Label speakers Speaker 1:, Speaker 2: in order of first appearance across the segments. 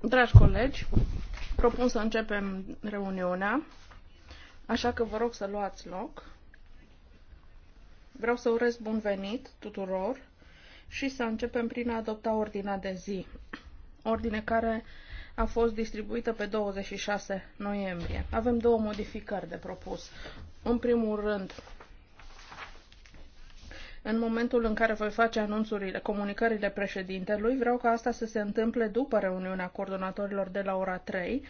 Speaker 1: Dragi colegi, propun să începem reuniunea, așa că vă rog să luați loc. Vreau să urez bun venit tuturor și să începem prin a adopta ordinea de zi, ordine care a fost distribuită pe 26 noiembrie. Avem două modificări de propus. În primul rând, în momentul în care voi face anunțurile, comunicările președintelui, vreau ca asta să se întâmple după reuniunea coordonatorilor de la ora 3,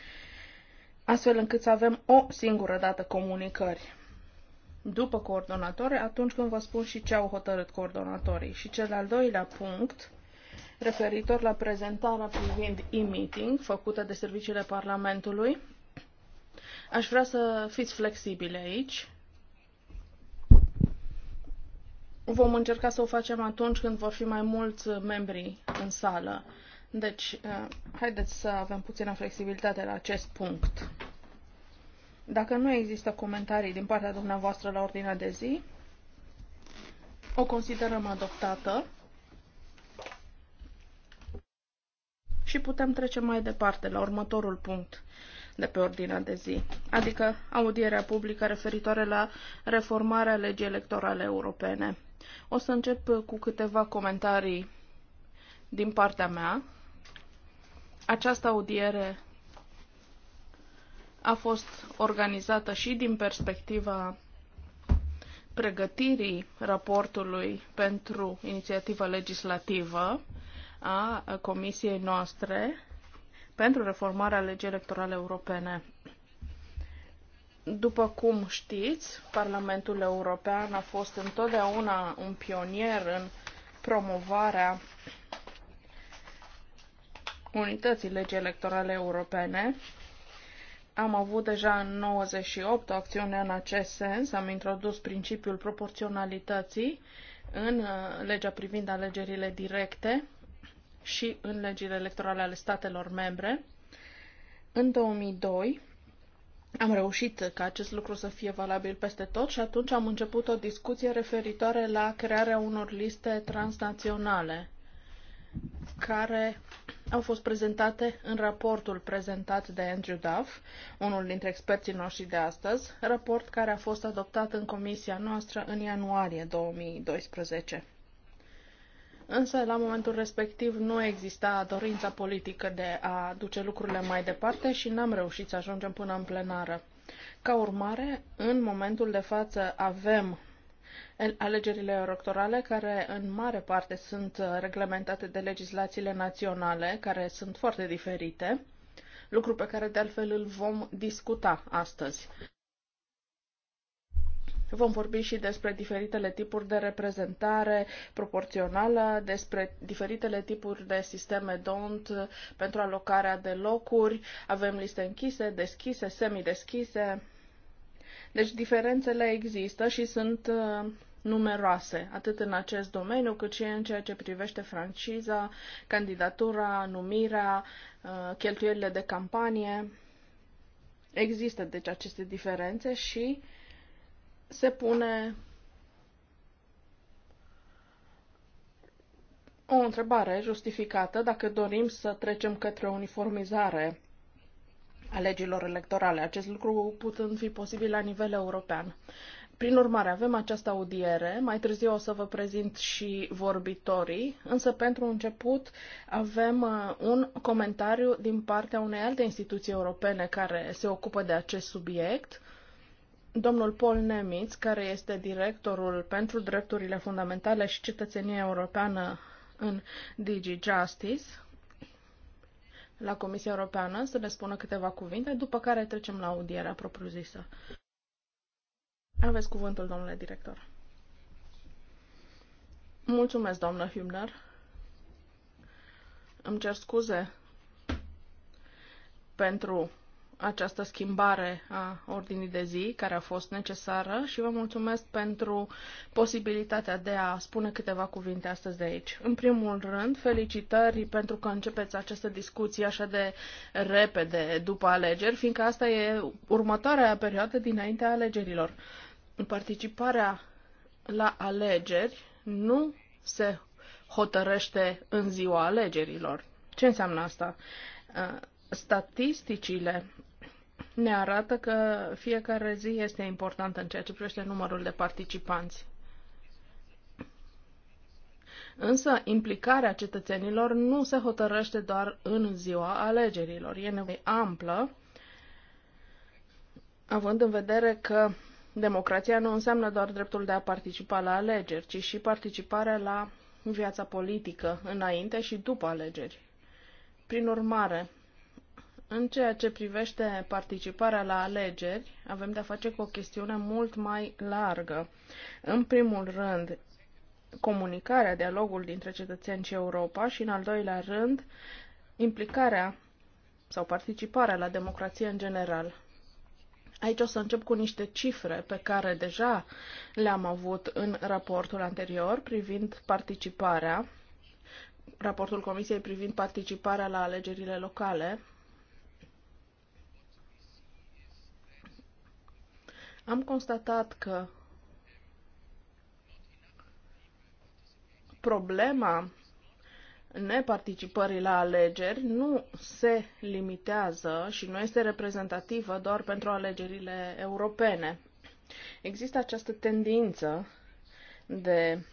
Speaker 1: astfel încât să avem o singură dată comunicări după coordonatori, atunci când vă spun și ce au hotărât coordonatorii. Și cel al doilea punct, referitor la prezentarea privind e-meeting făcută de serviciile Parlamentului, aș vrea să fiți flexibili aici vom încerca să o facem atunci când vor fi mai mulți membri în sală. Deci, uh, haideți să avem puțină flexibilitate la acest punct. Dacă nu există comentarii din partea dumneavoastră la ordinea de zi, o considerăm adoptată și putem trece mai departe la următorul punct de pe ordinea de zi, adică audierea publică referitoare la reformarea legii electorale europene. O să încep cu câteva comentarii din partea mea. Această audiere a fost organizată și din perspectiva pregătirii raportului pentru inițiativa legislativă a comisiei noastre pentru reformarea legii electorale europene. După cum știți, Parlamentul European a fost întotdeauna un pionier în promovarea unității legii electorale europene. Am avut deja în 98 o acțiune în acest sens, am introdus principiul proporționalității în uh, legea privind alegerile directe și în legile electorale ale statelor membre. În 2002 am reușit ca acest lucru să fie valabil peste tot și atunci am început o discuție referitoare la crearea unor liste transnaționale care au fost prezentate în raportul prezentat de Andrew Duff, unul dintre experții noștri de astăzi, raport care a fost adoptat în comisia noastră în ianuarie 2012. Însă, la momentul respectiv, nu exista dorința politică de a duce lucrurile mai departe și n-am reușit să ajungem până în plenară. Ca urmare, în momentul de față avem alegerile electorale, care în mare parte sunt reglementate de legislațiile naționale, care sunt foarte diferite, lucru pe care de altfel îl vom discuta astăzi. Vom vorbi și despre diferitele tipuri de reprezentare proporțională, despre diferitele tipuri de sisteme DONT pentru alocarea de locuri. Avem liste închise, deschise, semideschise. Deci diferențele există și sunt uh, numeroase, atât în acest domeniu, cât și în ceea ce privește franciza, candidatura, numirea, uh, cheltuielile de campanie. Există deci aceste diferențe și uh, se pune o întrebare justificată dacă dorim să trecem către o uniformizare a legilor electorale, acest lucru putând fi posibil la nivel european. Prin urmare, avem această audiere, mai târziu o să vă prezint și vorbitorii, însă pentru început avem uh, un comentariu din partea unei alte instituții europene care se ocupă de acest subiect, Domnul Paul Nemitz, care este directorul pentru drepturile fundamentale și cetățenia europeană în DG Justice, la Comisia Europeană să ne spună câteva cuvinte, după care trecem la audierea propriu-zisă. Aveți cuvântul, domnule director. Mulțumesc, doamnă Hübner. Îmi cer scuze pentru această schimbare a ordinii de zi care a fost necesară și vă mulțumesc pentru posibilitatea de a spune câteva cuvinte astăzi de aici. În primul rând, felicitări pentru că începeți această discuție așa de repede după alegeri, fiindcă asta e următoarea perioadă dinaintea alegerilor. Participarea la alegeri nu se hotărăște în ziua alegerilor. Ce înseamnă asta? Uh, statisticile ne arată că fiecare zi este importantă în ceea ce privește numărul de participanți. Însă, implicarea cetățenilor nu se hotărăște doar în ziua alegerilor. E nevoie amplă, având în vedere că democrația nu înseamnă doar dreptul de a participa la alegeri, ci și participarea la viața politică înainte și după alegeri. Prin urmare, în ceea ce privește participarea la alegeri, avem de-a face cu o chestiune mult mai largă. În primul rând, comunicarea, dialogul dintre cetățeni și Europa și, în al doilea rând, implicarea sau participarea la democrație în general. Aici o să încep cu niște cifre pe care deja le-am avut în raportul anterior privind participarea, raportul Comisiei privind participarea la alegerile locale, Am constatat că problema neparticipării la alegeri nu se limitează și nu este reprezentativă doar pentru alegerile europene. Există această tendință de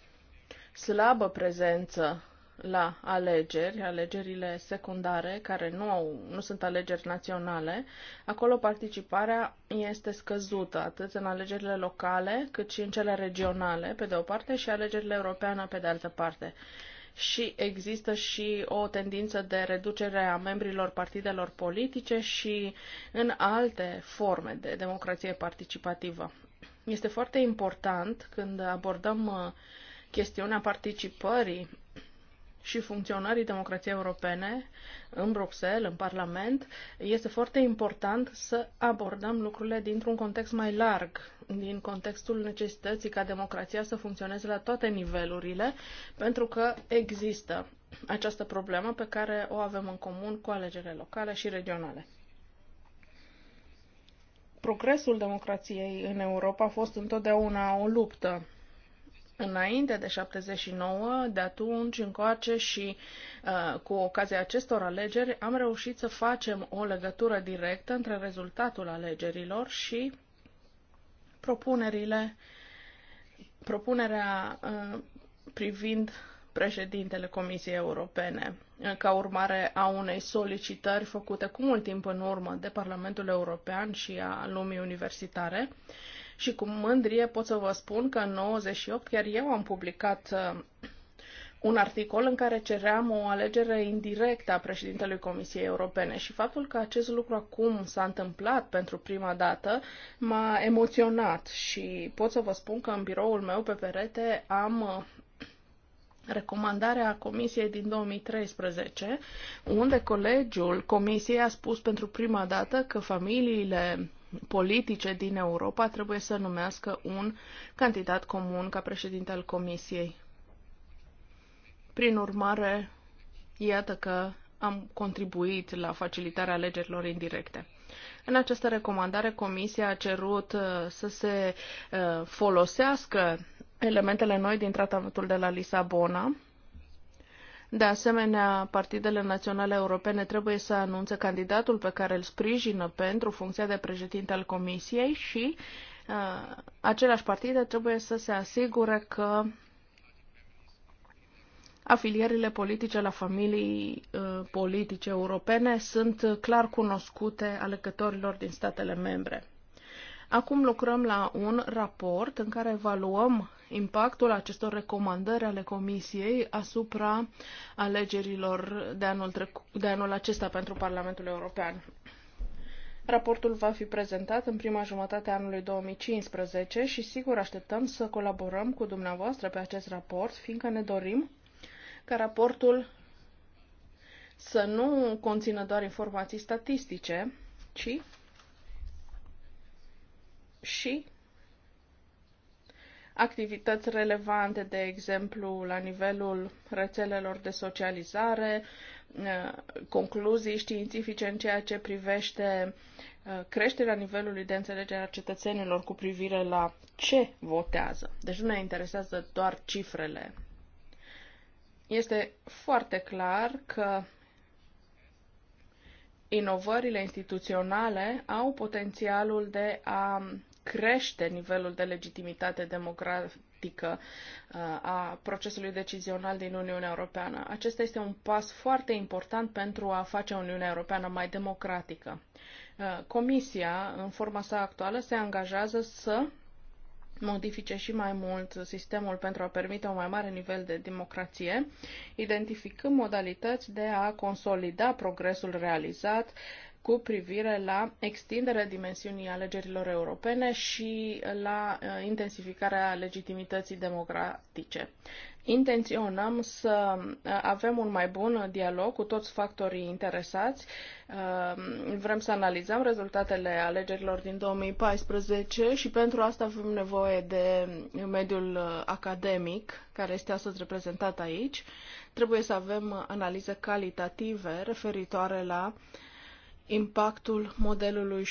Speaker 1: slabă prezență la alegeri, alegerile secundare, care nu, au, nu sunt alegeri naționale, acolo participarea este scăzută, atât în alegerile locale, cât și în cele regionale, pe de o parte, și alegerile europeană, pe de altă parte. Și există și o tendință de reducere a membrilor partidelor politice și în alte forme de democrație participativă. Este foarte important când abordăm uh, chestiunea participării și funcționării democrației europene în Bruxelles, în Parlament, este foarte important să abordăm lucrurile dintr-un context mai larg, din contextul necesității ca democrația să funcționeze la toate nivelurile, pentru că există această problemă pe care o avem în comun cu alegerile locale și regionale. Progresul democrației în Europa a fost întotdeauna o luptă înainte de 79, de atunci încoace și uh, cu ocazia acestor alegeri am reușit să facem o legătură directă între rezultatul alegerilor și propunerile, propunerea uh, privind președintele Comisiei Europene, uh, ca urmare a unei solicitări făcute cu mult timp în urmă de Parlamentul European și a lumii universitare. Uh, și cu mândrie pot să vă spun că în 98 chiar eu am publicat uh, un articol în care ceream o alegere indirectă a președintelui Comisiei Europene și faptul că acest lucru acum s-a întâmplat pentru prima dată m-a emoționat și pot să vă spun că în biroul meu pe perete am uh, recomandarea Comisiei din 2013, unde colegiul Comisiei a spus pentru prima dată că familiile politice din Europa trebuie să numească un candidat comun ca președinte al Comisiei. Prin urmare, iată că am contribuit la facilitarea alegerilor indirecte. În această recomandare, Comisia a cerut uh, să se uh, folosească elementele noi din tratatul de la Lisabona de asemenea, partidele naționale europene trebuie să anunțe candidatul pe care îl sprijină pentru funcția de președinte al Comisiei și uh, aceleași partide trebuie să se asigure că afilierile politice la familii uh, politice europene sunt clar cunoscute alegătorilor din statele membre. Acum lucrăm la un raport în care evaluăm impactul acestor recomandări ale Comisiei asupra alegerilor de anul, trecu- de anul acesta pentru Parlamentul European. Raportul va fi prezentat în prima jumătate a anului 2015 și sigur așteptăm să colaborăm cu dumneavoastră pe acest raport, fiindcă ne dorim ca raportul să nu conțină doar informații statistice, ci și activități relevante, de exemplu, la nivelul rețelelor de socializare, eh, concluzii științifice în ceea ce privește eh, creșterea nivelului de înțelegere a cetățenilor cu privire la ce votează. Deci nu ne interesează doar cifrele. Este foarte clar că inovările instituționale au potențialul de a crește nivelul de legitimitate democratică uh, a procesului decizional din Uniunea Europeană. Acesta este un pas foarte important pentru a face Uniunea Europeană mai democratică. Uh, Comisia, în forma sa actuală, se angajează să modifice și mai mult sistemul pentru a permite un mai mare nivel de democrație, identificând modalități de a consolida progresul realizat, cu privire la extinderea dimensiunii alegerilor europene și la uh, intensificarea legitimității democratice. Intenționăm să uh, avem un mai bun dialog cu toți factorii interesați. Uh, vrem să analizăm rezultatele alegerilor din 2014 și pentru asta avem nevoie de mediul academic, care este astăzi reprezentat aici. Trebuie să avem analize calitative referitoare la uh, impactul modelului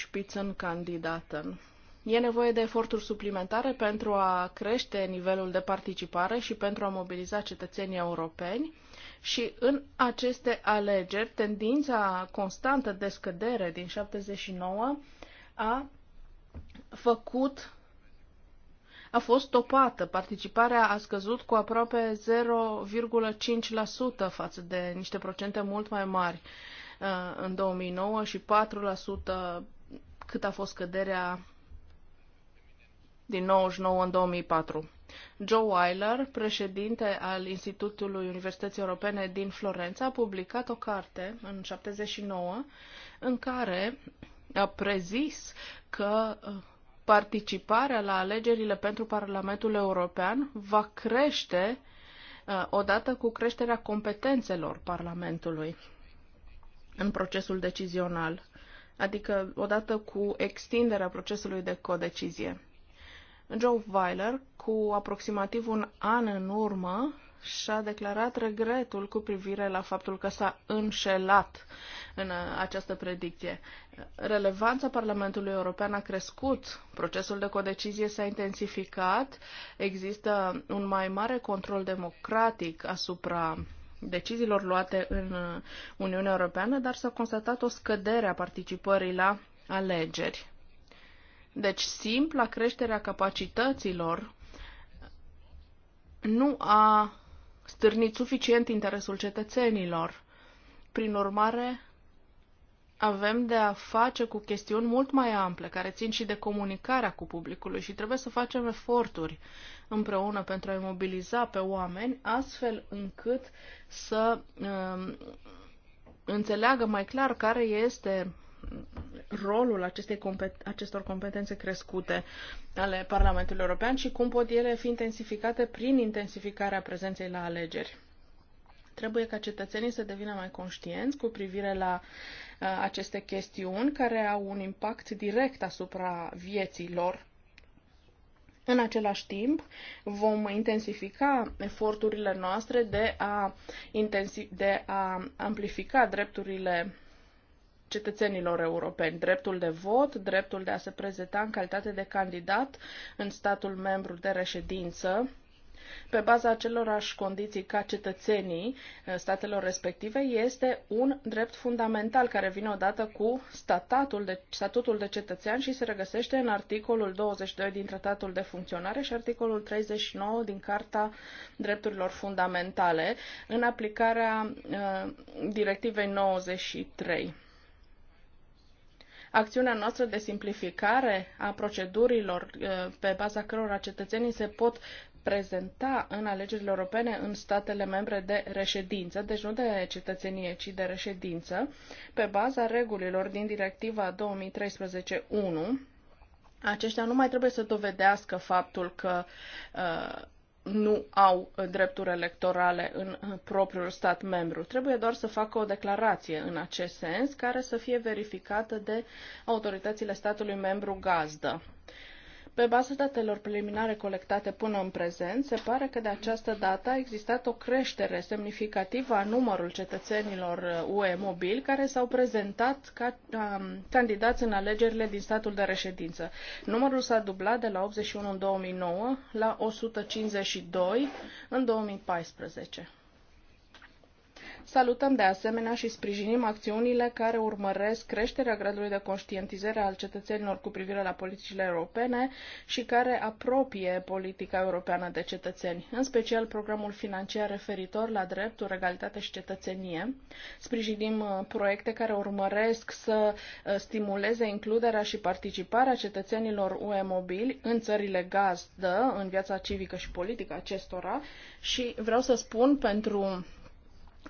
Speaker 1: candidaten. E nevoie de eforturi suplimentare pentru a crește nivelul de participare și pentru a mobiliza cetățenii europeni și în aceste alegeri tendința constantă de scădere din 79 a făcut a fost topată. Participarea a scăzut cu aproape 0,5% față de niște procente mult mai mari Uh, în 2009 și 4% cât a fost căderea din 99 în 2004. Joe Weiler, președinte al Institutului Universității Europene din Florența, a publicat o carte în 79 în care a prezis că uh, participarea la alegerile pentru Parlamentul European va crește uh, odată cu creșterea competențelor Parlamentului în procesul decizional, adică odată cu extinderea procesului de codecizie. Joe Weiler, cu aproximativ un an în urmă, și-a declarat regretul cu privire la faptul că s-a înșelat în această predicție. Relevanța Parlamentului European a crescut, procesul de codecizie s-a intensificat, există un mai mare control democratic asupra deciziilor luate în uh, Uniunea Europeană, dar s-a constatat o scădere a participării la alegeri. Deci simpla creșterea capacităților nu a stârnit suficient interesul cetățenilor. Prin urmare, avem de a face cu chestiuni mult mai ample, care țin și de comunicarea cu publicului și trebuie să facem eforturi împreună pentru a-i mobiliza pe oameni, astfel încât să uh, înțeleagă mai clar care este rolul acestei compet- acestor competențe crescute ale Parlamentului European și cum pot ele fi intensificate prin intensificarea prezenței la alegeri. Trebuie ca cetățenii să devină mai conștienți cu privire la uh, aceste chestiuni care au un impact direct asupra vieții lor. În același timp, vom intensifica eforturile noastre de a, intensi- de a amplifica drepturile cetățenilor europeni, dreptul de vot, dreptul de a se prezenta în calitate de candidat în statul membru de reședință, pe baza acelorași condiții ca cetățenii eh, statelor respective este un drept fundamental care vine odată cu statatul de, statutul de cetățean și se regăsește în articolul 22 din Tratatul de Funcționare și articolul 39 din Carta Drepturilor Fundamentale în aplicarea eh, Directivei 93. Acțiunea noastră de simplificare a procedurilor eh, pe baza cărora cetățenii se pot prezenta în alegerile europene în statele membre de reședință, deci nu de cetățenie, ci de reședință, pe baza regulilor din Directiva 2013-1. Aceștia nu mai trebuie să dovedească faptul că uh, nu au drepturi electorale în uh, propriul stat membru. Trebuie doar să facă o declarație în acest sens, care să fie verificată de autoritățile statului membru gazdă. Pe baza datelor preliminare colectate până în prezent, se pare că de această dată a existat o creștere semnificativă a numărul cetățenilor UE uh, mobil care s-au prezentat ca um, candidați în alegerile din statul de reședință. Numărul s-a dublat de la 81 în 2009 la 152 în 2014. Salutăm de asemenea și sprijinim acțiunile care urmăresc creșterea gradului de conștientizare al cetățenilor cu privire la politicile europene și care apropie politica europeană de cetățeni, în special programul financiar referitor la dreptul egalitate și cetățenie. Sprijinim uh, proiecte care urmăresc să uh, stimuleze includerea și participarea cetățenilor UE mobili în țările gazdă, în viața civică și politică acestora și vreau să spun pentru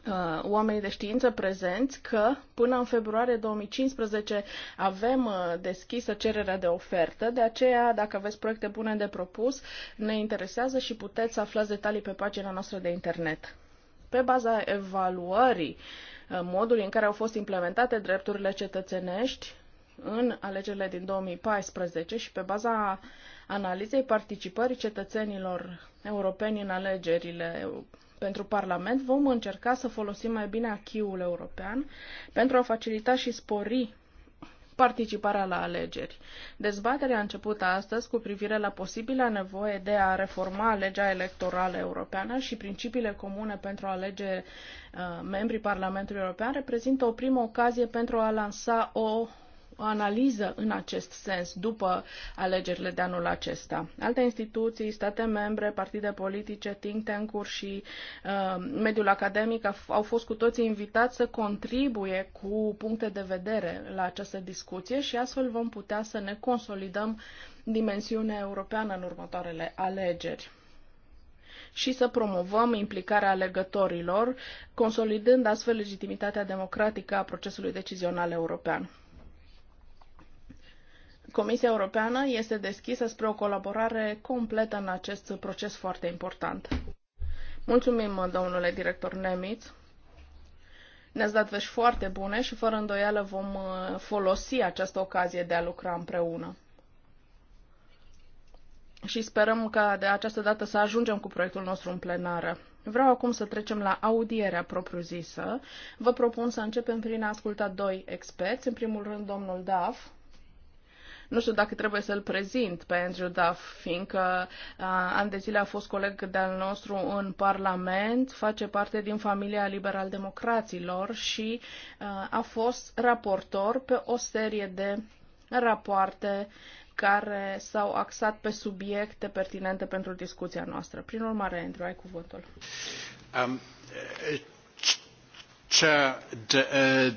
Speaker 1: Uh, oamenii de știință prezenți că până în februarie 2015 avem uh, deschisă cererea de ofertă, de aceea dacă aveți proiecte bune de propus, ne interesează și puteți să aflați detalii pe pagina noastră de internet. Pe baza evaluării uh, modului în care au fost implementate drepturile cetățenești în alegerile din 2014 și pe baza analizei participării cetățenilor europeni în alegerile pentru Parlament, vom încerca să folosim mai bine achiul european pentru a facilita și spori participarea la alegeri. Dezbaterea a început astăzi cu privire la posibilă nevoie de a reforma legea electorală europeană și principiile comune pentru a alege uh, membrii Parlamentului European reprezintă o primă ocazie pentru a lansa o o analiză în acest sens după alegerile de anul acesta. Alte instituții, state membre, partide politice, think tank-uri și uh, mediul academic au fost cu toții invitați să contribuie cu puncte de vedere la această discuție și astfel vom putea să ne consolidăm dimensiunea europeană în următoarele alegeri și să promovăm implicarea alegătorilor, consolidând astfel legitimitatea democratică a procesului decizional european. Comisia Europeană este deschisă spre o colaborare completă în acest proces foarte important. Mulțumim, domnule director Nemitz. Ne-ați dat vești foarte bune și fără îndoială vom uh, folosi această ocazie de a lucra împreună. Și sperăm că de această dată să ajungem cu proiectul nostru în plenară. Vreau acum să trecem la audierea propriu-zisă. Vă propun să începem prin a asculta doi experți. În primul rând, domnul Daf, nu știu dacă trebuie să-l prezint pe Andrew Duff, fiindcă an de zile a fost coleg de-al nostru în Parlament, face parte din familia liberal-democraților și a fost raportor pe o serie de rapoarte care s-au axat pe subiecte pertinente pentru discuția noastră. Prin urmare, Andrew, ai cuvântul. Um, uh, de, uh...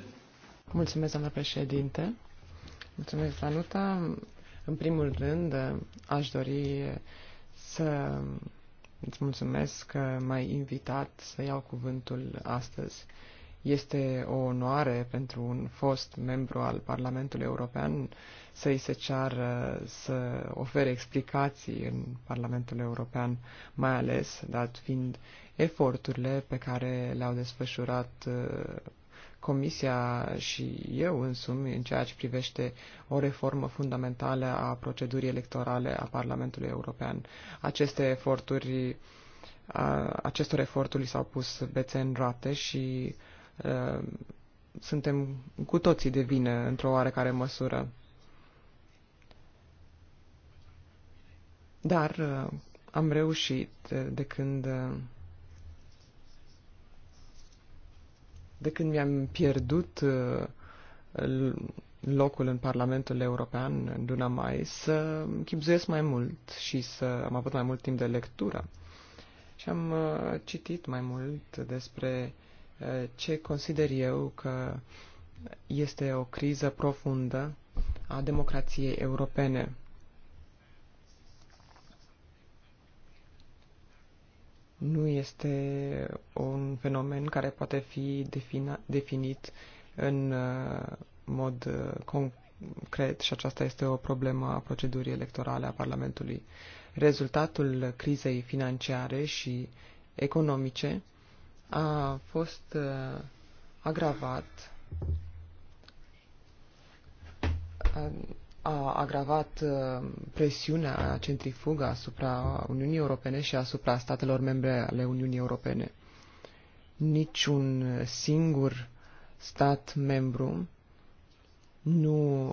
Speaker 2: Mulțumesc, doamnă președinte. Mulțumesc, Danuta. În primul rând, aș dori să îți mulțumesc că m-ai invitat să iau cuvântul astăzi. Este o onoare pentru un fost membru al Parlamentului European să-i se ceară să ofere explicații în Parlamentul European, mai ales dat fiind eforturile pe care le-au desfășurat Comisia și eu însumi în ceea ce privește o reformă fundamentală a procedurii electorale a Parlamentului European. Aceste eforturi, acestor eforturi s-au pus bețe în roate și uh, suntem cu toții de vină într-o oarecare măsură. Dar uh, am reușit de când uh, De când mi-am pierdut uh, locul în Parlamentul European, în luna mai, să chipzuiesc mai mult și să am avut mai mult timp de lectură. Și am uh, citit mai mult despre uh, ce consider eu că este o criză profundă a democrației europene. nu este un fenomen care poate fi defina, definit în uh, mod uh, concret și aceasta este o problemă a procedurii electorale a Parlamentului. Rezultatul crizei financiare și economice a fost uh, agravat a agravat uh, presiunea centrifugă asupra Uniunii Europene și asupra statelor membre ale Uniunii Europene. Niciun singur stat membru nu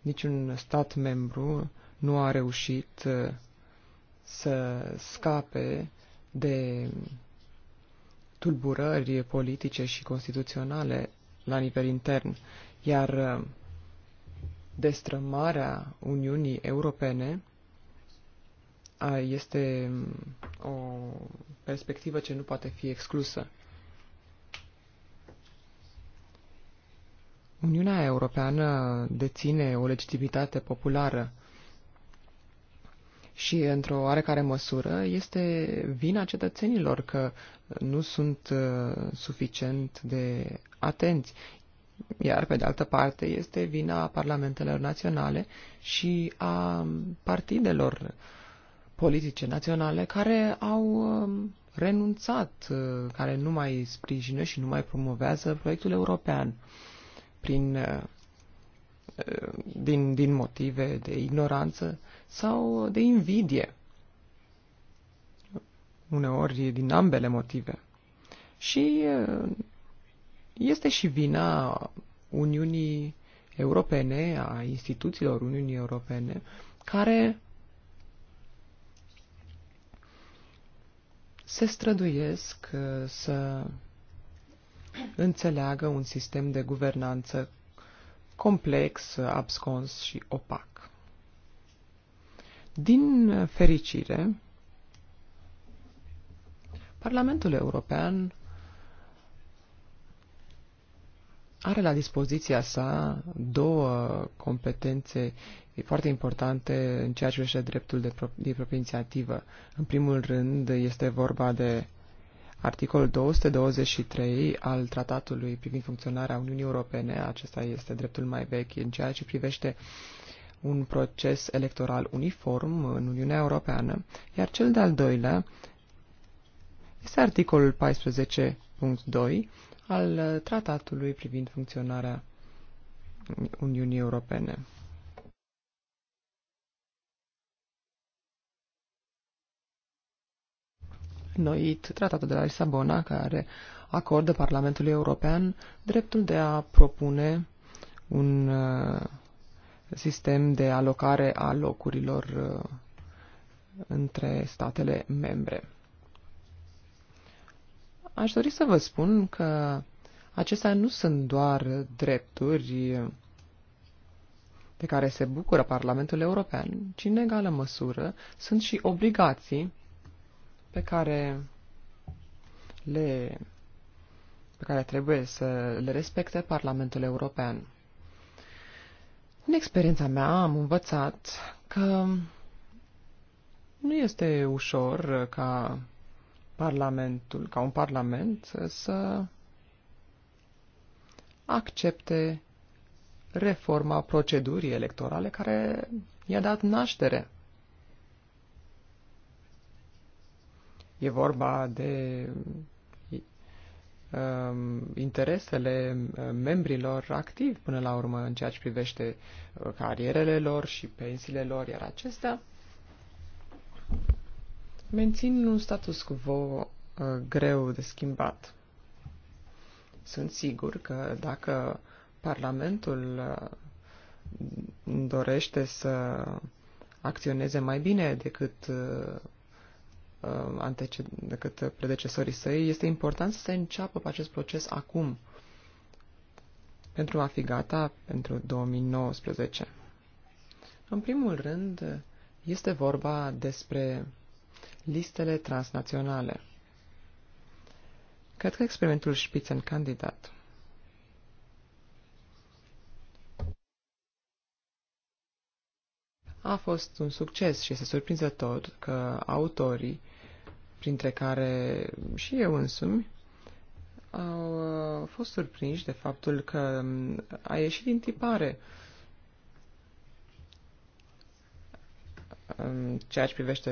Speaker 2: niciun stat membru nu a reușit uh, să scape de tulburări politice și constituționale la nivel intern, iar uh, destrămarea Uniunii Europene este mm, o perspectivă ce nu poate fi exclusă. Uniunea Europeană deține o legitimitate populară și, într-o oarecare măsură, este vina cetățenilor că nu sunt uh, suficient de atenți iar pe de altă parte este vina parlamentelor naționale și a partidelor politice naționale care au um, renunțat, uh, care nu mai sprijină și nu mai promovează proiectul european prin, uh, din, din motive de ignoranță sau de invidie. Uneori din ambele motive. Și uh, este și vina Uniunii Europene, a instituțiilor Uniunii Europene, care se străduiesc uh, să înțeleagă un sistem de guvernanță complex, abscons și opac. Din fericire, Parlamentul European are la dispoziția sa două competențe foarte importante în ceea ce privește dreptul de, pro- de proprie inițiativă. În primul rând este vorba de articolul 223 al tratatului privind funcționarea Uniunii Europene, acesta este dreptul mai vechi în ceea ce privește un proces electoral uniform în Uniunea Europeană, iar cel de-al doilea este articolul 14.2 al uh, tratatului privind funcționarea Uniunii Europene. Noit tratatul de la Lisabona, care acordă Parlamentului European dreptul de a propune un uh, sistem de alocare a locurilor uh, între statele membre. Aș dori să vă spun că acestea nu sunt doar drepturi de care se bucură Parlamentul European, ci în egală măsură sunt și obligații pe care le pe care trebuie să le respecte Parlamentul European. În experiența mea am învățat că nu este ușor ca Parlamentul, ca un Parlament, să accepte reforma procedurii electorale care i-a dat naștere. E vorba de um, interesele uh, membrilor activi până la urmă în ceea ce privește uh, carierele lor și pensiile lor, iar acestea mențin un status quo uh, greu de schimbat. Sunt sigur că dacă Parlamentul uh, dorește să acționeze mai bine decât, uh, uh antece- decât predecesorii săi, este important să se înceapă pe acest proces acum, pentru a fi gata pentru 2019. În primul rând, este vorba despre listele transnaționale. Cred că experimentul Spitzen candidat a fost un succes și este surprinzător că autorii, printre care și eu însumi, au uh, fost surprinși de faptul că mm, a ieșit din tipare uh, ceea ce privește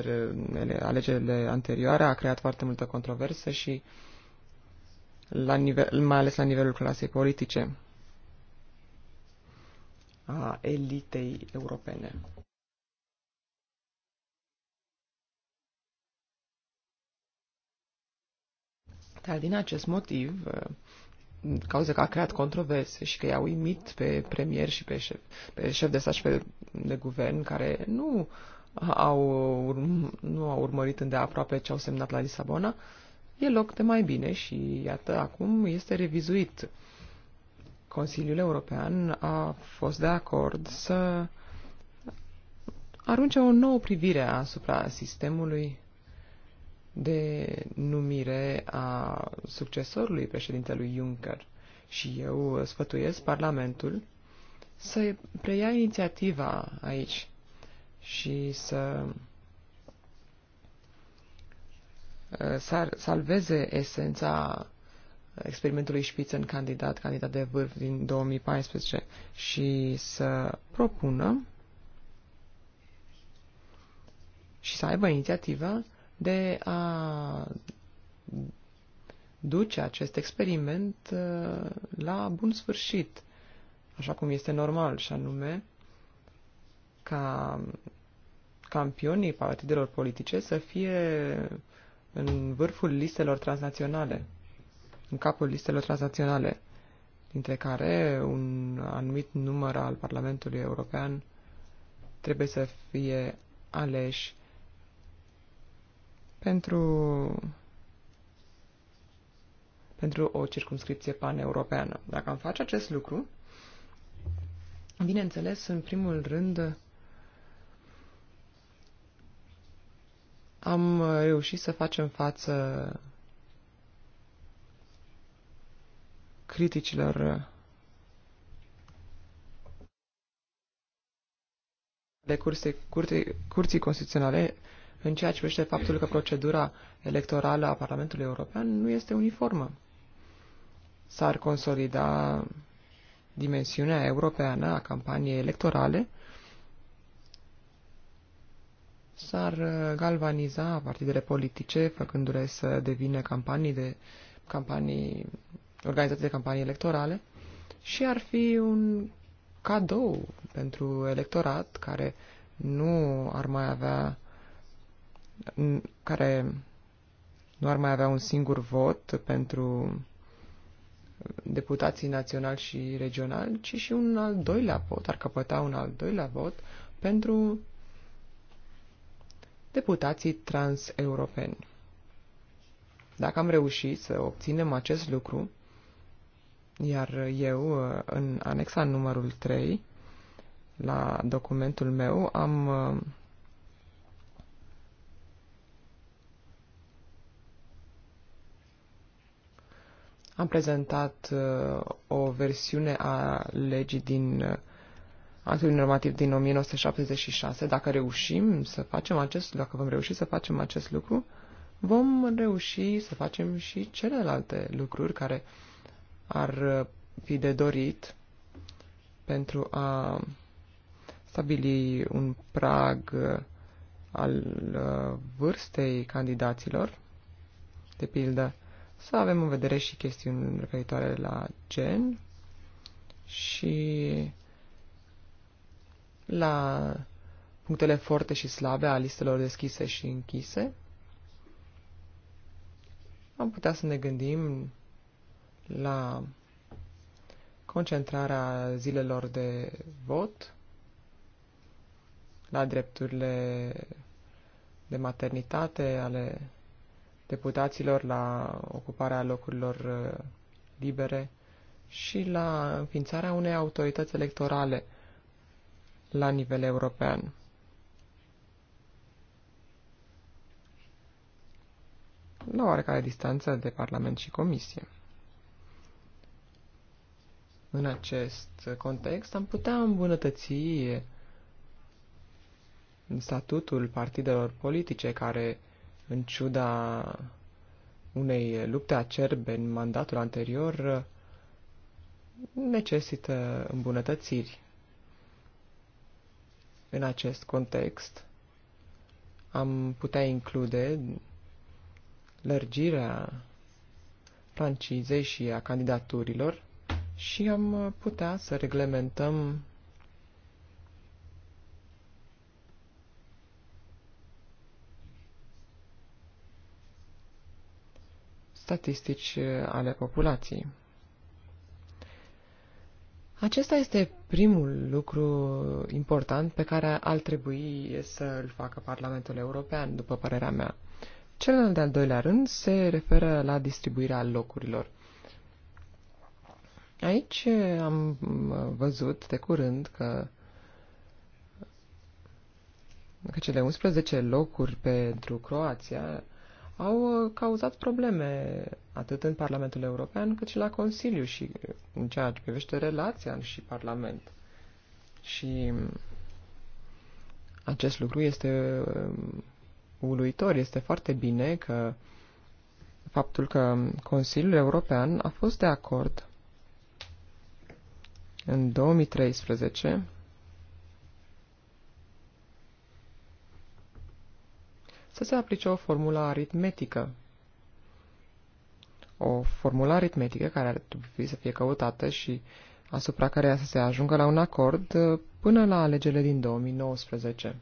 Speaker 2: alegerile anterioare, a creat foarte multă controversă și la nivel, mai ales la nivelul clasei politice a elitei europene. Dar din acest motiv, uh, cauza că a creat controverse și că i-a uimit pe premier și pe șef, pe șef de stat și pe de guvern, care nu uh, au, nu au urmărit îndeaproape ce au semnat la Lisabona, e loc de mai bine și, iată, acum este revizuit. Consiliul European a fost de acord să arunce o nouă privire asupra sistemului de numire a succesorului președintelui Juncker. Și eu sfătuiesc Parlamentul să preia inițiativa aici și să uh, salveze esența experimentului Spitzen candidat, candidat de vârf din 2014 și să propună și să aibă inițiativa de a duce acest experiment uh, la bun sfârșit, așa cum este normal, și anume ca campionii partidelor politice să fie în vârful listelor transnaționale, în capul listelor transnaționale, dintre care un anumit număr al Parlamentului European trebuie să fie aleși pentru, pentru o circumscripție paneuropeană. Dacă am face acest lucru, bineînțeles, în primul rând, am uh, reușit să facem față criticilor uh, de curse, curte, curții constituționale în ceea ce privește faptul că procedura electorală a Parlamentului European nu este uniformă. S-ar consolida dimensiunea europeană a campaniei electorale s-ar uh, galvaniza partidele politice, făcându-le să devină campanii de campanii organizate de campanii electorale și ar fi un cadou pentru electorat care nu ar mai avea care nu ar mai avea un singur vot pentru deputații naționali și regionali, ci și un al doilea vot, ar căpăta un al doilea vot pentru deputații transeuropeni. Dacă am reușit să obținem acest lucru, iar eu, în anexa numărul 3, la documentul meu, am am prezentat uh, o versiune a legii din uh, actului normativ din 1976, dacă reușim să facem acest, lucru, dacă vom reuși să facem acest lucru, vom reuși să facem și celelalte lucruri care ar fi de dorit pentru a stabili un prag al uh, vârstei candidaților, de pildă, să avem în vedere și chestiuni referitoare la gen și la punctele forte și slabe a listelor deschise și închise, am putea să ne gândim la concentrarea zilelor de vot, la drepturile de maternitate ale deputaților, la ocuparea locurilor uh, libere și la înființarea unei autorități electorale – la nivel european. la oarecare distanță de Parlament și Comisie. În acest context am putea îmbunătăți statutul partidelor politice care, în ciuda unei lupte acerbe în mandatul anterior, necesită îmbunătățiri. În acest context, am putea include lărgirea francizei și a candidaturilor și am putea să reglementăm statistici ale populației. Acesta este primul lucru important pe care ar trebui să l facă Parlamentul European, după părerea mea. Cel de-al doilea rând se referă la distribuirea locurilor. Aici am văzut de curând că, că cele 11 locuri pentru Croația au uh, cauzat probleme atât în Parlamentul European cât și la Consiliu și în ceea ce privește relația și Parlament. Și um, acest lucru este um, uluitor. Este foarte bine că faptul că Consiliul European a fost de acord în 2013 să se aplice o formulă aritmetică. O formulă aritmetică care ar trebui să fie căutată și asupra care să se ajungă la un acord uh, până la alegerile din 2019.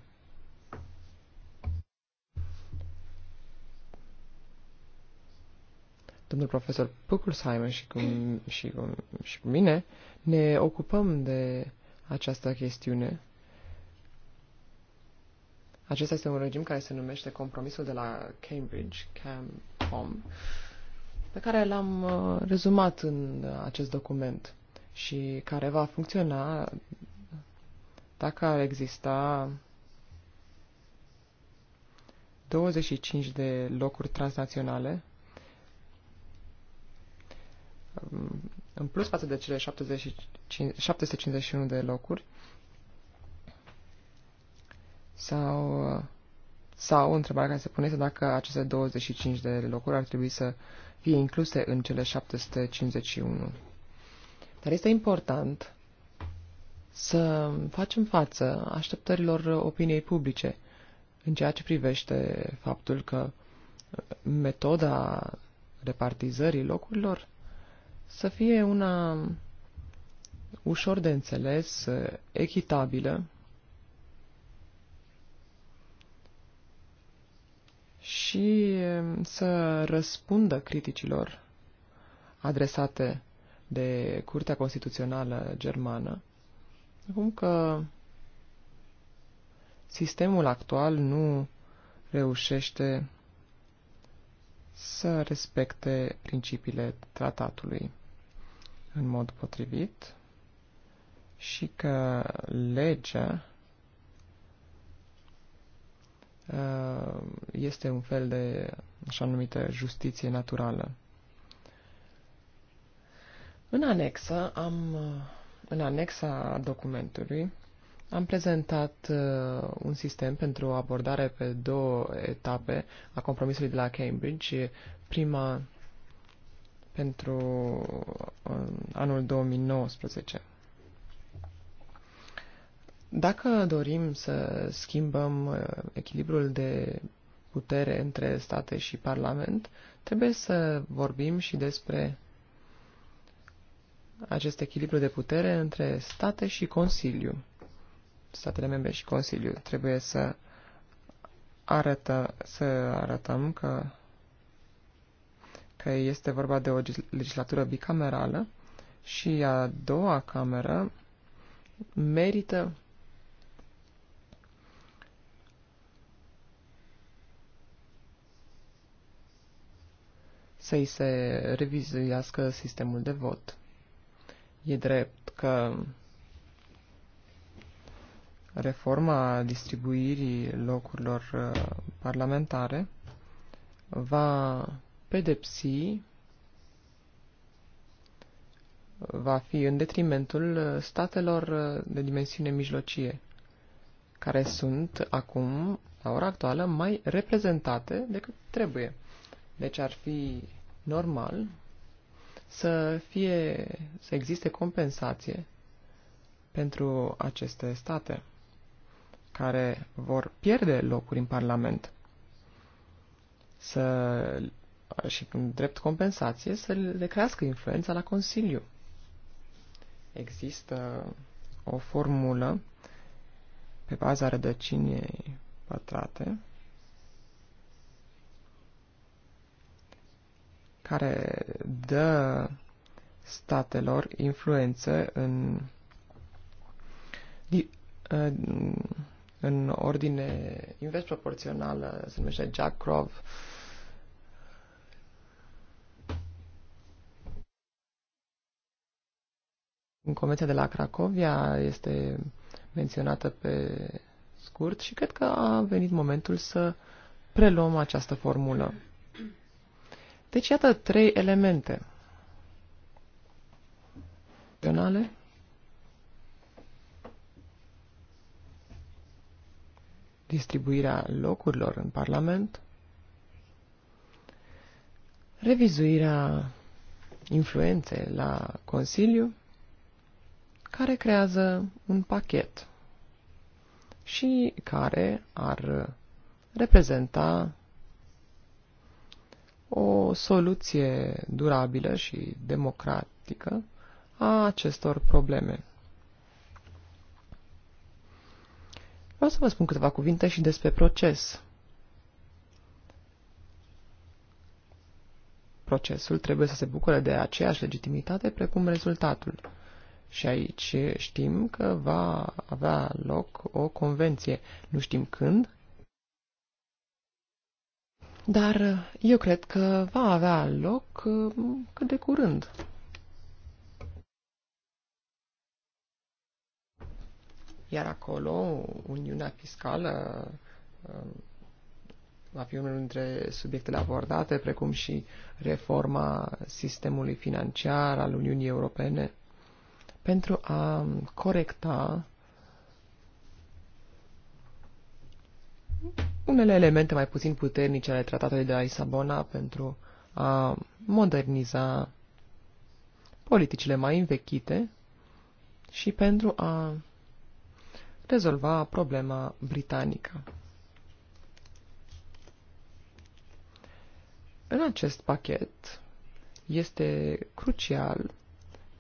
Speaker 2: domnul profesor Puckelsheimer și și, și cu mine, ne ocupăm de această chestiune acesta este un regim care se numește compromisul de la Cambridge, CAMCOM, pe care l-am uh, rezumat în uh, acest document și care va funcționa dacă ar exista 25 de locuri transnaționale, um, în plus față de cele 75, 751 de locuri sau, sau întrebare care se pune este dacă aceste 25 de locuri ar trebui să fie incluse în cele 751. Dar este important să facem față așteptărilor opiniei publice în ceea ce privește faptul că metoda repartizării locurilor să fie una ușor de înțeles, echitabilă și um, să răspundă criticilor adresate de Curtea Constituțională Germană, cum că sistemul actual nu reușește să respecte principiile tratatului în mod potrivit și că legea Uh, este un fel de așa numită justiție naturală. În anexă am uh, în anexa documentului am prezentat uh, un sistem pentru o abordare pe două etape a compromisului de la Cambridge. Prima pentru uh, anul 2019. Dacă dorim să schimbăm uh, echilibrul de putere între state și Parlament, trebuie să vorbim și despre acest echilibru de putere între state și Consiliu. Statele membre și Consiliu trebuie să arătă, să arătăm că, că este vorba de o legislatură bicamerală și a doua cameră merită să-i se revizuiască sistemul de vot. E drept că reforma distribuirii locurilor uh, parlamentare va pedepsi, va fi în detrimentul uh, statelor uh, de dimensiune mijlocie, care sunt acum, la ora actuală, mai reprezentate decât trebuie. Deci ar fi normal să fie, să existe compensație pentru aceste state care vor pierde locuri în Parlament. Să, și în drept compensație să le crească influența la Consiliu. Există o formulă pe baza rădăcinii pătrate care dă statelor influențe în, în ordine invers proporțională, se numește Jack Crow. În Convenția de la Cracovia este menționată pe scurt și cred că a venit momentul să preluăm această formulă. Deci, iată trei elemente. Naționale. Distribuirea locurilor în Parlament. Revizuirea influențe la Consiliu, care creează un pachet și care ar reprezenta o soluție durabilă și democratică a acestor probleme. Vreau să vă spun câteva cuvinte și despre proces. Procesul trebuie să se bucure de aceeași legitimitate precum rezultatul. Și aici știm că va avea loc o convenție. Nu știm când, dar uh, eu cred că va avea loc uh, cât de curând. Iar acolo, Uniunea Fiscală uh, va fi unul dintre subiectele abordate, precum și reforma sistemului financiar al Uniunii Europene, pentru a corecta unele elemente mai puțin puternice ale tratatului de la Lisabona pentru a moderniza politicile mai învechite și pentru a rezolva problema britanică. În acest pachet este crucial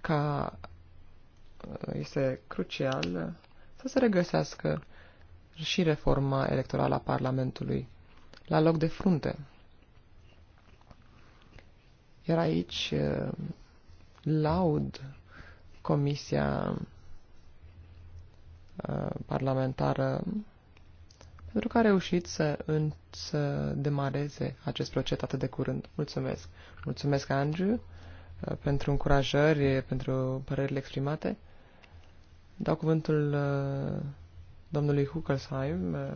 Speaker 2: ca este crucial să se regăsească și reforma electorală a Parlamentului la loc de frunte. Iar aici laud Comisia Parlamentară pentru că a reușit să, în, să demareze acest proces atât de curând. Mulțumesc! Mulțumesc, Andrew, pentru încurajări, pentru părerile exprimate. Dau cuvântul domnului Huckelsheim, eh,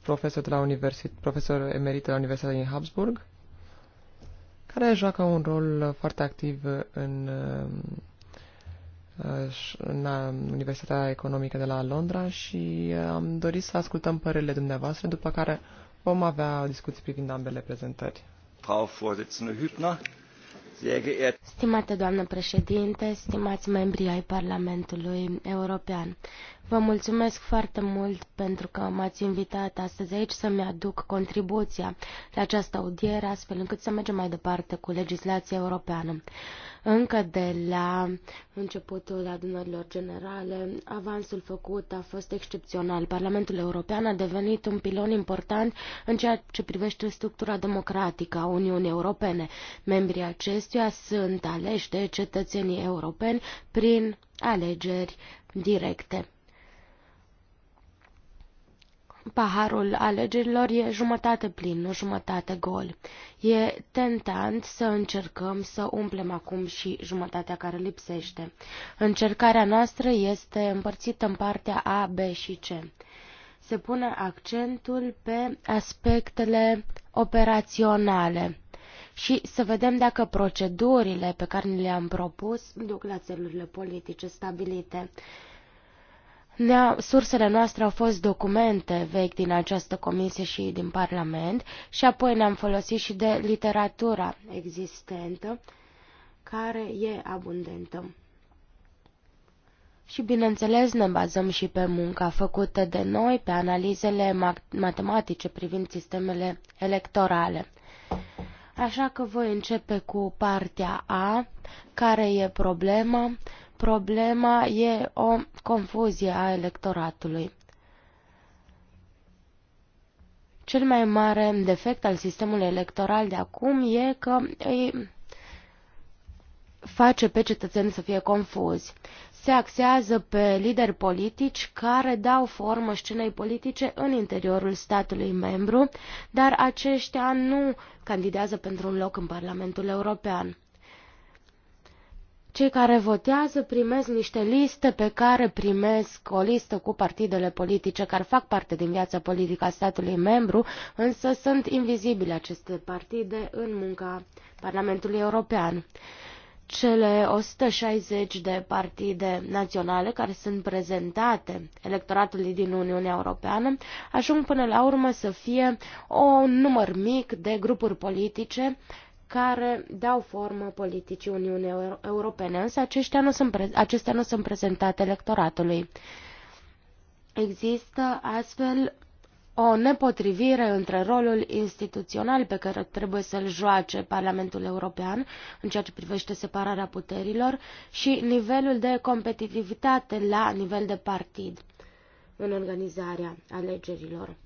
Speaker 2: profesor, de la universit- profesor emerit la Universitatea din Habsburg, care joacă un rol foarte activ în, eh, eh, în Universitatea Economică de la Londra și am dorit să ascultăm părerile dumneavoastră, după care vom avea o discuție privind ambele prezentări.
Speaker 3: Stimate doamnă președinte, stimați membri ai Parlamentului European, Vă mulțumesc foarte mult pentru că m-ați invitat astăzi aici să-mi aduc contribuția la această audiere, astfel încât să mergem mai departe cu legislația europeană. Încă de la începutul adunărilor generale, avansul făcut a fost excepțional. Parlamentul European a devenit un pilon important în ceea ce privește structura democratică a Uniunii Europene. Membrii acestuia sunt aleși de cetățenii europeni prin alegeri directe paharul alegerilor e jumătate plin, nu jumătate gol. E tentant să încercăm să umplem acum și jumătatea care lipsește. Încercarea noastră este împărțită în partea A, B și C. Se pune accentul pe aspectele operaționale și să vedem dacă procedurile pe care ni le-am propus duc la țelurile politice stabilite ne sursele noastre au fost documente vechi din această comisie și din Parlament și apoi ne-am folosit și de literatura existentă, care e abundentă. Și, bineînțeles, ne bazăm și pe munca făcută de noi, pe analizele matematice privind sistemele electorale. Așa că voi începe cu partea A, care e problema, Problema e o confuzie a electoratului. Cel mai mare defect al sistemului electoral de acum e că îi face pe cetățeni să fie confuzi. Se axează pe lideri politici care dau formă scenei politice în interiorul statului membru, dar aceștia nu candidează pentru un loc în Parlamentul European. Cei care votează primesc niște liste pe care primesc o listă cu partidele politice care fac parte din viața politică a statului membru, însă sunt invizibile aceste partide în munca Parlamentului European cele 160 de partide naționale care sunt prezentate electoratului din Uniunea Europeană ajung până la urmă să fie un număr mic de grupuri politice care dau formă politicii Uniunii Europene, însă aceștia nu sunt, acestea nu sunt prezentate electoratului. Există astfel o nepotrivire între rolul instituțional pe care trebuie să-l joace Parlamentul European în ceea ce privește separarea puterilor și nivelul de competitivitate la nivel de partid în organizarea alegerilor.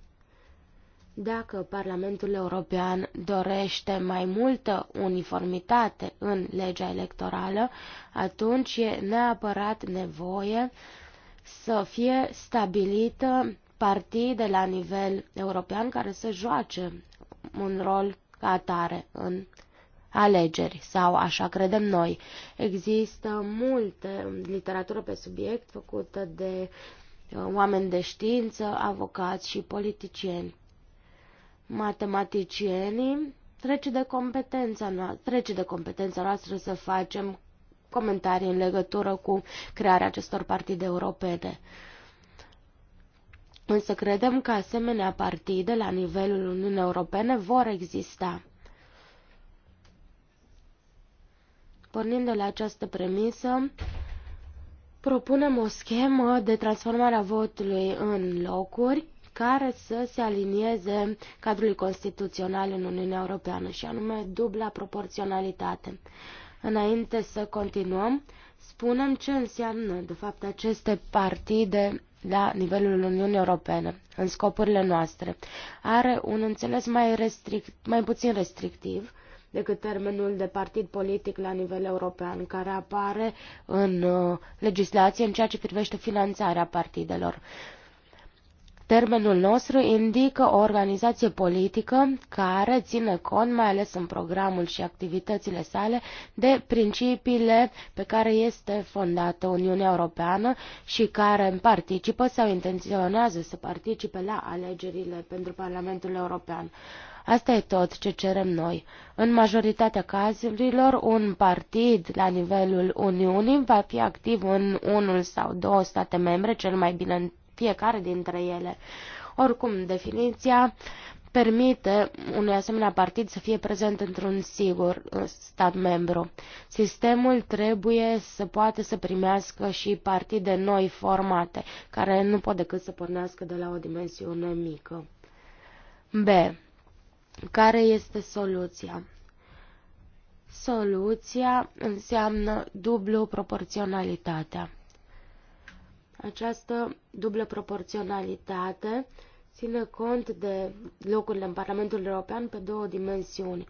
Speaker 3: Dacă Parlamentul European dorește mai multă uniformitate în legea electorală, atunci e neapărat nevoie să fie stabilită partide la nivel european care să joace un rol ca atare în alegeri, sau așa credem noi. Există multe literatură pe subiect făcută de uh, oameni de știință, avocați și politicieni matematicienii trece de competența noastră, trece de competența noastră să facem comentarii în legătură cu crearea acestor partide europene. Însă credem că asemenea partide la nivelul Uniunii Europene vor exista. Pornind de la această premisă, propunem o schemă de transformare a votului în locuri care să se alinieze cadrului constituțional în Uniunea Europeană și anume dubla proporționalitate. Înainte să continuăm, spunem ce înseamnă de fapt aceste partide la nivelul Uniunii Europene, în scopurile noastre. Are un înțeles mai, restrict, mai puțin restrictiv decât termenul de partid politic la nivel european, care apare în uh, legislație în ceea ce privește finanțarea partidelor. Uh, Termenul nostru indică o organizație politică care ține cont, mai ales în programul și activitățile sale, de principiile pe care este fondată Uniunea Europeană și care participă sau intenționează să participe la alegerile pentru Parlamentul European. Asta e tot ce cerem noi. În majoritatea cazurilor, un partid la nivelul Uniunii va fi activ în unul sau două state membre, cel mai bine în fiecare dintre ele. Oricum, definiția permite unui asemenea partid să fie prezent într-un sigur uh, stat membru. Sistemul trebuie să poată să primească și partide noi formate, care nu pot decât să pornească de la o dimensiune mică. B. Care este soluția? Soluția înseamnă dublu proporționalitatea. Această dublă proporționalitate ține cont de locurile în Parlamentul European pe două dimensiuni.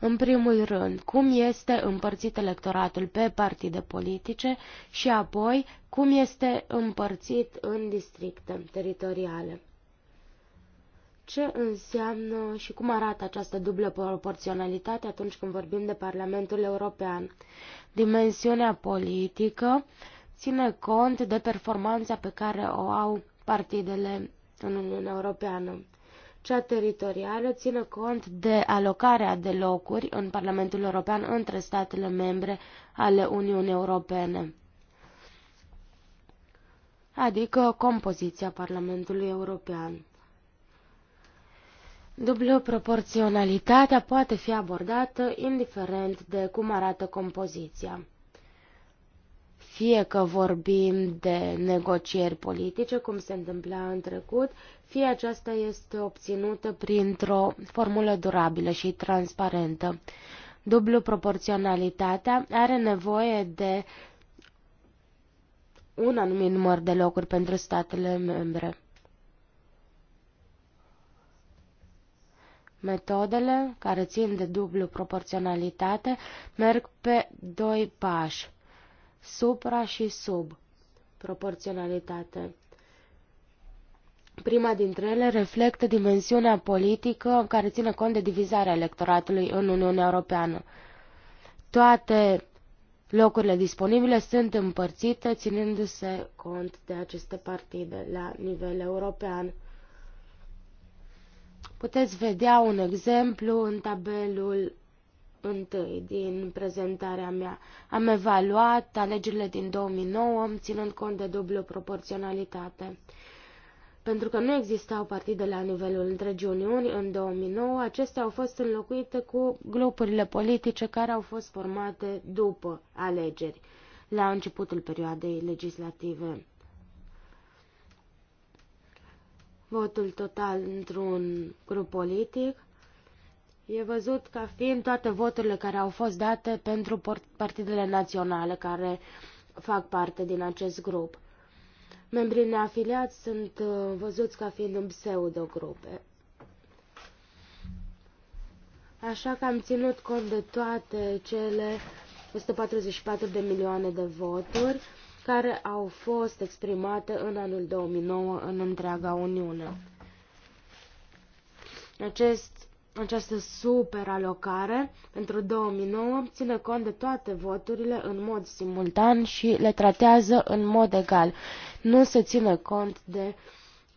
Speaker 3: În primul rând, cum este împărțit electoratul pe partide politice și apoi cum este împărțit în districte teritoriale. Ce înseamnă și cum arată această dublă proporționalitate atunci când vorbim de Parlamentul European? Dimensiunea politică ține cont de performanța pe care o au partidele în Uniunea Europeană. Cea teritorială ține cont de alocarea de locuri în Parlamentul European între statele membre ale Uniunii Europene, adică compoziția Parlamentului European. Dublă proporționalitatea poate fi abordată indiferent de cum arată compoziția. Fie că vorbim de negocieri politice, cum se întâmpla în trecut, fie aceasta este obținută printr-o formulă durabilă și transparentă. Dublu proporționalitatea are nevoie de un anumit număr de locuri pentru statele membre. Metodele care țin de dublu proporționalitate merg pe doi pași supra și sub proporționalitate. Prima dintre ele reflectă dimensiunea politică care ține cont de divizarea electoratului în Uniunea Europeană. Toate locurile disponibile sunt împărțite ținându-se cont de aceste partide la nivel european. Puteți vedea un exemplu în tabelul întâi din prezentarea mea. Am evaluat alegerile din 2009, ținând cont de dublu proporționalitate. Pentru că nu existau partide la nivelul întregii Uniuni în 2009, acestea au fost înlocuite cu grupurile politice care au fost formate după alegeri, la începutul perioadei legislative. Votul total într-un grup politic E văzut ca fiind toate voturile care au fost date pentru partidele naționale care fac parte din acest grup. Membrii neafiliați sunt uh, văzuți ca fiind în pseudogrupe. Așa că am ținut cont de toate cele 144 de milioane de voturi care au fost exprimate în anul 2009 în întreaga Uniune. Acest această super alocare pentru 2009 ține cont de toate voturile în mod simultan și le tratează în mod egal. Nu se ține cont de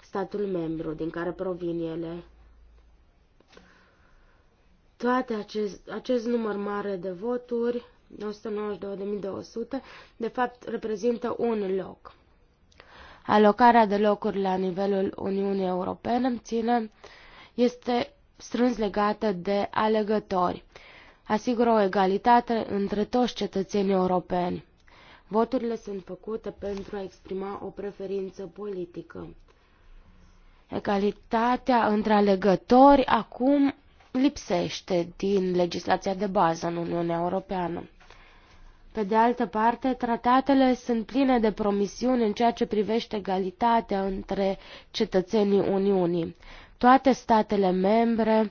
Speaker 3: statul membru din care provin ele. Toate acest, acest număr mare de voturi, 192.200, de fapt reprezintă un loc. Alocarea de locuri la nivelul Uniunii Europene ține este strâns legată de alegători. Asigură o egalitate între toți cetățenii europeni. Voturile sunt făcute pentru a exprima o preferință politică. Egalitatea între alegători acum lipsește din legislația de bază în Uniunea Europeană. Pe de altă parte, tratatele sunt pline de promisiuni în ceea ce privește egalitatea între cetățenii Uniunii. Toate statele membre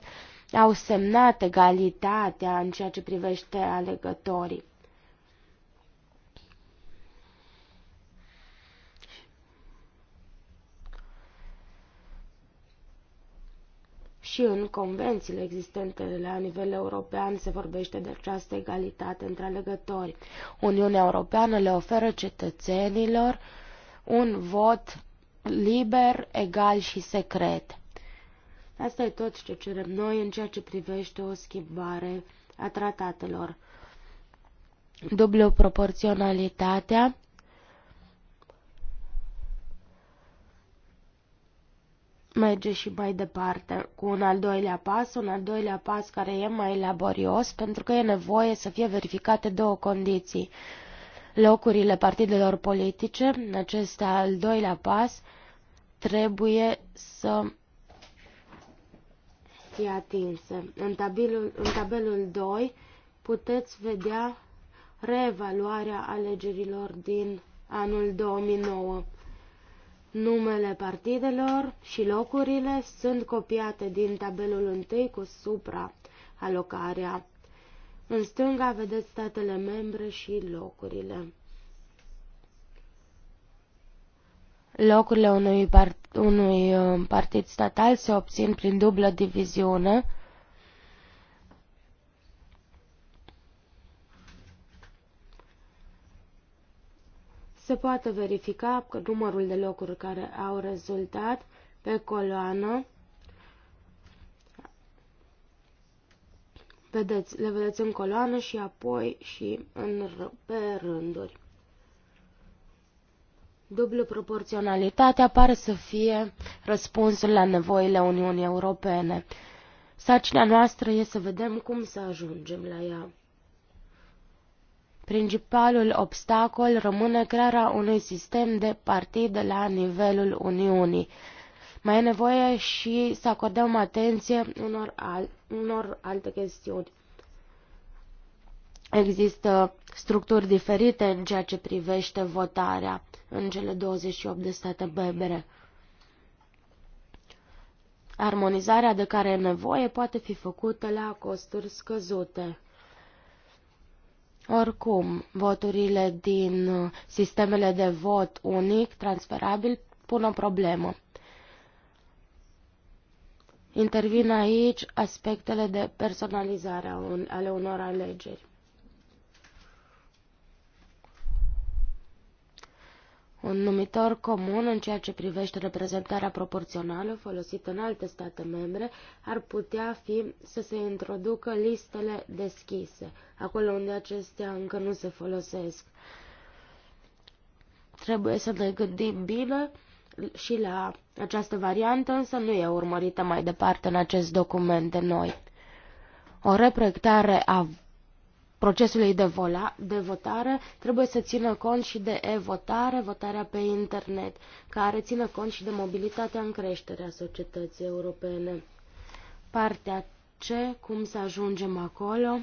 Speaker 3: au semnat egalitatea în ceea ce privește alegătorii. Și în convențiile existente la nivel european se vorbește de această egalitate între alegători. Uniunea Europeană le oferă cetățenilor un vot liber, egal și secret. Asta e tot ce cerem noi în ceea ce privește o schimbare a tratatelor. Dublă proporționalitatea merge și mai departe cu un al doilea pas, un al doilea pas care e mai laborios pentru că e nevoie să fie verificate două condiții. Locurile partidelor politice, în acest al doilea pas, trebuie să fie atinse. În tabelul, în tabelul 2 puteți vedea reevaluarea alegerilor din anul 2009. Numele partidelor și locurile sunt copiate din tabelul 1 cu supra-alocarea. În stânga vedeți statele membre și locurile. Locurile unui, part- unui uh, partid statal se obțin prin dublă diviziune. se poate verifica că numărul de locuri care au rezultat pe coloană. Vedeți, le vedeți în coloană și apoi și în, pe rânduri. Dublă proporționalitate pare să fie răspunsul la nevoile Uniunii Europene. Sacina noastră e să vedem cum să ajungem la ea. Principalul obstacol rămâne crearea unui sistem de partide la nivelul Uniunii. Mai e nevoie și să acordăm atenție unor, al unor alte chestiuni. Există structuri diferite în ceea ce privește votarea în cele 28 de state membre. Armonizarea de care e nevoie poate fi făcută la costuri scăzute. Oricum, voturile din sistemele de vot unic transferabil pun o problemă. Intervin aici aspectele de personalizare ale unor alegeri. un numitor comun în ceea ce privește reprezentarea proporțională folosită în alte state membre ar putea fi să se introducă listele deschise, acolo unde acestea încă nu se folosesc. Trebuie să ne gândim bine și la această variantă, însă nu e urmărită mai departe în acest document de noi. O reproiectare a procesului de, vola, de votare trebuie să țină cont și de e-votare, votarea pe internet, care țină cont și de mobilitatea în creștere a societății europene. Partea C, cum să ajungem acolo,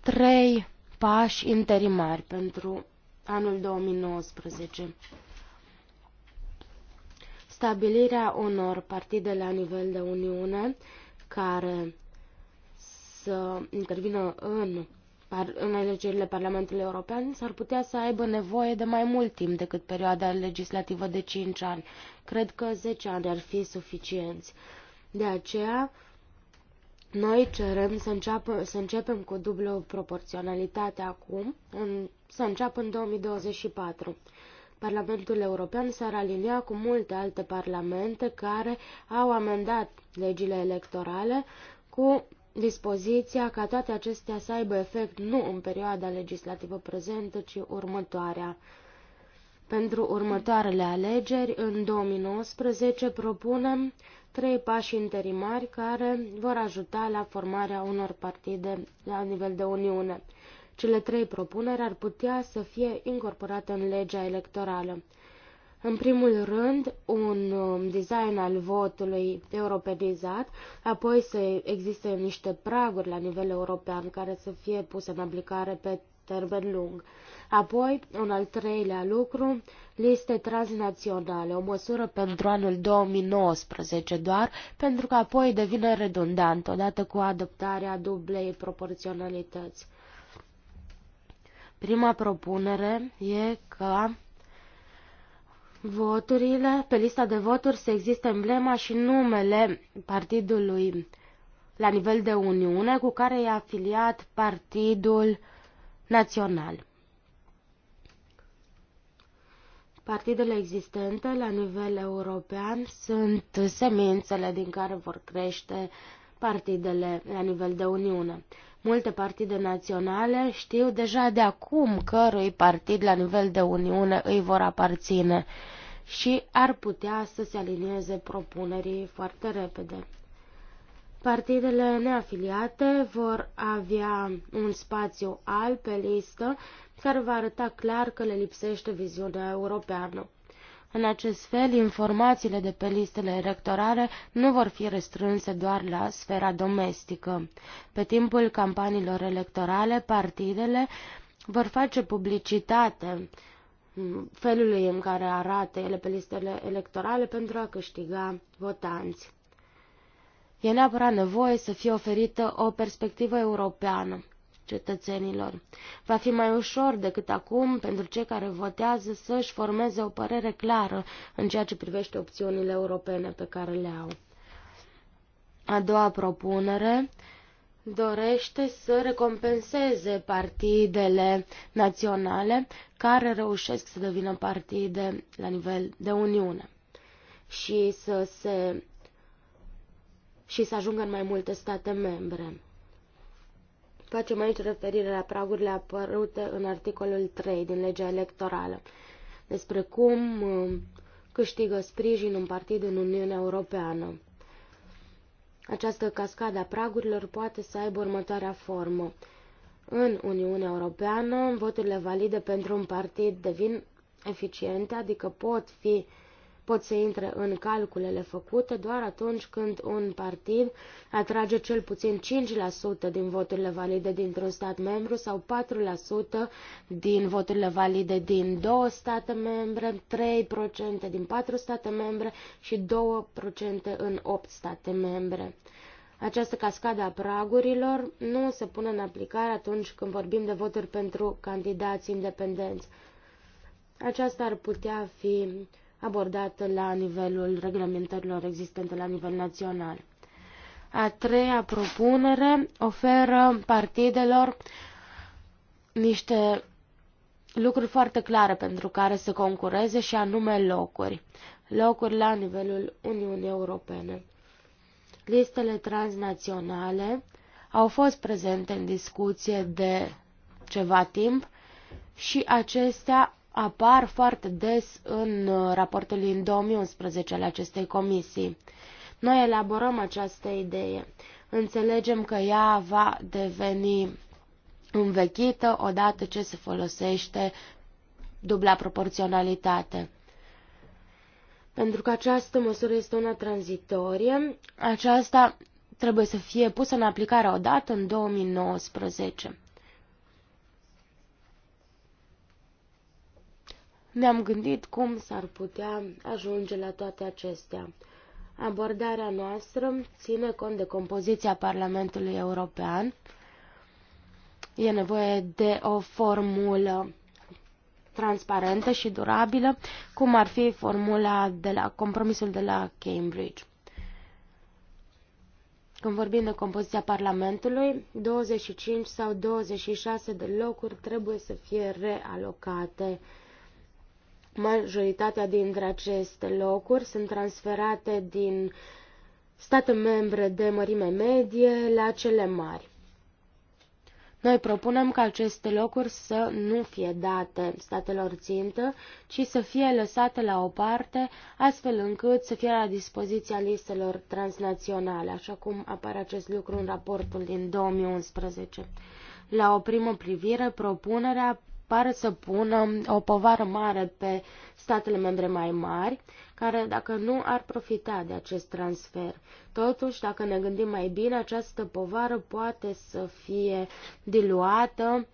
Speaker 3: trei pași interimari pentru anul 2019. Stabilirea unor partide la nivel de Uniune care să intervină în în alegerile Parlamentului European s-ar putea să aibă nevoie de mai mult timp decât perioada legislativă de 5 ani. Cred că 10 ani ar fi suficienți. De aceea, noi cerem să, înceapă, să începem cu dublă proporționalitate acum, în, să înceapă în 2024. Parlamentul European s-ar alinia cu multe alte parlamente care au amendat legile electorale cu dispoziția ca toate acestea să aibă efect nu în perioada legislativă prezentă, ci următoarea. Pentru următoarele alegeri, în 2019, propunem trei pași interimari care vor ajuta la formarea unor partide la nivel de Uniune. Cele trei propuneri ar putea să fie incorporate în legea electorală. În primul rând, un um, design al votului europenizat, apoi să existe niște praguri la nivel european care să fie puse în aplicare pe termen lung. Apoi, un al treilea lucru, liste transnaționale, o măsură pentru anul 2019 doar, pentru că apoi devine redundant odată cu adoptarea dublei proporționalități. Prima propunere e că voturile, pe lista de voturi să existe emblema și numele partidului la nivel de Uniune cu care e afiliat Partidul Național. Partidele existente la nivel european sunt semințele din care vor crește partidele la nivel de Uniune. Multe partide naționale știu deja de acum cărui partid la nivel de Uniune îi vor aparține și ar putea să se alinieze propunerii foarte repede. Partidele neafiliate vor avea un spațiu alb pe listă care va arăta clar că le lipsește viziunea europeană. În acest fel, informațiile de pe listele electorale nu vor fi restrânse doar la sfera domestică. Pe timpul campaniilor electorale, partidele vor face publicitate felului în care arată ele pe listele electorale pentru a câștiga votanți. E neapărat nevoie să fie oferită o perspectivă europeană cetățenilor. Va fi mai ușor decât acum pentru cei care votează să și formeze o părere clară în ceea ce privește opțiunile europene pe care le au. A doua propunere dorește să recompenseze partidele naționale care reușesc să devină partide la nivel de Uniune și să se și să ajungă în mai multe state membre. Facem aici referire la pragurile apărute în articolul 3 din legea electorală despre cum uh, câștigă sprijin un partid în Uniunea Europeană. Această cascadă a pragurilor poate să aibă următoarea formă. În Uniunea Europeană, voturile valide pentru un partid devin eficiente, adică pot fi uh, pot să intre în calculele făcute doar atunci când un partid atrage cel puțin 5% din voturile valide dintr-un stat membru sau 4% din voturile valide din două state membre, 3% din patru state membre și 2% în 8 state membre. Această cascadă a pragurilor nu se pune în aplicare atunci când vorbim de voturi pentru candidați independenți. Aceasta ar putea fi abordată la nivelul reglementărilor existente la nivel național. A treia propunere oferă partidelor niște lucruri foarte clare pentru care să concureze și anume locuri. Locuri la nivelul Uniunii Europene. Listele transnaționale au fost prezente în discuție de ceva timp și acestea apar foarte des în uh, raportul din 2011 al acestei comisii. Noi elaborăm această idee. Înțelegem că ea va deveni învechită odată ce se folosește dubla proporționalitate. Pentru că această măsură este una tranzitorie, aceasta trebuie să fie pusă în aplicare odată în 2019. Ne-am gândit cum s-ar putea ajunge la toate acestea. Abordarea noastră ține cont de compoziția Parlamentului European. E nevoie de o formulă transparentă și durabilă, cum ar fi formula de la compromisul de la Cambridge. Când vorbim de compoziția Parlamentului, 25 sau 26 de locuri trebuie să fie realocate Majoritatea dintre aceste locuri sunt transferate din state membre de mărime medie la cele mari. Noi propunem ca aceste locuri să nu fie date statelor țintă, ci să fie lăsate la o parte, astfel încât să fie la dispoziția listelor transnaționale, așa cum apare acest lucru în raportul din 2011. La o primă privire, propunerea pare să pună o povară mare pe statele membre mai mari, care, dacă nu, ar profita de acest transfer. Totuși, dacă ne gândim mai bine, această povară poate să fie diluată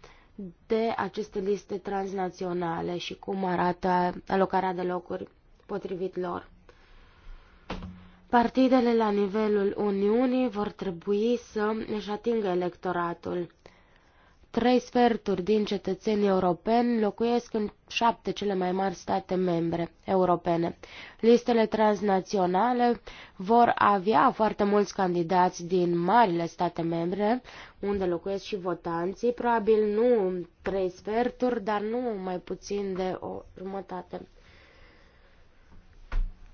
Speaker 3: de aceste liste transnaționale și cum arată alocarea de locuri potrivit lor. Partidele la nivelul Uniunii vor trebui să își atingă electoratul. Trei sferturi din cetățenii europeni locuiesc în șapte cele mai mari state membre europene. Listele transnaționale vor avea foarte mulți candidați din marile state membre, unde locuiesc și votanții, probabil nu trei sferturi, dar nu mai puțin de o jumătate.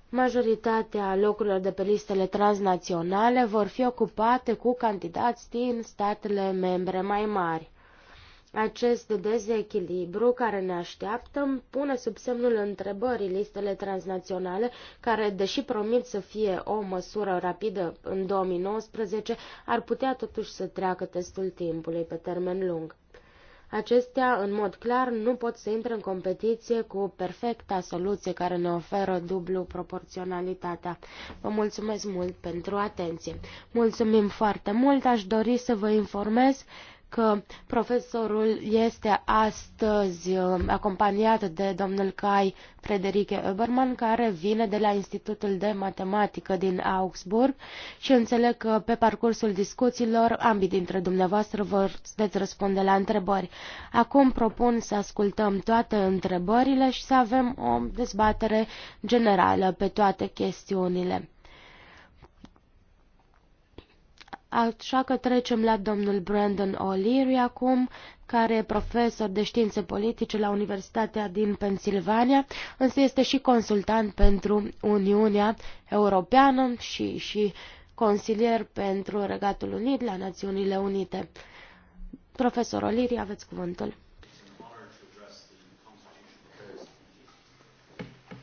Speaker 3: Majoritatea locurilor de pe listele transnaționale vor fi ocupate cu candidați din statele membre mai mari. Acest dezechilibru care ne așteaptă pune sub semnul întrebării listele transnaționale, care, deși promit să fie o măsură rapidă în 2019, ar putea totuși să treacă testul timpului pe termen lung. Acestea, în mod clar, nu pot să intre în competiție cu perfecta soluție care ne oferă dublu proporționalitatea. Vă mulțumesc mult pentru atenție. Mulțumim foarte mult, aș dori să vă informez că profesorul este astăzi uh, acompaniat de domnul Kai Frederike Oberman, care vine de la Institutul de Matematică din Augsburg și înțeleg că pe parcursul discuțiilor ambii dintre dumneavoastră vă veți răspunde la întrebări. Acum propun să ascultăm toate întrebările și să avem o dezbatere generală pe toate chestiunile. Așa că trecem la domnul Brandon O'Leary acum, care e profesor de științe politice la Universitatea din Pennsylvania, însă este și consultant pentru Uniunea Europeană și, și consilier pentru Regatul Unit la Națiunile Unite. Profesor O'Leary, aveți cuvântul.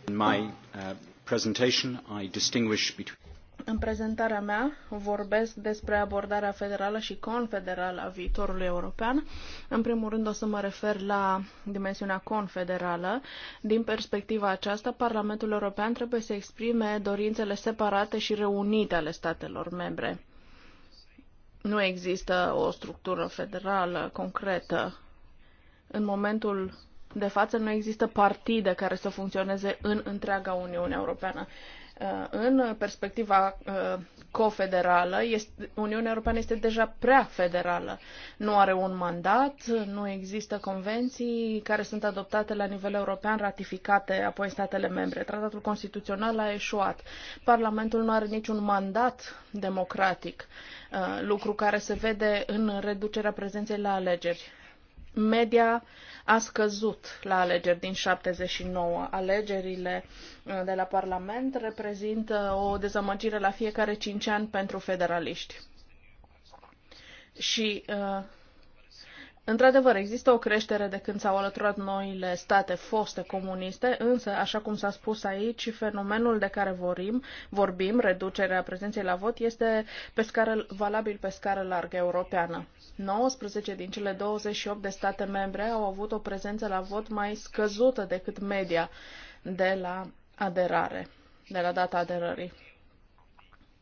Speaker 1: In my uh, presentation, I distinguish between în prezentarea mea vorbesc despre abordarea federală și confederală a viitorului european. În primul rând o să mă refer la dimensiunea confederală. Din perspectiva aceasta, Parlamentul European trebuie să exprime dorințele separate și reunite ale statelor membre. Nu există o structură federală concretă. În momentul de față nu există partide care să funcționeze în întreaga Uniune Europeană. Uh, în perspectiva uh, cofederală, Uniunea Europeană este deja prea federală. Nu are un mandat, nu există convenții care sunt adoptate la nivel european, ratificate apoi în statele membre. Tratatul constituțional a eșuat. Parlamentul nu are niciun mandat democratic, uh, lucru care se vede în reducerea prezenței la alegeri media a scăzut la alegeri din 79. Alegerile uh, de la Parlament reprezintă o dezamăgire la fiecare 5 ani pentru federaliști. Și uh, Într-adevăr, există o creștere de când s-au alăturat noile state foste comuniste, însă, așa cum s-a spus aici, fenomenul de care vorim, vorbim, reducerea prezenței la vot, este pe scară, valabil pe scară largă europeană. 19 din cele 28 de state membre au avut o prezență la vot mai scăzută decât media de la aderare, de la data aderării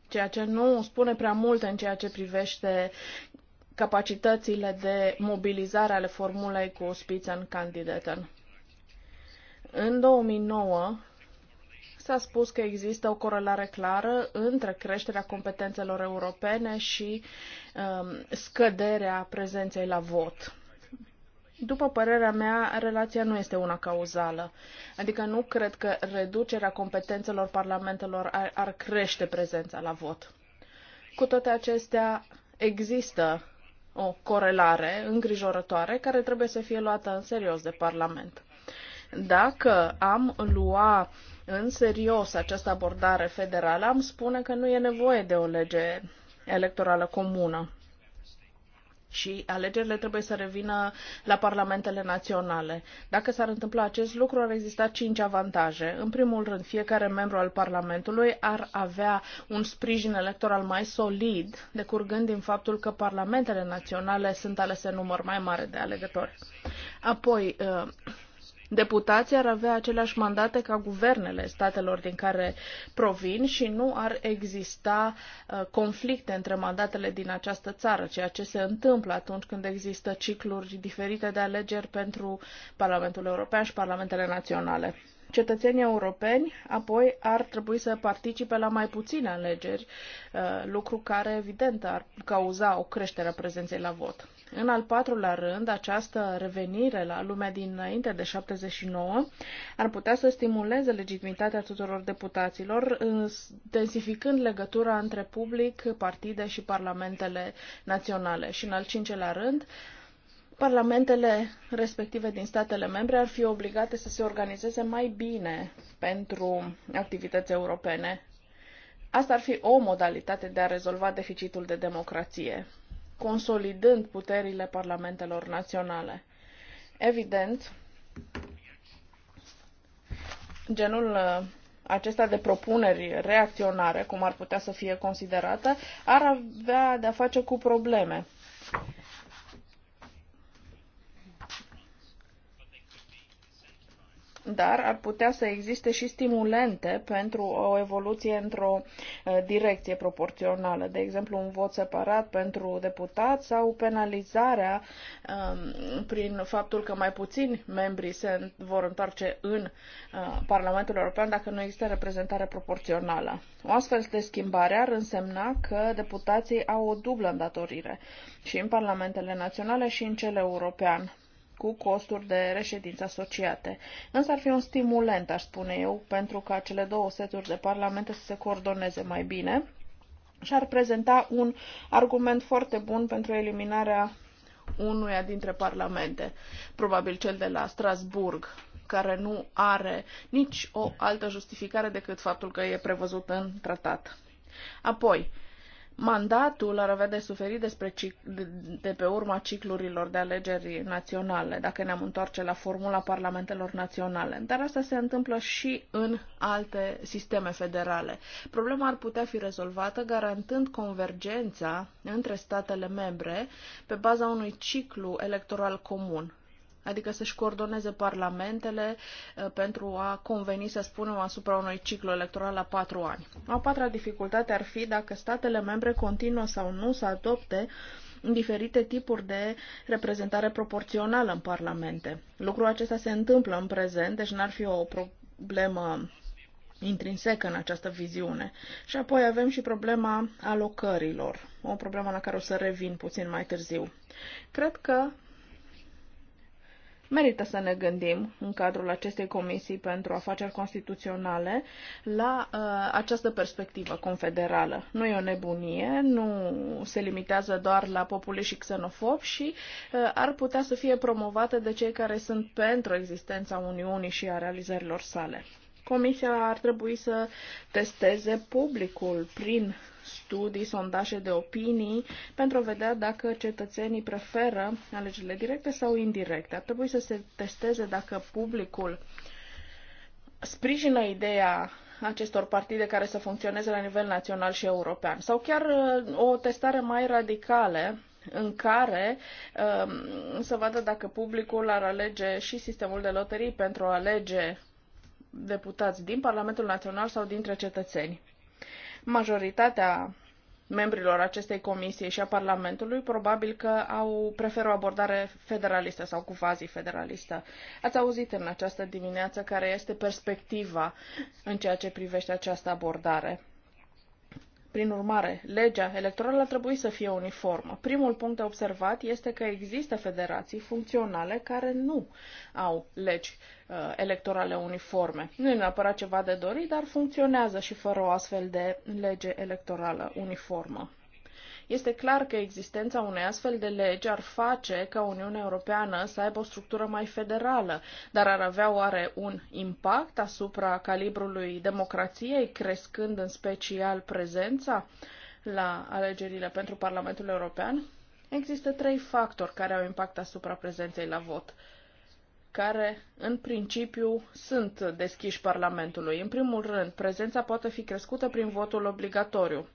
Speaker 1: ceea ce nu spune prea mult în ceea ce privește capacitățile de mobilizare ale formulei cu Spitzenkandidaten. În 2009 s-a spus că există o corelare clară între creșterea competențelor europene și um, scăderea prezenței la vot. După părerea mea, relația nu este una cauzală. Adică nu cred că reducerea competențelor parlamentelor ar, ar crește prezența la vot. Cu toate acestea, există o corelare îngrijorătoare care trebuie să fie luată în serios de Parlament. Dacă am lua în serios această abordare federală, am spune că nu e nevoie de o lege electorală comună și alegerile trebuie să revină la parlamentele naționale. Dacă s-ar întâmpla acest lucru, ar exista cinci avantaje. În primul rând, fiecare membru al Parlamentului ar avea un sprijin electoral mai solid, decurgând din faptul că parlamentele naționale sunt alese număr mai mare de alegători. Apoi, uh, deputații ar avea aceleași mandate ca guvernele statelor din care provin și nu ar exista uh, conflicte între mandatele din această țară, ceea ce se întâmplă atunci când există cicluri diferite de alegeri pentru Parlamentul European și Parlamentele Naționale. Cetățenii europeni apoi ar trebui să participe la mai puține alegeri, uh, lucru care evident ar cauza o creștere a prezenței la vot. În al patrulea rând, această revenire la lumea dinainte de 79 ar putea să stimuleze legitimitatea tuturor deputaților, intensificând legătura între public, partide și parlamentele naționale. Și în al cincelea rând, parlamentele respective din statele membre ar fi obligate să se organizeze mai bine pentru activități europene. Asta ar fi o modalitate de a rezolva deficitul de democrație consolidând puterile parlamentelor naționale. Evident, genul uh, acesta de propuneri reacționare, cum ar putea să fie considerată, ar avea de-a face cu probleme. dar ar putea să existe și stimulente pentru o evoluție într-o uh, direcție proporțională, de exemplu un vot separat pentru deputat sau penalizarea um, prin faptul că mai puțini membri se vor întoarce în uh, Parlamentul European dacă nu există reprezentare proporțională. O astfel de schimbare ar însemna că deputații au o dublă îndatorire și în parlamentele naționale și în cele european cu costuri de reședință asociate. Însă ar fi un stimulent, aș spune eu, pentru ca cele două seturi de parlamente să se coordoneze mai bine și ar prezenta un argument foarte bun pentru eliminarea unuia dintre parlamente, probabil cel de la Strasburg, care nu are nici o altă justificare decât faptul că e prevăzut în tratat. Apoi, mandatul ar avea de suferit despre de pe urma ciclurilor de alegeri naționale, dacă ne-am întoarce la formula parlamentelor naționale. Dar asta se întâmplă și în alte sisteme federale. Problema ar putea fi rezolvată garantând convergența între statele membre pe baza unui ciclu electoral comun adică să-și coordoneze parlamentele uh, pentru a conveni, să spunem, asupra unui ciclu electoral la patru ani. A patra dificultate ar fi dacă statele membre continuă sau nu să adopte diferite tipuri de reprezentare proporțională în parlamente. Lucrul acesta se întâmplă în prezent, deci n-ar fi o problemă intrinsecă în această viziune. Și apoi avem și problema alocărilor, o problemă la care o să revin puțin mai târziu. Cred că Merită să ne gândim în cadrul acestei comisii pentru afaceri constituționale la uh, această perspectivă confederală. Nu e o nebunie, nu se limitează doar la populiști și xenofob și uh, ar putea să fie promovată de cei care sunt pentru existența Uniunii și a realizărilor sale. Comisia ar trebui să testeze publicul prin studii, sondaje de opinii pentru a vedea dacă cetățenii preferă alegerile directe sau indirecte. Ar trebui să se testeze dacă publicul sprijină ideea acestor partide care să funcționeze la nivel național și european sau chiar uh, o testare mai radicală în care um, să vadă dacă publicul ar alege și sistemul de loterii pentru a alege deputați din Parlamentul Național sau dintre cetățeni. Majoritatea membrilor acestei comisii și a Parlamentului probabil că au preferă o abordare federalistă sau cu fazi federalistă. Ați auzit în această dimineață care este perspectiva în ceea ce privește această abordare. Prin urmare, legea electorală ar trebui să fie uniformă. Primul punct de observat este că există federații funcționale care nu au legi uh, electorale uniforme. Nu e neapărat ceva de dorit, dar funcționează și fără o astfel de lege electorală uniformă. Este clar că existența unei astfel de legi ar face ca Uniunea Europeană să aibă o structură mai federală, dar ar avea oare un impact asupra calibrului democrației, crescând în special prezența la alegerile pentru Parlamentul European? Există trei factori care au impact asupra prezenței la vot care, în principiu, sunt deschiși Parlamentului. În primul rând, prezența poate fi crescută prin votul obligatoriu.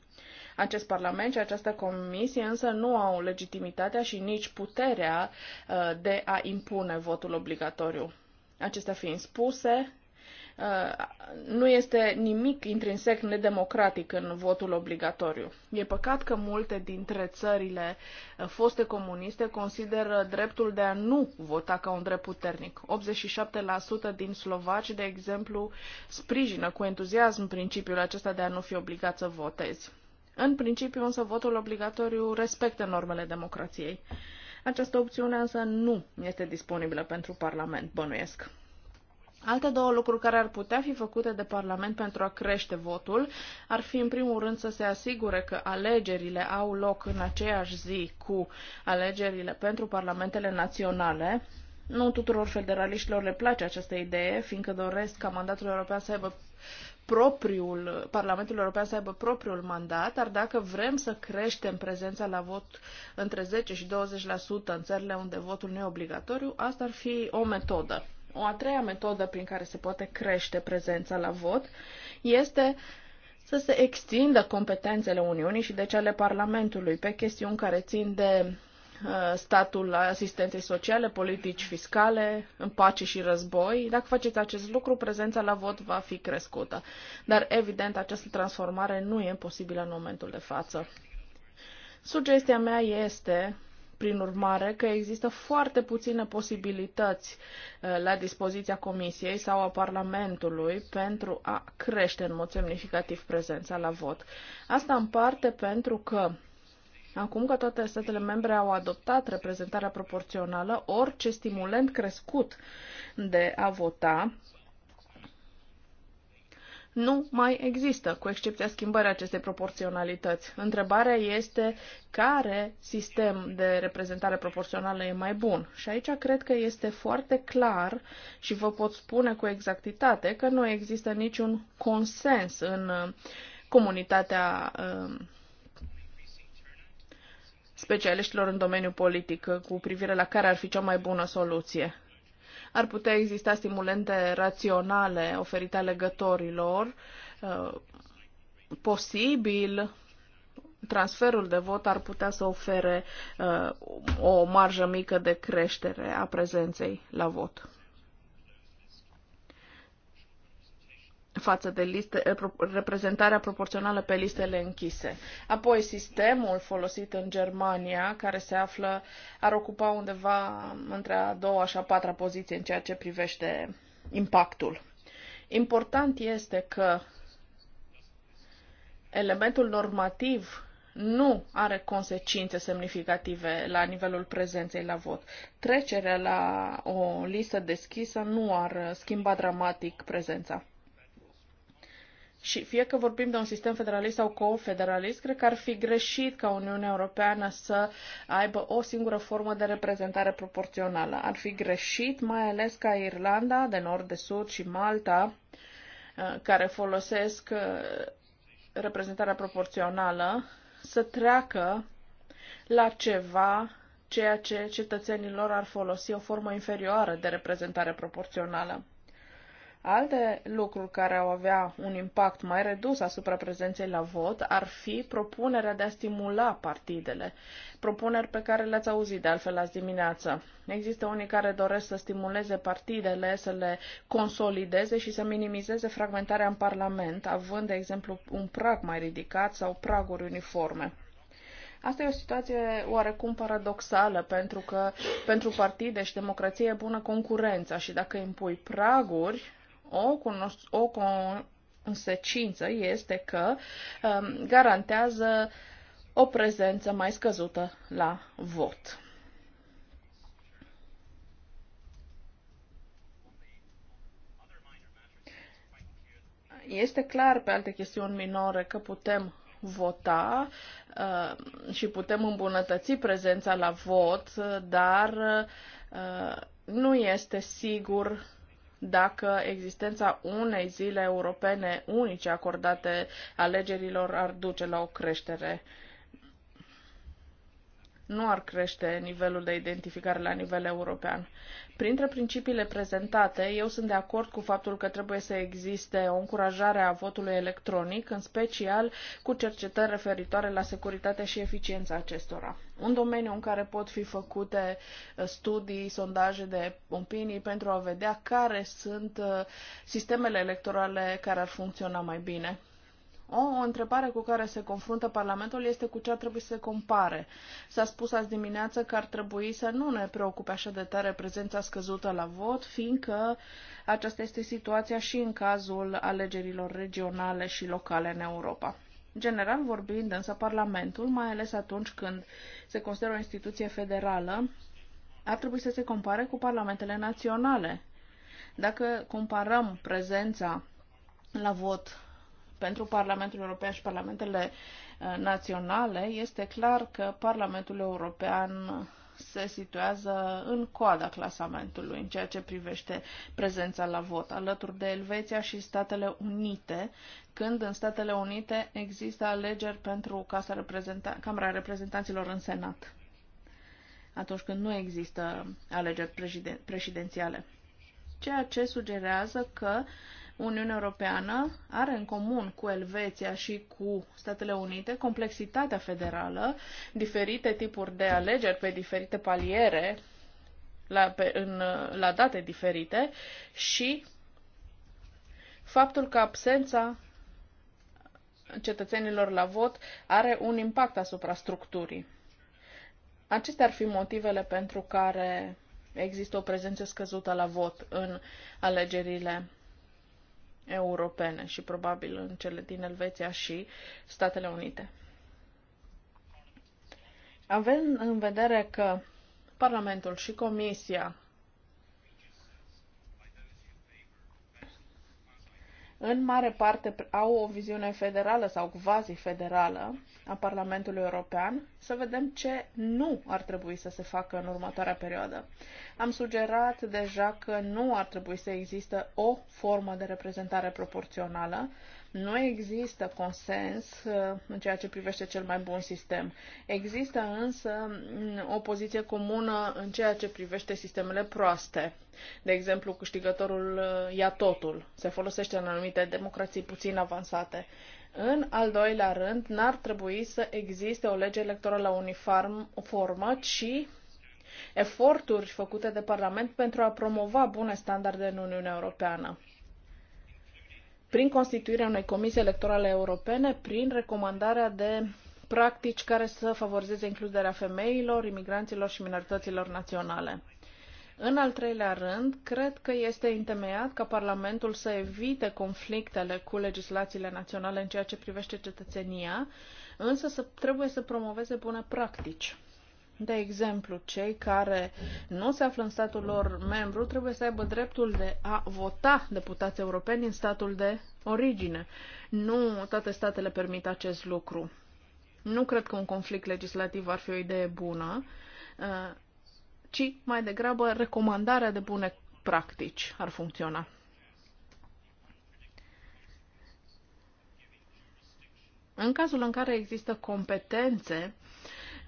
Speaker 1: Acest Parlament și această Comisie însă nu au legitimitatea și nici puterea uh, de a impune votul obligatoriu. Acestea fiind spuse, uh, nu este nimic intrinsec nedemocratic în votul obligatoriu. E păcat că multe dintre țările uh, foste comuniste consideră dreptul de a nu vota ca un drept puternic. 87% din slovaci, de exemplu, sprijină cu entuziasm principiul acesta de a nu fi obligat să votezi. În principiu, însă, votul obligatoriu respectă normele democrației. Această opțiune însă nu este disponibilă pentru Parlament, bănuiesc. Alte două lucruri care ar putea fi făcute de Parlament pentru a crește votul ar fi, în primul rând, să se asigure că alegerile au loc în aceeași zi cu alegerile pentru parlamentele naționale. Nu tuturor federaliștilor le place această idee, fiindcă doresc ca mandatul european să aibă propriul, Parlamentul European să aibă propriul mandat, dar dacă vrem să creștem prezența la vot între 10 și 20% în țările unde votul nu e obligatoriu, asta ar fi o metodă. O a treia metodă prin care se poate crește prezența la vot este să se extindă competențele Uniunii și deci ale Parlamentului pe chestiuni care țin de Uh, statul asistenței sociale, politici fiscale, în pace și război. Dacă faceți acest lucru, prezența la vot va fi crescută. Dar, evident, această transformare nu e posibilă în momentul de față. Sugestia mea este, prin urmare, că există foarte puține posibilități uh, la dispoziția Comisiei sau a Parlamentului pentru a crește în mod semnificativ prezența la vot. Asta în parte pentru că Acum că toate statele membre au adoptat reprezentarea proporțională, orice stimulent crescut de a vota nu mai există, cu excepția schimbării acestei proporționalități. Întrebarea este care sistem de reprezentare proporțională e mai bun. Și aici cred că este foarte clar și vă pot spune cu exactitate că nu există niciun consens în uh, comunitatea uh, specialiștilor în domeniul politic uh, cu privire la care ar fi cea mai bună soluție. Ar putea exista stimulente raționale oferite alegătorilor, uh, posibil transferul de vot ar putea să ofere uh, o marjă mică de creștere a prezenței la vot. față de liste, eh, reprezentarea proporțională pe listele închise. Apoi, sistemul folosit în Germania, care se află, ar ocupa undeva între a doua și a patra poziție în ceea ce privește impactul. Important este că elementul normativ nu are consecințe semnificative la nivelul prezenței la vot. Trecerea la o listă deschisă nu ar schimba dramatic prezența și fie că vorbim de un sistem federalist sau confederalist, cred că ar fi greșit ca Uniunea Europeană să aibă o singură formă de reprezentare proporțională. Ar fi greșit, mai ales ca Irlanda, de nord, de sud și Malta, uh, care folosesc uh, reprezentarea proporțională, să treacă la ceva ceea ce cetățenilor ar folosi o formă inferioară de reprezentare proporțională. Alte lucruri care au avea un impact mai redus asupra prezenței la vot ar fi propunerea de a stimula partidele, propuneri pe care le-ați auzit de altfel azi dimineață. Există unii care doresc să stimuleze partidele, să le consolideze și să minimizeze fragmentarea în Parlament, având, de exemplu, un prag mai ridicat sau praguri uniforme. Asta e o situație oarecum paradoxală, pentru că pentru partide și democrație e bună concurența și dacă impui praguri, o, o consecință este că um, garantează o prezență mai scăzută la vot. Este clar pe alte chestiuni minore că putem vota uh, și putem îmbunătăți prezența la vot, uh, dar uh, nu este sigur dacă existența unei zile europene unice acordate alegerilor ar duce la o creștere nu ar crește nivelul de identificare la nivel european. Printre principiile prezentate, eu sunt de acord cu faptul că trebuie să existe o încurajare a votului electronic, în special cu cercetări referitoare la securitatea și eficiența acestora. Un domeniu în care pot fi făcute uh, studii, sondaje de opinii pentru a vedea care sunt uh, sistemele electorale care ar funcționa mai bine. O întrebare cu care se confruntă Parlamentul este cu ce ar trebui să se compare. S-a spus azi dimineață că ar trebui să nu ne preocupe așa de tare prezența scăzută la vot, fiindcă aceasta este situația și în cazul alegerilor regionale și locale în Europa. General vorbind, însă Parlamentul, mai ales atunci când se consideră o instituție federală, ar trebui să se compare cu parlamentele naționale. Dacă comparăm prezența la vot pentru Parlamentul European și Parlamentele uh, naționale, este clar că Parlamentul European se situează în coada clasamentului în ceea ce privește prezența la vot, alături de Elveția și Statele Unite, când în Statele Unite există alegeri pentru Casa Reprezentan- Camera Reprezentanților în Senat, atunci când nu există alegeri președen- prezidențiale. Ceea ce sugerează că uh, Uniunea Europeană are în comun cu Elveția și cu Statele Unite complexitatea federală, diferite tipuri de alegeri pe diferite paliere, la, pe, în, la date diferite și faptul că absența cetățenilor la vot are un impact asupra structurii. Acestea ar fi motivele pentru care există o prezență scăzută la vot în alegerile europene și probabil în cele din Elveția și Statele Unite. Avem în vedere că Parlamentul și Comisia în mare parte au o viziune federală sau quasi-federală, a Parlamentului European, să vedem ce nu ar trebui să se facă în următoarea perioadă. Am sugerat deja că nu ar trebui să existe o formă de reprezentare proporțională, nu există consens uh, în ceea ce privește cel mai bun sistem. Există însă mm, o poziție comună în ceea ce privește sistemele proaste. De exemplu, câștigătorul uh, ia totul. Se folosește în anumite democrații puțin avansate. În al doilea rând, n-ar trebui să existe o lege electorală uniformă, ci eforturi făcute de Parlament pentru a promova bune standarde în Uniunea Europeană prin constituirea unei comisii electorale europene, prin recomandarea de practici care să favorizeze includerea femeilor, imigranților și minorităților naționale. În al treilea rând, cred că este întemeiat ca Parlamentul să evite conflictele cu legislațiile naționale în ceea ce privește cetățenia, însă să, trebuie să promoveze bune practici. De exemplu, cei care nu se află în statul lor membru trebuie să aibă dreptul de a vota deputați europeni în statul de origine. Nu toate statele permit acest lucru. Nu cred că un conflict legislativ ar fi o idee bună uh, ci mai degrabă recomandarea de bune practici ar funcționa. În cazul în care există competențe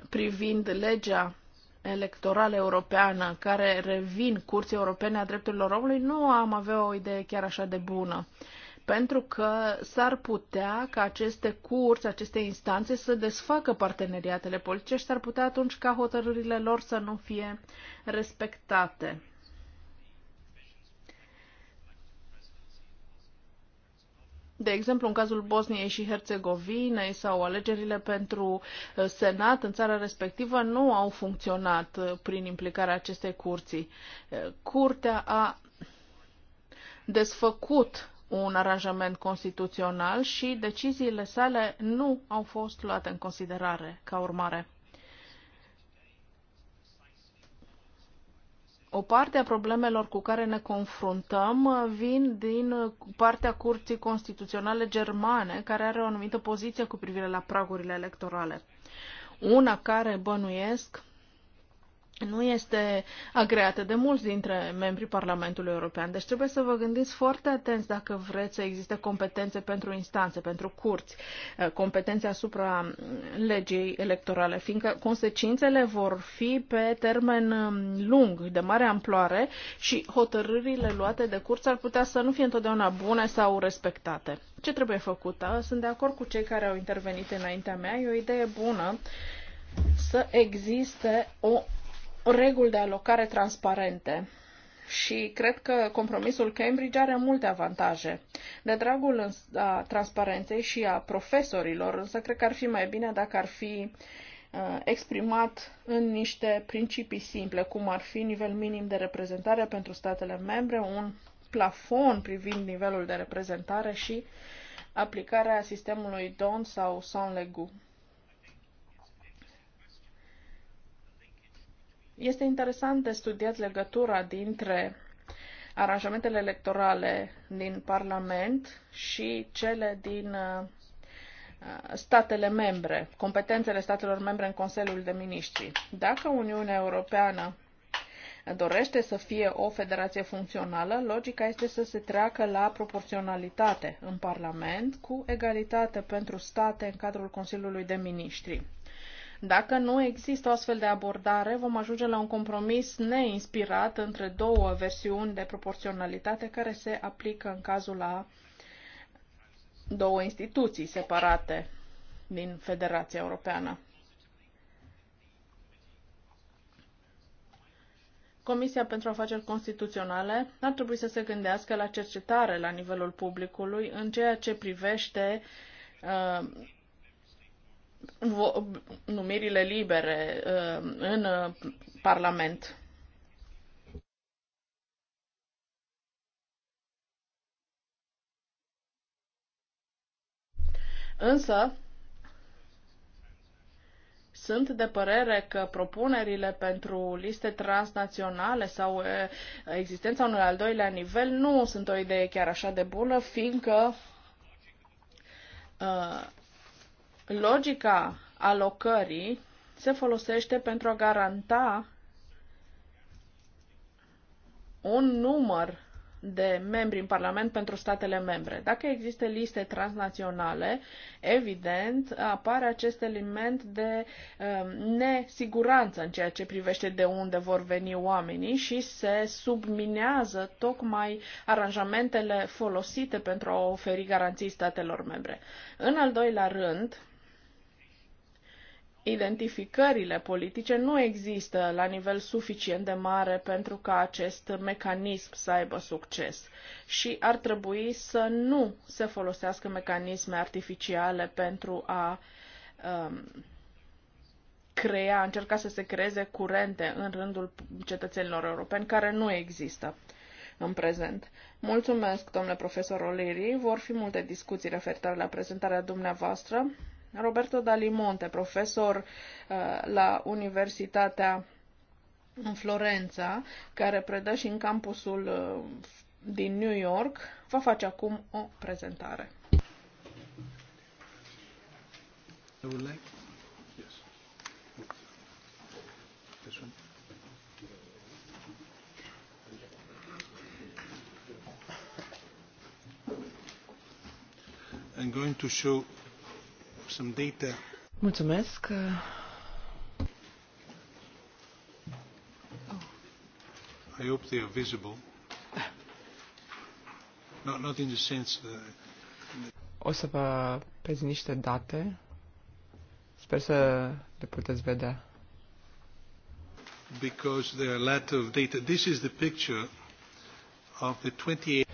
Speaker 1: privind legea electorală europeană care revin Curții Europene a Drepturilor Omului, nu am avea o idee chiar așa de bună. Uh, pentru că s-ar putea ca aceste curți, aceste instanțe să desfacă parteneriatele și s-ar putea atunci ca hotărârile lor să nu fie respectate. De exemplu, în cazul Bosniei și Herțegovinei sau alegerile pentru uh, Senat în țara respectivă nu au funcționat uh, prin implicarea acestei curții. Uh, curtea a desfăcut un aranjament constituțional și deciziile sale nu au fost luate în considerare ca urmare. O parte a problemelor cu care ne confruntăm vin din partea Curții Constituționale Germane, care are o anumită poziție cu privire la pragurile electorale. Una care bănuiesc nu este agreată de mulți dintre membrii Parlamentului European. Deci trebuie să vă gândiți foarte atenți dacă vreți să existe competențe pentru instanțe, pentru curți, eh, competențe asupra legii electorale, fiindcă consecințele vor fi pe termen mm, lung, de mare amploare și hotărârile luate de curți ar putea să nu fie întotdeauna bune sau respectate. Ce trebuie făcut? Sunt de acord cu cei care au intervenit înaintea mea. E o idee bună să existe o reguli de alocare transparente. Și cred că compromisul Cambridge are multe avantaje. De dragul a transparenței și a profesorilor, însă cred că ar fi mai bine dacă ar fi uh, exprimat în niște principii simple, cum ar fi nivel minim de reprezentare pentru statele membre, un plafon privind nivelul de reprezentare și aplicarea sistemului DON sau Sonlegu. Este interesant de studiat legătura dintre aranjamentele electorale din Parlament și cele din uh, uh, statele membre, competențele statelor membre în Consiliul de Ministri. Dacă Uniunea Europeană dorește să fie o federație funcțională, logica este să se treacă la proporționalitate în Parlament cu egalitate pentru state în cadrul Consiliului de Ministri. Dacă nu există o astfel de abordare, vom ajunge la un compromis neinspirat între două versiuni de proporționalitate care se aplică în cazul la două instituții separate din Federația Europeană. Comisia pentru Afaceri Constituționale ar trebui să se gândească la cercetare la nivelul publicului în ceea ce privește uh, numirile libere uh, în uh, Parlament. Însă, sunt de părere că propunerile pentru liste transnaționale sau uh, existența unui al doilea nivel nu sunt o idee chiar așa de bună, fiindcă Logica alocării se folosește pentru a garanta un număr de membri în Parlament pentru statele membre. Dacă există liste transnaționale, evident apare acest element de um, nesiguranță în ceea ce privește de unde vor veni oamenii și se subminează tocmai aranjamentele folosite pentru a oferi garanții statelor membre. În al doilea rând, identificările politice nu există la nivel suficient de mare pentru ca acest mecanism să aibă succes și ar trebui să nu se folosească mecanisme artificiale pentru a um, crea, încerca să se creeze curente în rândul cetățenilor europeni care nu există în prezent. Mulțumesc, domnule profesor O'Leary. Vor fi multe discuții referitoare la prezentarea dumneavoastră. Roberto Dalimonte, profesor uh, la Universitatea în Florența, care predă și în campusul uh, din New York, va face acum o prezentare. I'm going to show some data.
Speaker 2: Mulțumesc.
Speaker 1: I hope they are visible. Not, not in the sense that... Uh,
Speaker 2: o să vă prezint niște date. Sper să le puteți vedea.
Speaker 1: Because there are a lot of data. This is the picture of the 28...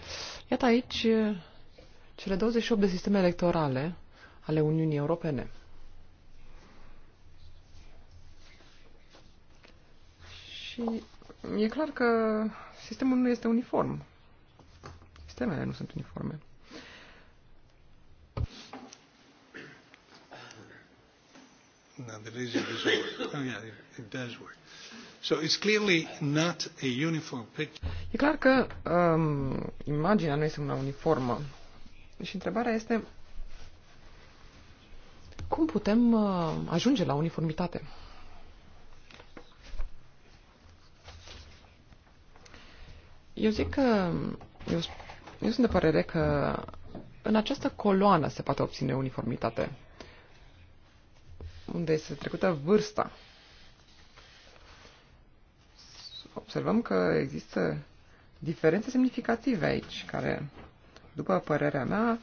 Speaker 2: Iată aici uh, cele 28 de sisteme electorale ale Uniunii Europene. Și e clar că sistemul nu este uniform. Sistemele nu sunt uniforme.
Speaker 1: is Oh, yeah, it does work. So it's clearly not a uniform picture.
Speaker 2: E clar că um, imaginea nu este una uniformă. Și întrebarea este cum putem uh, ajunge la uniformitate? Eu zic că eu, eu sunt de părere că în această coloană se poate obține uniformitate, unde este trecută vârsta. Observăm că există diferențe semnificative aici, care, după părerea mea,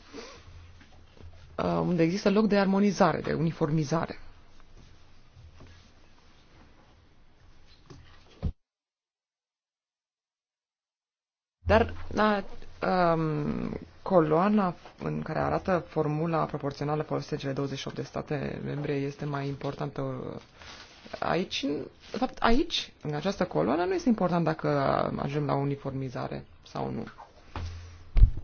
Speaker 2: Uh, unde există loc de armonizare, de uniformizare. Dar a, um, coloana în care arată formula proporțională folosită cele 28 de state membre este mai importantă aici. De fapt, aici, în această coloană, nu este important dacă ajungem la uniformizare sau nu.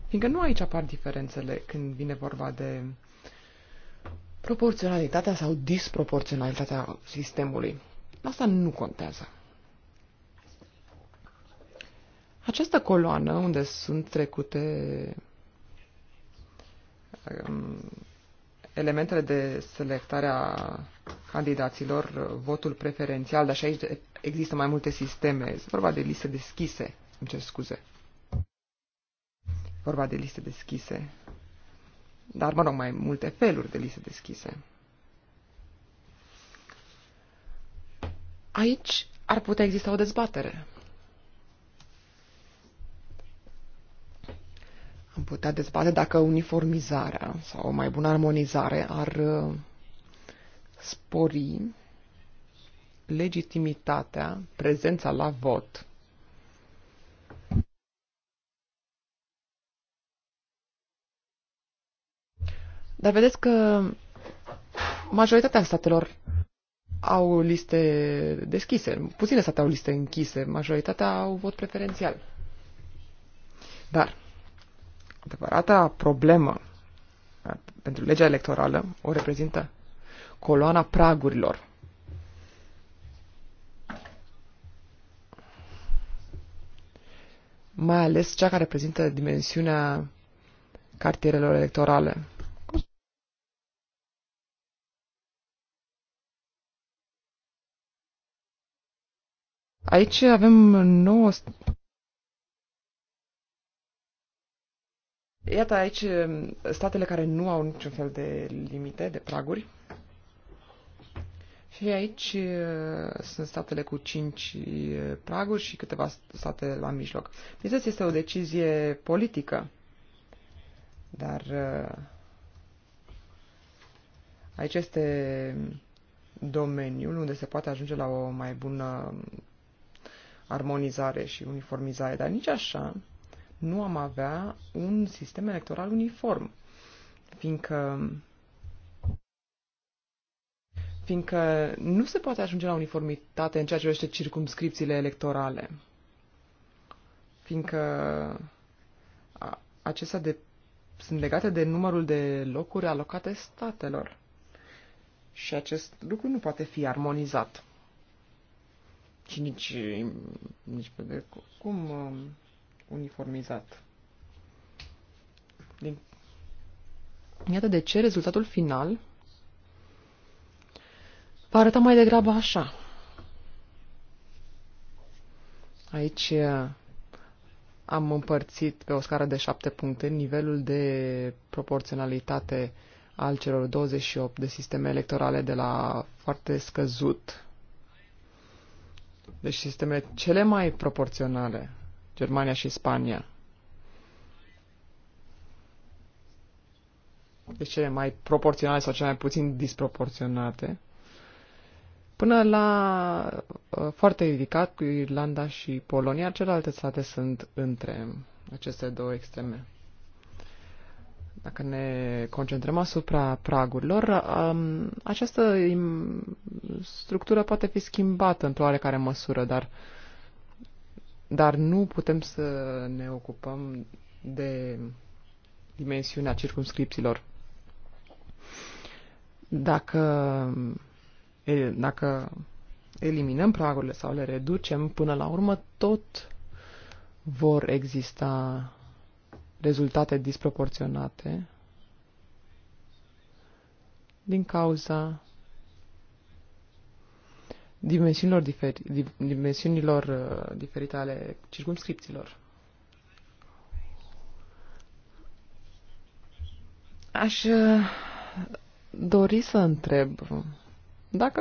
Speaker 2: Fiindcă nu aici apar diferențele când vine vorba de proporționalitatea sau disproporționalitatea sistemului. Asta nu contează. Această coloană unde sunt trecute um, elementele de selectare a candidaților, votul preferențial, dar și aici există mai multe sisteme. Este vorba de liste deschise, îmi cer scuze. Vorba de liste deschise. Dar, mă rog, mai multe feluri de liste deschise. Aici ar putea exista o dezbatere. Am putea dezbate dacă uniformizarea sau o mai bună armonizare ar uh, spori legitimitatea, prezența la vot Dar vedeți că majoritatea statelor au liste deschise, puține state au liste închise, majoritatea au vot preferențial. Dar adevărata problemă da, pentru legea electorală o reprezintă coloana pragurilor. Mai ales cea care reprezintă dimensiunea cartierelor electorale. Aici avem 9... Iată aici statele care nu au niciun fel de limite, de praguri. Și aici uh, sunt statele cu 5 uh, praguri și câteva state la mijloc. Bineînțeles, este o decizie politică, dar uh, aici este domeniul unde se poate ajunge la o mai bună armonizare și uniformizare, dar nici așa nu am avea un sistem electoral uniform, fiindcă fiindcă nu se poate ajunge la uniformitate în ceea ce privește circumscripțiile electorale, fiindcă acestea de, sunt legate de numărul de locuri alocate statelor. Și acest lucru nu poate fi armonizat și nici, nici pe de cum um, uniformizat. Din... Iată de ce rezultatul final va arăta mai degrabă așa. Aici uh, am împărțit pe o scară de șapte puncte nivelul de proporționalitate al celor 28 de sisteme electorale de la foarte scăzut deci sistemele cele mai proporționale, Germania și Spania, deci cele mai proporționale sau cele mai puțin disproporționate, până la uh, foarte ridicat cu Irlanda și Polonia, celelalte state sunt între aceste două extreme. Dacă ne concentrăm asupra pragurilor, um, această structură poate fi schimbată într-o oarecare măsură, dar, dar nu putem să ne ocupăm de dimensiunea circumscripțiilor. Dacă, dacă eliminăm pragurile sau le reducem, până la urmă tot vor exista rezultate disproporționate din cauza dimensiunilor, diferi, dimensiunilor uh, diferite ale circumscripțiilor. Aș uh, dori să întreb dacă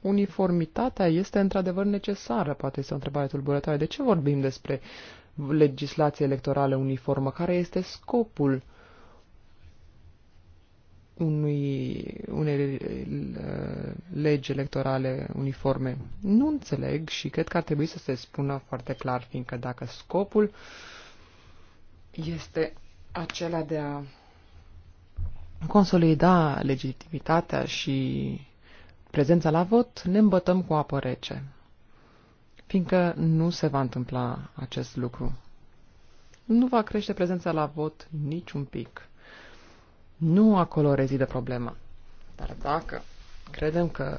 Speaker 2: uniformitatea este într-adevăr necesară, poate este o întrebare tulburătoare. De ce vorbim despre legislație electorală uniformă. Care este scopul unui, unei legi electorale uniforme? Nu înțeleg și cred că ar trebui să se spună foarte clar, fiindcă dacă scopul este acela de a consolida legitimitatea și prezența la vot, ne îmbătăm cu apă rece fiindcă nu se va întâmpla acest lucru. Nu va crește prezența la vot niciun pic. Nu acolo rezidă problema. Dar dacă credem că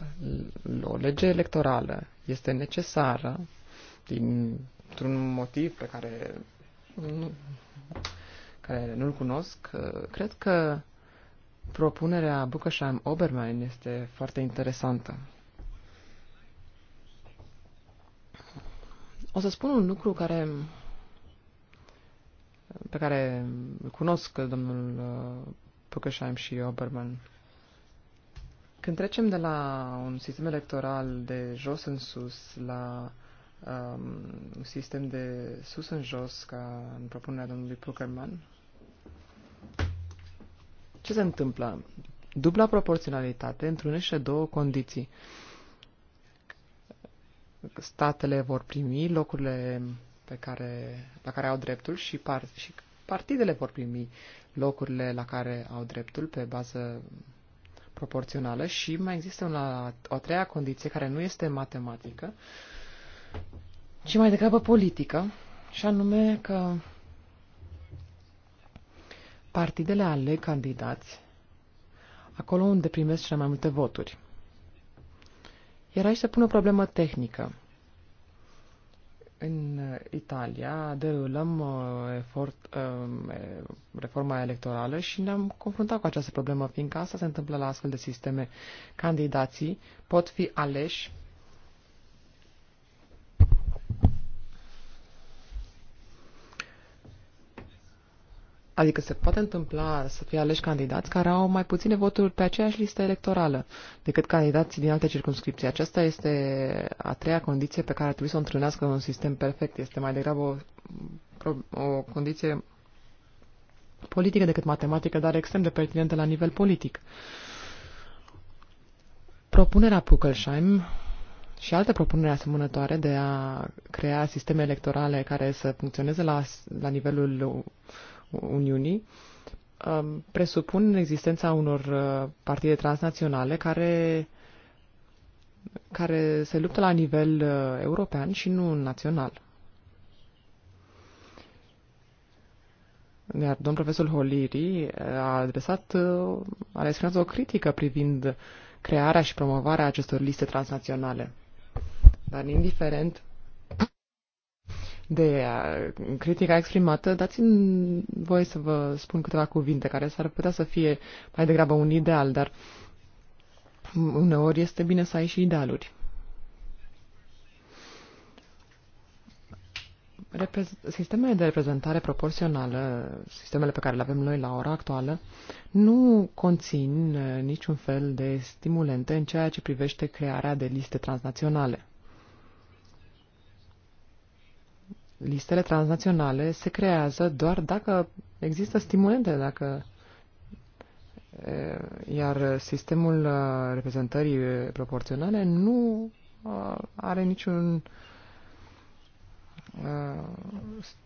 Speaker 2: o lege electorală este necesară dintr-un motiv pe care nu, care nu-l cunosc, cred că propunerea Bucășam Obermann este foarte interesantă. O să spun un lucru care pe care îl cunosc domnul uh, Pucășaim și Oberman. Când trecem de la un sistem electoral de jos în sus la um, un sistem de sus în jos, ca în propunerea domnului Puckerman, ce se întâmplă? Dubla proporționalitate întrunește două condiții. Uh, statele vor primi locurile pe care, la care au dreptul și, par, și partidele vor primi locurile la care au dreptul pe bază proporțională și mai există una, o treia condiție care nu este matematică, ci mai degrabă politică, și anume că partidele aleg candidați acolo unde primesc cele mai multe voturi. Iar aici se pune o problemă tehnică. În uh, Italia derulăm uh, efort, um, reforma electorală și ne-am confruntat cu această problemă, fiindcă asta se întâmplă la astfel de sisteme. Candidații pot fi aleși Adică se poate întâmpla să fie aleși candidați care au mai puține voturi pe aceeași listă electorală decât candidații din alte circunscripții. Aceasta este a treia condiție pe care ar trebui să o întâlnească un sistem perfect. Este mai degrabă o, o condiție politică decât matematică, dar extrem de pertinentă la nivel politic. Propunerea Puckelsheim și alte propuneri asemănătoare de a crea sisteme electorale care să funcționeze la, la nivelul Uniunii um, presupun existența unor uh, partide transnaționale care, care se luptă la nivel uh, european și nu național. Iar domn profesor Holiri uh, a adresat, a exprimat o critică privind crearea și promovarea acestor liste transnaționale. Dar indiferent de uh, critica exprimată, dați-mi voie să vă spun câteva cuvinte care s-ar putea să fie mai degrabă un ideal, dar uneori este bine să ai și idealuri. Sistemele de reprezentare proporțională, sistemele pe care le avem noi la ora actuală, nu conțin uh, niciun fel de stimulente în ceea ce privește crearea de liste transnaționale. listele transnaționale se creează doar dacă există stimulente, dacă iar sistemul uh, reprezentării proporționale nu uh, are niciun uh,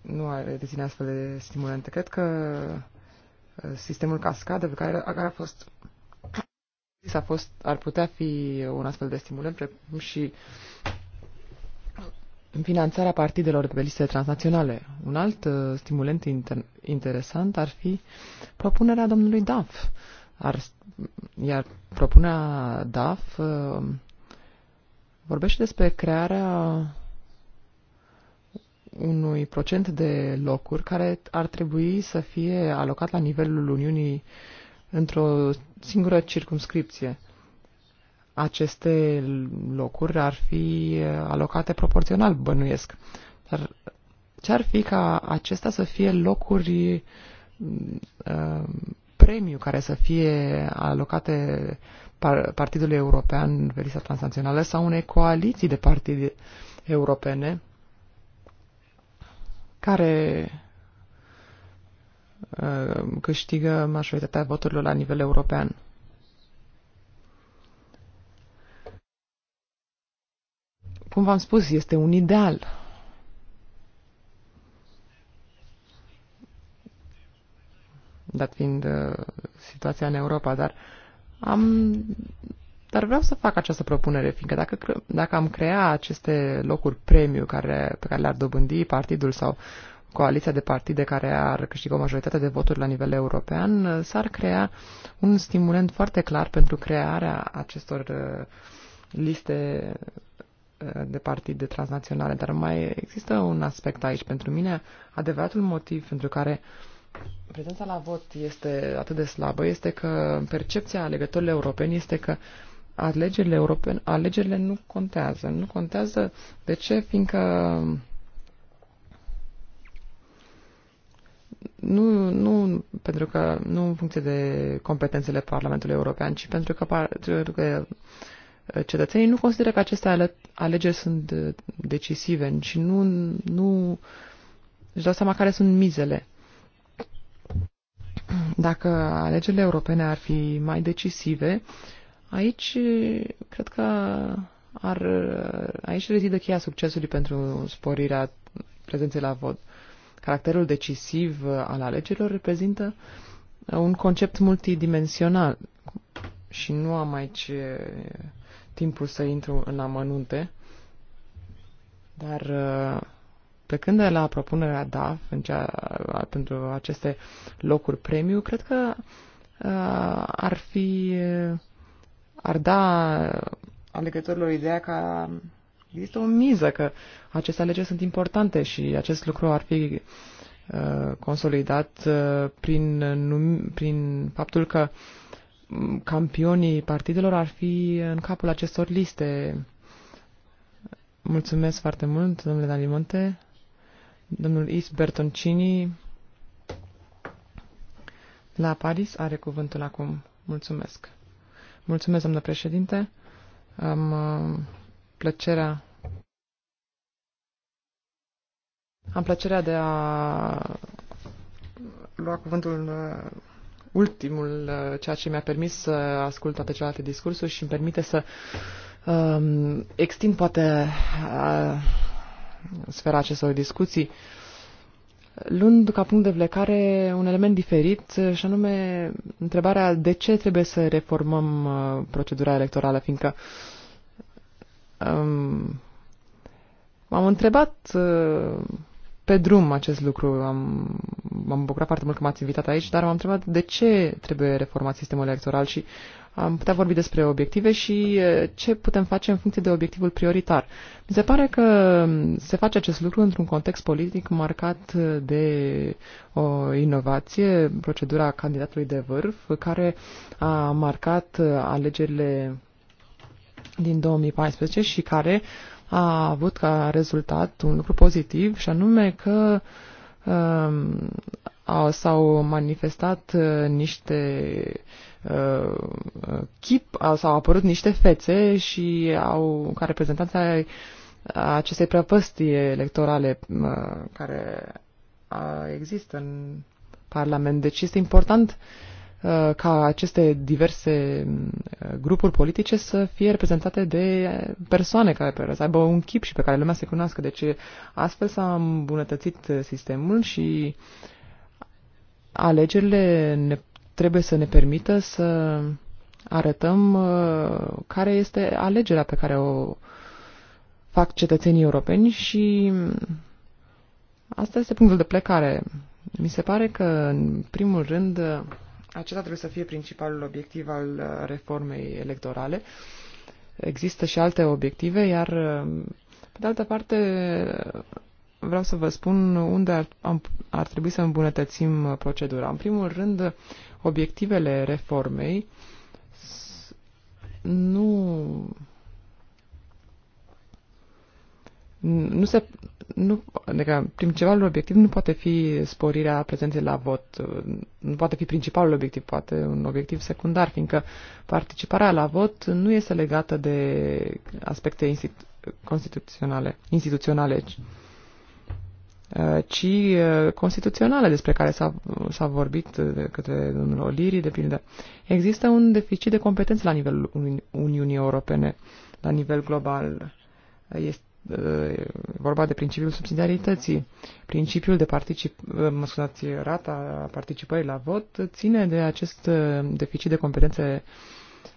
Speaker 2: nu are deține astfel de stimulente. Cred că sistemul cascadă pe care, a fost a fost, ar putea fi un astfel de stimulant, precum și finanțarea partidelor pe liste transnaționale. Un alt uh, stimulent inter- interesant ar fi propunerea domnului DAF. Ar, iar propunerea DAF uh, vorbește despre crearea unui procent de locuri care ar trebui să fie alocat la nivelul Uniunii într-o singură circumscripție aceste locuri ar fi alocate proporțional, bănuiesc. Dar ce ar fi ca acestea să fie locuri uh, premiu care să fie alocate Partidului European pe lista transnațională sau unei coaliții de partide europene care uh, câștigă majoritatea voturilor la nivel european. Cum v-am spus, este un ideal. Dat fiind uh, situația în Europa, dar am dar vreau să fac această propunere, fiindcă dacă, dacă am crea aceste locuri premiu care, pe care le-ar dobândi partidul sau coaliția de partide care ar câștiga o majoritate de voturi la nivel european, uh, s-ar crea un stimulent foarte clar pentru crearea acestor uh, liste de partide transnaționale, dar mai există un aspect aici. Pentru mine, adevăratul motiv pentru care prezența la vot este atât de slabă este că percepția alegătorilor europeni este că alegerile europene, alegerile nu contează. Nu contează de ce? Fiindcă nu, nu pentru că nu în funcție de competențele Parlamentului European, ci pentru că, pentru că cetățenii nu consideră că aceste alegeri sunt uh, decisive și nu, nu își dau seama care sunt mizele. Dacă alegerile europene ar fi mai decisive, aici uh, cred că ar, uh, aici rezidă cheia succesului pentru sporirea prezenței la vot. Caracterul decisiv al alegerilor reprezintă un concept multidimensional și nu am aici timpul să intru în amănunte, dar plecând uh, de la propunerea DAF în cea, pentru aceste locuri premiu, cred că uh, ar fi uh, ar da alegătorilor ideea că există o miză, că aceste alegeri sunt importante și acest lucru ar fi consolidat prin, prin faptul că uh, campionii partidelor ar fi în capul acestor liste. Mulțumesc foarte mult, domnule Dalimonte. Domnul Is Bertoncini la Paris are cuvântul acum. Mulțumesc. Mulțumesc, domnule președinte. Am uh, plăcerea am plăcerea de a lua cuvântul uh, ultimul, uh, ceea ce mi-a permis să ascult toate celelalte discursuri și îmi permite să um, extind poate uh, sfera acestor discuții, luând ca punct de plecare un element diferit și anume întrebarea de ce trebuie să reformăm uh, procedura electorală, fiindcă um, m-am întrebat uh, pe drum acest lucru. Am, m-am bucurat foarte mult că m-ați invitat aici, dar m-am întrebat de ce trebuie reformat sistemul electoral și am putea vorbi despre obiective și ce putem face în funcție de obiectivul prioritar. Mi se pare că se face acest lucru într-un context politic marcat de o inovație, procedura candidatului de vârf, care a marcat alegerile din 2014 și care uh, a avut ca rezultat un lucru pozitiv și anume că uh, s-au manifestat uh, niște uh, chip, uh, s-au apărut niște fețe și au, ca reprezentanța acestei prăpăstii electorale uh, care există în Parlament. Deci este important uh, Uh, ca aceste diverse mm, uh, grupuri politice să fie reprezentate de persoane care să aibă un chip și pe care lumea se cunoască. Deci astfel s-a îmbunătățit sistemul și alegerile ne, trebuie să ne permită să arătăm uh, care este alegerea pe care o fac cetățenii europeni și mm, asta este punctul de plecare. Mi se pare că, în primul rând, acesta trebuie să fie principalul obiectiv al uh, reformei electorale. Există și alte obiective, iar, um, pe de altă parte, uh, vreau să vă spun unde ar, am, ar trebui să îmbunătățim uh, procedura. În primul rând, obiectivele reformei nu nu se, nu, adică principalul obiectiv nu poate fi sporirea prezenței la vot, nu poate fi principalul obiectiv, poate un obiectiv secundar, fiindcă participarea la vot nu este legată de aspecte constituționale, instituționale, ci constituționale despre care s-a, vorbit de către domnul Oliri, de pildă. Există un deficit de competențe la nivelul Uniunii Europene, la nivel global. Este Eh, e vorba de principiul subsidiarității. Principiul de particip, eh, mă scuzați, rata participării la vot ține de acest eh, deficit de competențe.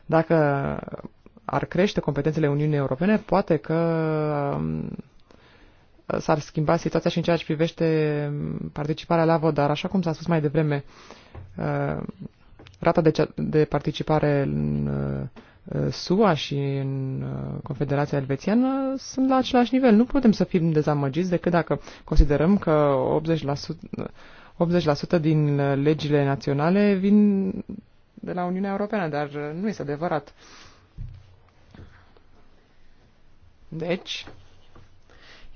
Speaker 2: Dacă ar crește competențele Uniunii Europene, poate că s-ar schimba situația și în ceea ce privește participarea la vot, dar așa cum s-a spus mai devreme, rata de, de participare în SUA și în uh, Confederația Elvețiană sunt la același nivel. Nu putem să fim dezamăgiți decât dacă considerăm că 80%, 80% din legile naționale vin de la Uniunea Europeană, dar nu este adevărat. Deci,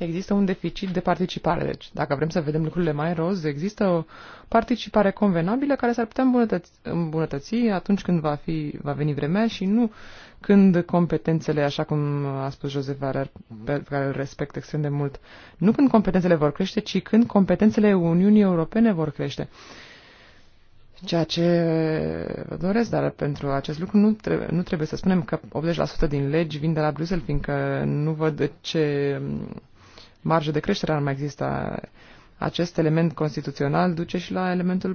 Speaker 2: există un deficit de participare. Deci, dacă vrem să vedem lucrurile mai roz, există o participare convenabilă care s-ar putea îmbunătăți, îmbunătăți atunci când va, fi, va veni vremea și nu când competențele, așa cum a spus Josef Varer, pe care îl respect extrem de mult, nu când competențele vor crește, ci când competențele Uniunii Europene vor crește. Ceea ce vă doresc, dar pentru acest lucru nu, trebuie, nu trebuie să spunem că 80% din legi vin de la Bruxelles, fiindcă nu văd ce marjă de creștere ar mai exista. Acest element constituțional duce și la elementul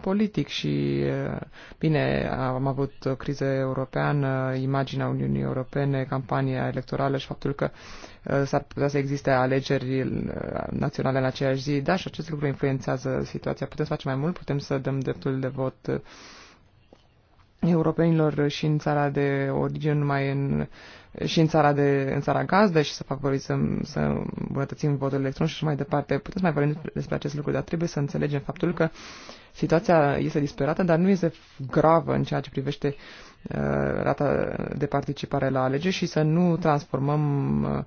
Speaker 2: politic și, eh, bine, am avut o criză europeană, imaginea Uniunii Europene, campania electorală și faptul că eh, s-ar putea să existe alegeri eh, naționale în aceeași zi, da, și acest lucru influențează situația. Putem să facem mai mult, putem să dăm dreptul de vot europenilor și în țara de origine, numai în și în țara, de, în țara gazdă și să favorizăm, să îmbunătățim votul electronic și mai departe. Putem să mai vorbim despre acest lucru, dar trebuie să înțelegem faptul că situația este disperată, dar nu este gravă în ceea ce privește uh, rata de participare la alegeri și să nu transformăm uh,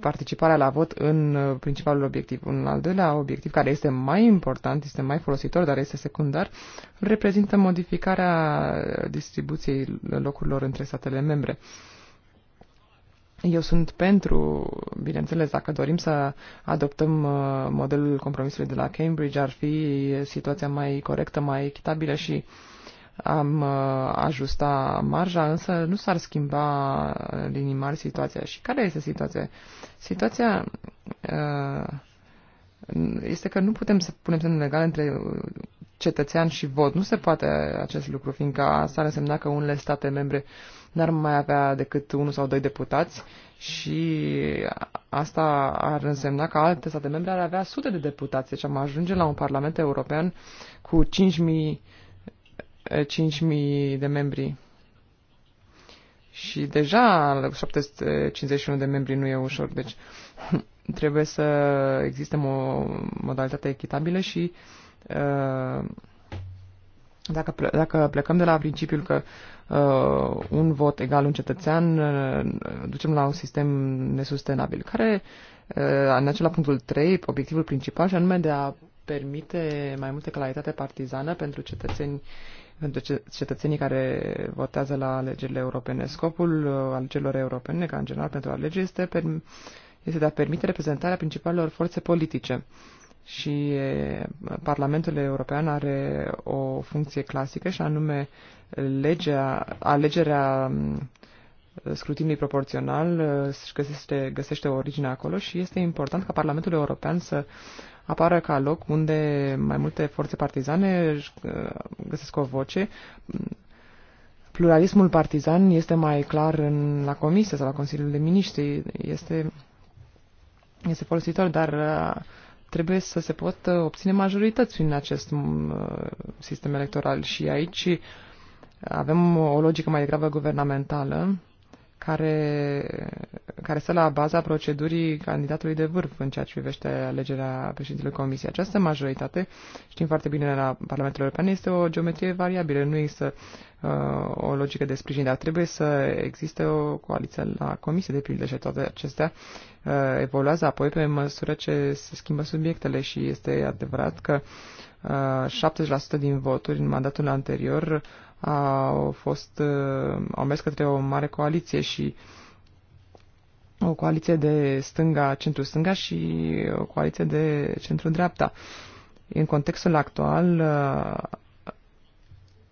Speaker 2: participarea la vot în uh, principalul obiectiv. Un al doilea obiectiv, care este mai important, este mai folositor, dar este secundar, reprezintă modificarea distribuției locurilor între statele membre. Eu sunt pentru, bineînțeles, dacă dorim să adoptăm uh, modelul compromisului de la Cambridge, ar fi situația mai corectă, mai echitabilă și uh, am uh, ajusta marja, însă nu s-ar schimba linii mari situația. Și care este situația? Situația uh, este că nu putem să punem semnul legal între cetățean și vot. Nu se poate acest lucru, fiindcă asta ar însemna că unele state membre n-ar mai avea decât unul sau doi deputați și asta ar însemna că alte state membre ar avea sute de deputați. Deci am ajunge la un Parlament European cu 5000 5.000 de membri. Și deja 751 de membri nu e ușor, deci trebuie să existe o modalitate echitabilă și uh, dacă, ple- dacă plecăm de la principiul că uh, un vot egal un cetățean, uh, ducem la un sistem nesustenabil, care uh, în acela punctul 3, obiectivul principal și anume de a permite mai multă claritate partizană pentru cetățeni pentru cetățenii care votează la alegerile europene. Scopul uh, alegerilor europene, ca în general pentru alegeri, este, este de a permite reprezentarea principalelor forțe politice. Și Parlamentul European are o funcție clasică și anume legea, alegerea mm, scrutinului proporțional uh, găsește, găsește o origine acolo și este important ca Parlamentul European să apară ca loc unde mai multe forțe partizane uh, găsesc o voce. Pluralismul partizan este mai clar în, la comisie sau la Consiliul de Miniștri, este, este folositor, dar uh, trebuie să se pot obține majorități în acest uh, sistem electoral și aici avem o logică mai degrabă guvernamentală care, care stă la baza procedurii candidatului de vârf în ceea ce privește alegerea președintelui Comisiei. Această majoritate, știm foarte bine la Parlamentul European, este o geometrie variabilă, nu există uh, o logică de sprijin, dar trebuie să existe o coaliție la Comisie, de pildă, și toate acestea uh, evoluează apoi pe măsură ce se schimbă subiectele și este adevărat că uh, 70% din voturi în mandatul anterior uh, au fost, au mers către o mare coaliție și o coaliție de stânga, centru-stânga și o coaliție de centru-dreapta. În contextul actual,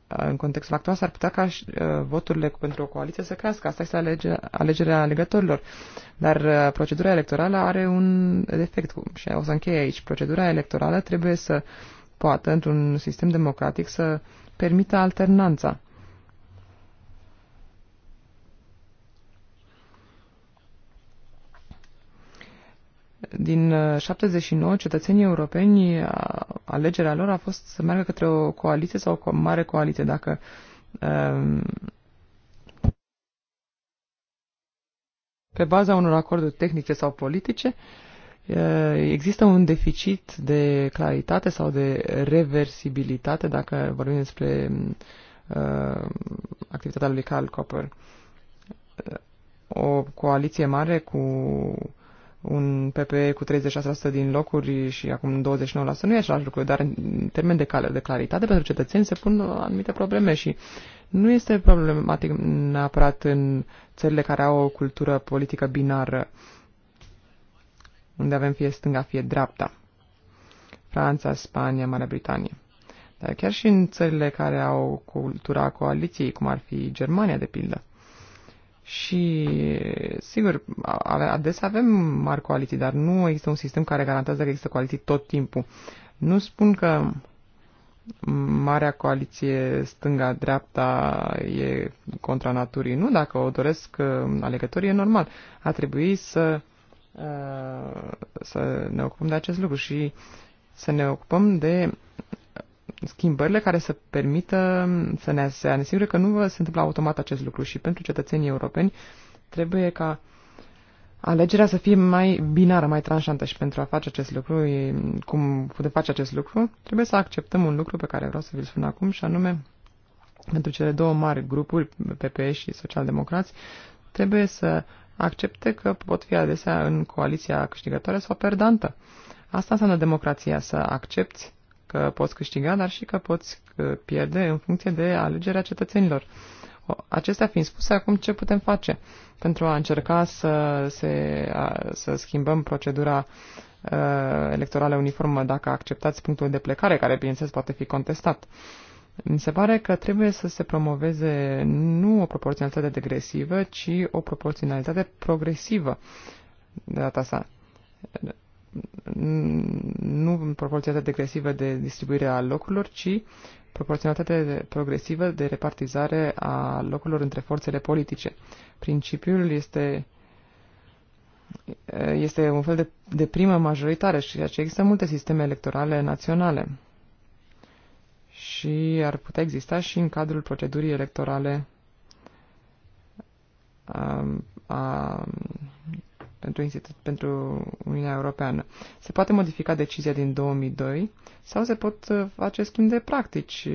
Speaker 2: în contextul actual s-ar putea ca voturile pentru o coaliție să crească. Asta este alege, alegerea alegătorilor. Dar procedura electorală are un defect și o să închei aici. Procedura electorală trebuie să poată, într-un sistem democratic, să uh, permită alternanța. din 79 uh, cetățenii europeni, uh, alegerea lor a fost să meargă către o coaliție sau o mare coaliție. Dacă um, pe baza unor acorduri tehnice sau politice, Există un deficit de claritate sau de reversibilitate dacă vorbim despre uh, activitatea lui Karl Copper. O coaliție mare cu un PPE cu 36% din locuri și acum 29% nu e același lucru, dar în termen de, cal- de claritate pentru cetățeni se pun anumite probleme și nu este problematic neapărat în țările care au o cultură politică binară. Uh, unde avem fie stânga, fie dreapta. Franța, Spania, Marea Britanie. Dar chiar și în țările care au cultura coaliției, cum ar fi Germania, de pildă. Și, sigur, adesea avem mari coaliții, dar nu există un sistem care garantează că există coaliții tot timpul. Nu spun că marea coaliție stânga-dreapta e contra naturii. Nu, dacă o doresc uh, alegătorii, e normal. A trebui să Uh, să ne ocupăm de acest lucru și să ne ocupăm de schimbările care să permită să ne, să ne asigure că nu se întâmplă automat acest lucru și pentru cetățenii europeni trebuie ca alegerea să fie mai binară, mai tranșantă și pentru a face acest lucru, cum putem face acest lucru, trebuie să acceptăm un lucru pe care vreau să vi-l spun acum și anume pentru cele două mari grupuri, PPE și Socialdemocrați, trebuie să accepte că pot fi adesea în coaliția câștigătoare sau perdantă. Asta înseamnă democrația, să accepti că poți câștiga, dar și că poți uh, pierde în funcție de alegerea cetățenilor. Acestea fiind spuse, acum ce putem face pentru a încerca să, se, să schimbăm procedura uh, electorală uniformă dacă acceptați punctul de plecare, care bineînțeles poate fi contestat. Mi se pare că trebuie să se promoveze nu o proporționalitate degresivă, ci o proporționalitate progresivă de data sa. Nu proporționalitate degresivă de distribuire a locurilor, ci proporționalitate progresivă de repartizare a locurilor între forțele politice. Principiul este este un fel de, de primă majoritară și ce există multe sisteme electorale naționale și ar putea exista și în cadrul procedurii electorale a, um, a, pentru, pentru Uniunea Europeană. Se poate modifica decizia din 2002 sau se pot face schimb de practici,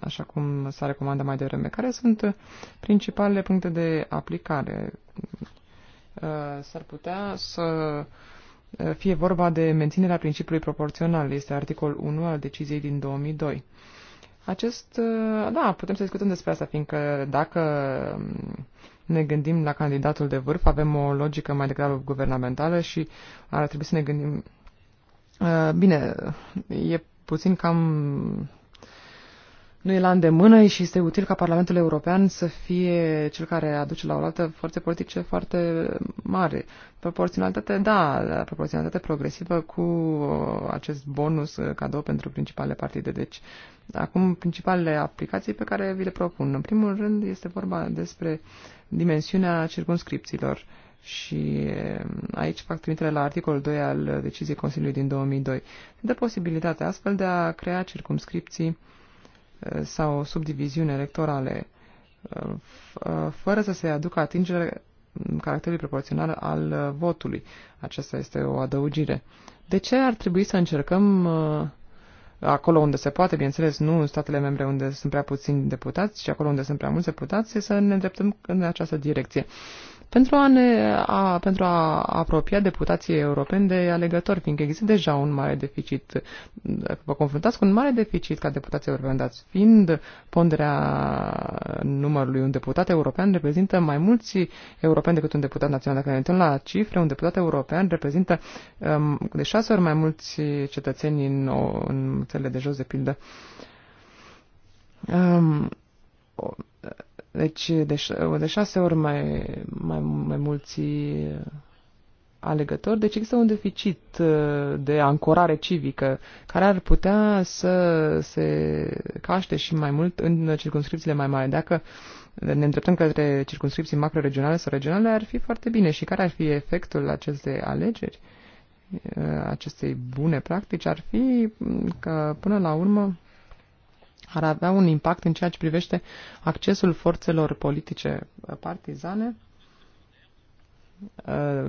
Speaker 2: așa cum s-a recomandat mai devreme. Care sunt principalele puncte de aplicare? Uh, s-ar putea să fie vorba de menținerea principiului proporțional, este articol 1 al deciziei din 2002. Acest, uh, da, putem să discutăm despre asta, fiindcă dacă um, ne gândim la candidatul de vârf, avem o logică mai degrabă guvernamentală și ar trebui să ne gândim. Uh, bine, e puțin cam nu e la îndemână și este util ca Parlamentul European să fie cel care aduce la oaltă forțe politice foarte mari. Proporționalitate, da, proporționalitate progresivă cu uh, acest bonus uh, cadou pentru principalele partide. Deci, acum, principalele aplicații pe care vi le propun. În primul rând, este vorba despre dimensiunea circunscripțiilor și uh, aici fac trimitere la articolul 2 al deciziei Consiliului din 2002. Se dă posibilitatea astfel de a crea circumscripții sau subdiviziuni electorale, uh, fără să se aducă atingere caracterului proporțional al uh, votului. Aceasta este o adăugire. De ce ar trebui să încercăm uh, acolo unde se poate, bineînțeles, nu în statele membre unde sunt prea puțini deputați, ci acolo unde sunt prea mulți deputați, să ne îndreptăm în această direcție pentru a, ne, a, pentru a apropia deputații europeni de alegători, fiindcă există deja un mare deficit. Vă confruntați cu un mare deficit ca deputații europeni, dați fiind ponderea numărului un deputat european reprezintă mai mulți europeni decât un deputat național. Dacă ne uităm la cifre, un deputat european reprezintă um, de șase ori mai mulți cetățeni în, în țările de jos, de pildă. Um, deci de, de șase ori mai, mai, mai mulți alegători, deci există un deficit uh, de ancorare civică care ar putea să se caște și mai mult în circunscripțiile mai mari. Dacă ne îndreptăm către circunscripții macro-regionale sau regionale, ar fi foarte bine. Și care ar fi efectul acestei alegeri, uh, acestei bune practici? Ar fi mm, că, până la urmă, ar avea un impact în ceea ce privește accesul forțelor politice partizane uh,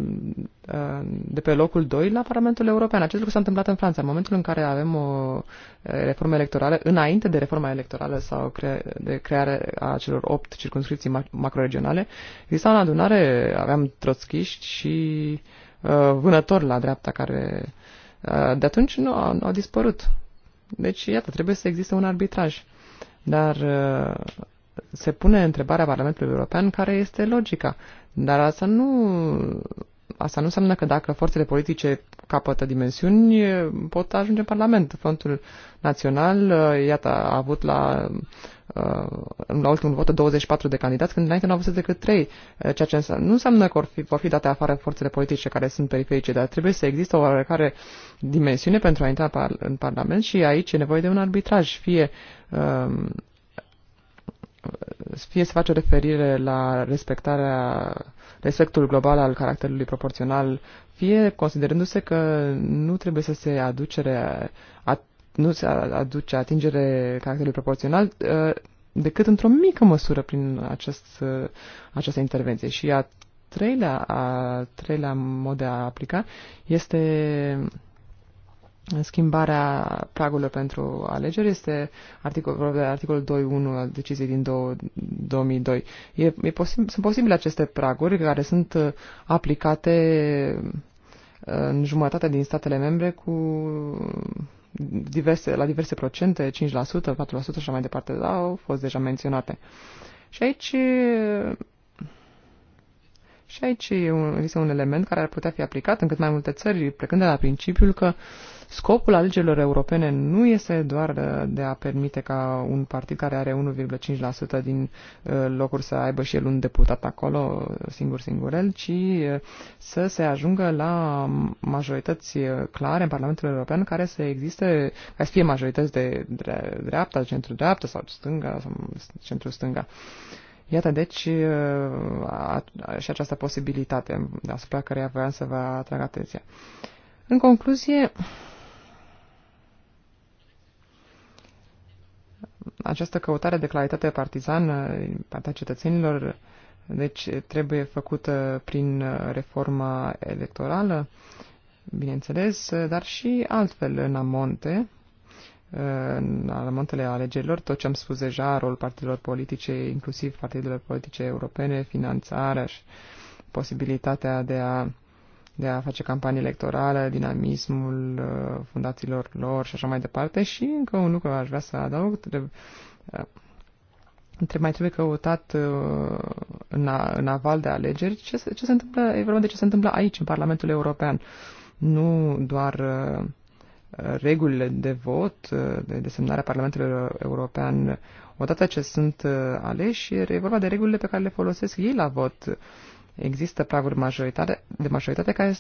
Speaker 2: uh, de pe locul 2 la Parlamentul European. Acest lucru s-a întâmplat în Franța. În momentul în care avem o eh, reformă electorală, înainte de reforma electorală sau de creare a celor opt circunscripții macroregionale, exista o adunare, aveam troțchiști și eh, vânători la dreapta care eh, de atunci nu au, nu au dispărut. Deci, iată, trebuie să existe un arbitraj. Dar uh, se pune întrebarea Parlamentului European care este logica. Dar asta nu, asta nu înseamnă că dacă forțele politice capătă dimensiuni, pot ajunge în Parlament. Frontul Național, uh, iată, a avut la Uh, la ultimul vot 24 de candidați, când înainte nu au fost decât 3, uh, ceea ce înseamnă, nu înseamnă că fi, vor fi date afară forțele politice care sunt periferice, dar trebuie să există o oarecare dimensiune pentru a intra par, în Parlament și aici e nevoie de un arbitraj, fie uh, fie se face o referire la respectarea, respectul global al caracterului proporțional, fie considerându-se că nu trebuie să se aducere nu se aduce atingere caracterului proporțional uh, decât într-o mică măsură prin acest, uh, această intervenție. Și a treilea, a treilea mod de a aplica este schimbarea pragurilor pentru alegeri este articol, articolul 2.1 al deciziei din 2002. E, e posib, sunt posibile aceste praguri care sunt uh, aplicate în jumătate din statele membre cu diverse, la diverse procente, 5%, 4% și așa mai departe, dar au fost deja menționate. Și aici și aici este un element care ar putea fi aplicat în cât mai multe țări, plecând de la principiul că uh, Scopul alegerilor europene nu este doar de a permite ca un partid care are 1,5% din uh, locuri să aibă și el un deputat acolo, singur singurel, ci uh, să se ajungă la majorități uh, clare în Parlamentul European care să existe, care să fie majorități de dreapta, centru-dreapta sau stânga, sau centru-stânga. Iată, deci, a, a, și această posibilitate asupra care voiam să vă atrag atenția. În concluzie, această căutare de claritate partizană din partea cetățenilor, deci trebuie făcută prin uh, reforma electorală, bineînțeles, dar și altfel în amonte, uh, în amontele alegerilor, tot ce am spus deja, rolul partidelor politice, inclusiv partidelor politice europene, finanțarea și posibilitatea de a de a face campanie electorală, dinamismul uh, fundațiilor lor și așa mai departe. Și încă un lucru aș vrea să adaug, trebuie, uh, mai trebuie căutat uh, în, a, în aval de alegeri ce se, ce se întâmplă, e vorba de ce se întâmplă aici, în Parlamentul European. Nu doar regulile de vot, de desemnarea Parlamentului European, odată ce sunt aleși, e vorba de regulile pe care le folosesc ei la vot. Există praguri majoritate, de majoritate care,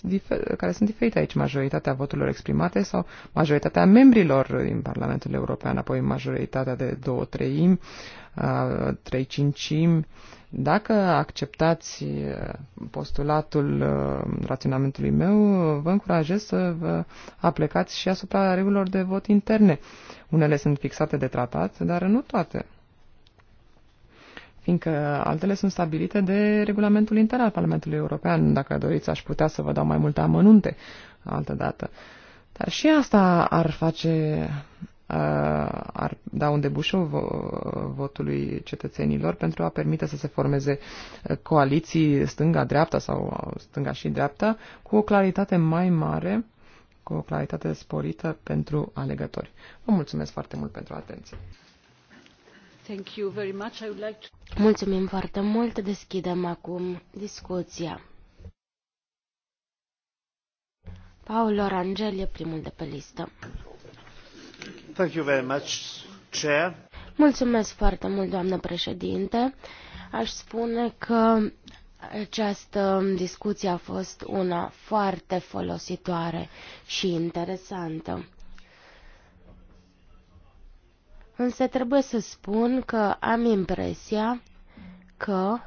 Speaker 2: care sunt diferite aici. Majoritatea voturilor exprimate sau majoritatea membrilor din Parlamentul European, apoi majoritatea de două treimi, trei cincimi. Dacă acceptați postulatul raționamentului meu, vă încurajez să vă aplicați și asupra regulilor de vot interne. Unele sunt fixate de tratat, dar nu toate fiindcă altele sunt stabilite de regulamentul intern al Parlamentului European. Dacă doriți, aș putea să vă dau mai multe amănunte altă dată. Dar și asta ar face, ar da un debușou votului cetățenilor pentru a permite să se formeze coaliții stânga-dreapta sau stânga și dreapta cu o claritate mai mare cu o claritate sporită pentru alegători. Vă mulțumesc foarte mult pentru atenție. Mulțumim foarte
Speaker 3: mult. Deschidem acum discuția. Paul Rangel e primul de pe listă.
Speaker 1: Thank you very much, Chair.
Speaker 3: Mulțumesc foarte mult, doamnă președinte. Aș spune că această discuție a fost una foarte folositoare și interesantă. Însă trebuie să spun că am impresia că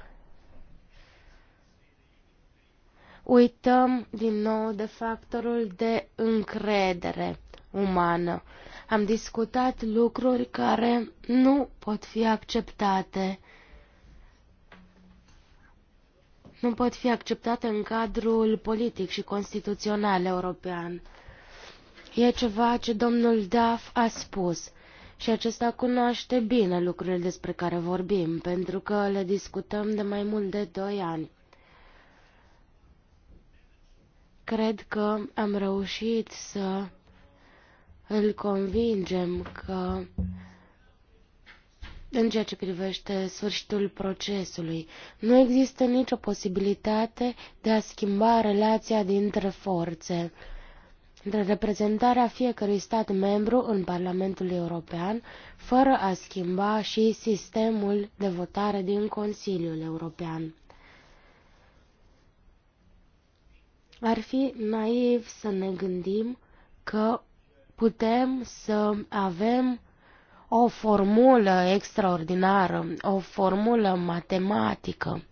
Speaker 3: uităm din nou de factorul de încredere umană. Am discutat lucruri care nu pot fi acceptate. Nu pot fi acceptate în cadrul politic și constituțional european. E ceva ce domnul Duff a spus și acesta cunoaște bine lucrurile despre care vorbim, pentru că le discutăm de mai mult de doi ani. Cred că am reușit să îl convingem că în ceea ce privește sfârșitul procesului, nu există nicio posibilitate de a schimba relația dintre forțe de reprezentarea fiecărui stat membru în Parlamentul European, fără a schimba și sistemul de votare din Consiliul European. Ar fi naiv să ne gândim că putem să avem o formulă extraordinară, o formulă matematică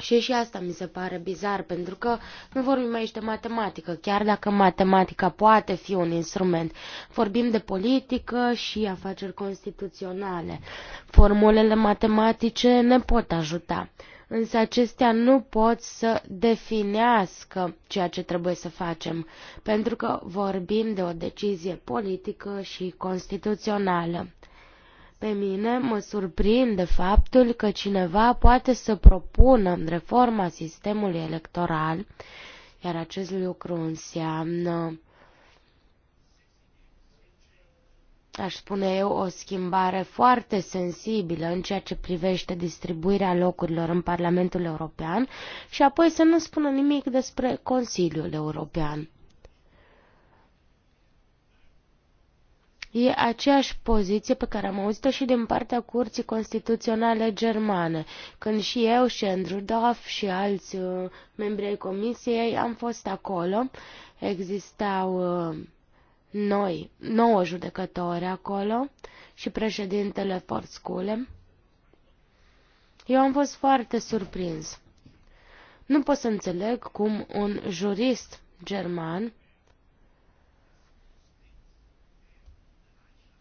Speaker 3: și și asta mi se pare bizar, pentru că nu vorbim aici de matematică, chiar dacă matematica poate fi un instrument. Vorbim de politică și afaceri constituționale. Formulele matematice ne pot ajuta, însă acestea nu pot să definească ceea ce trebuie să facem, pentru că vorbim de o decizie politică și constituțională. Pe mine mă surprinde faptul că cineva poate să propună reforma sistemului electoral, iar acest lucru înseamnă, aș spune eu, o schimbare foarte sensibilă în ceea ce privește distribuirea locurilor în Parlamentul European și apoi să nu spună nimic despre Consiliul European. E aceeași poziție pe care am auzit-o și din partea Curții Constituționale Germane, când și eu și Andrew Duff și alți uh, membri ai Comisiei am fost acolo. Existau uh, noi, nouă judecători acolo și președintele Forscule. Eu am fost foarte surprins. Nu pot să înțeleg cum un jurist german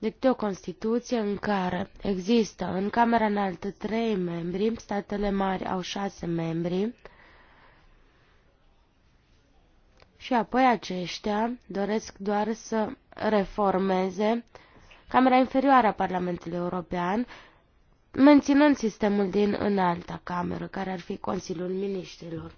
Speaker 3: este o Constituție în care există în Camera Înaltă trei membri, statele mari au șase membri și apoi aceștia doresc doar să reformeze Camera Inferioară a Parlamentului European, menținând sistemul din înalta cameră, care ar fi Consiliul Ministrilor.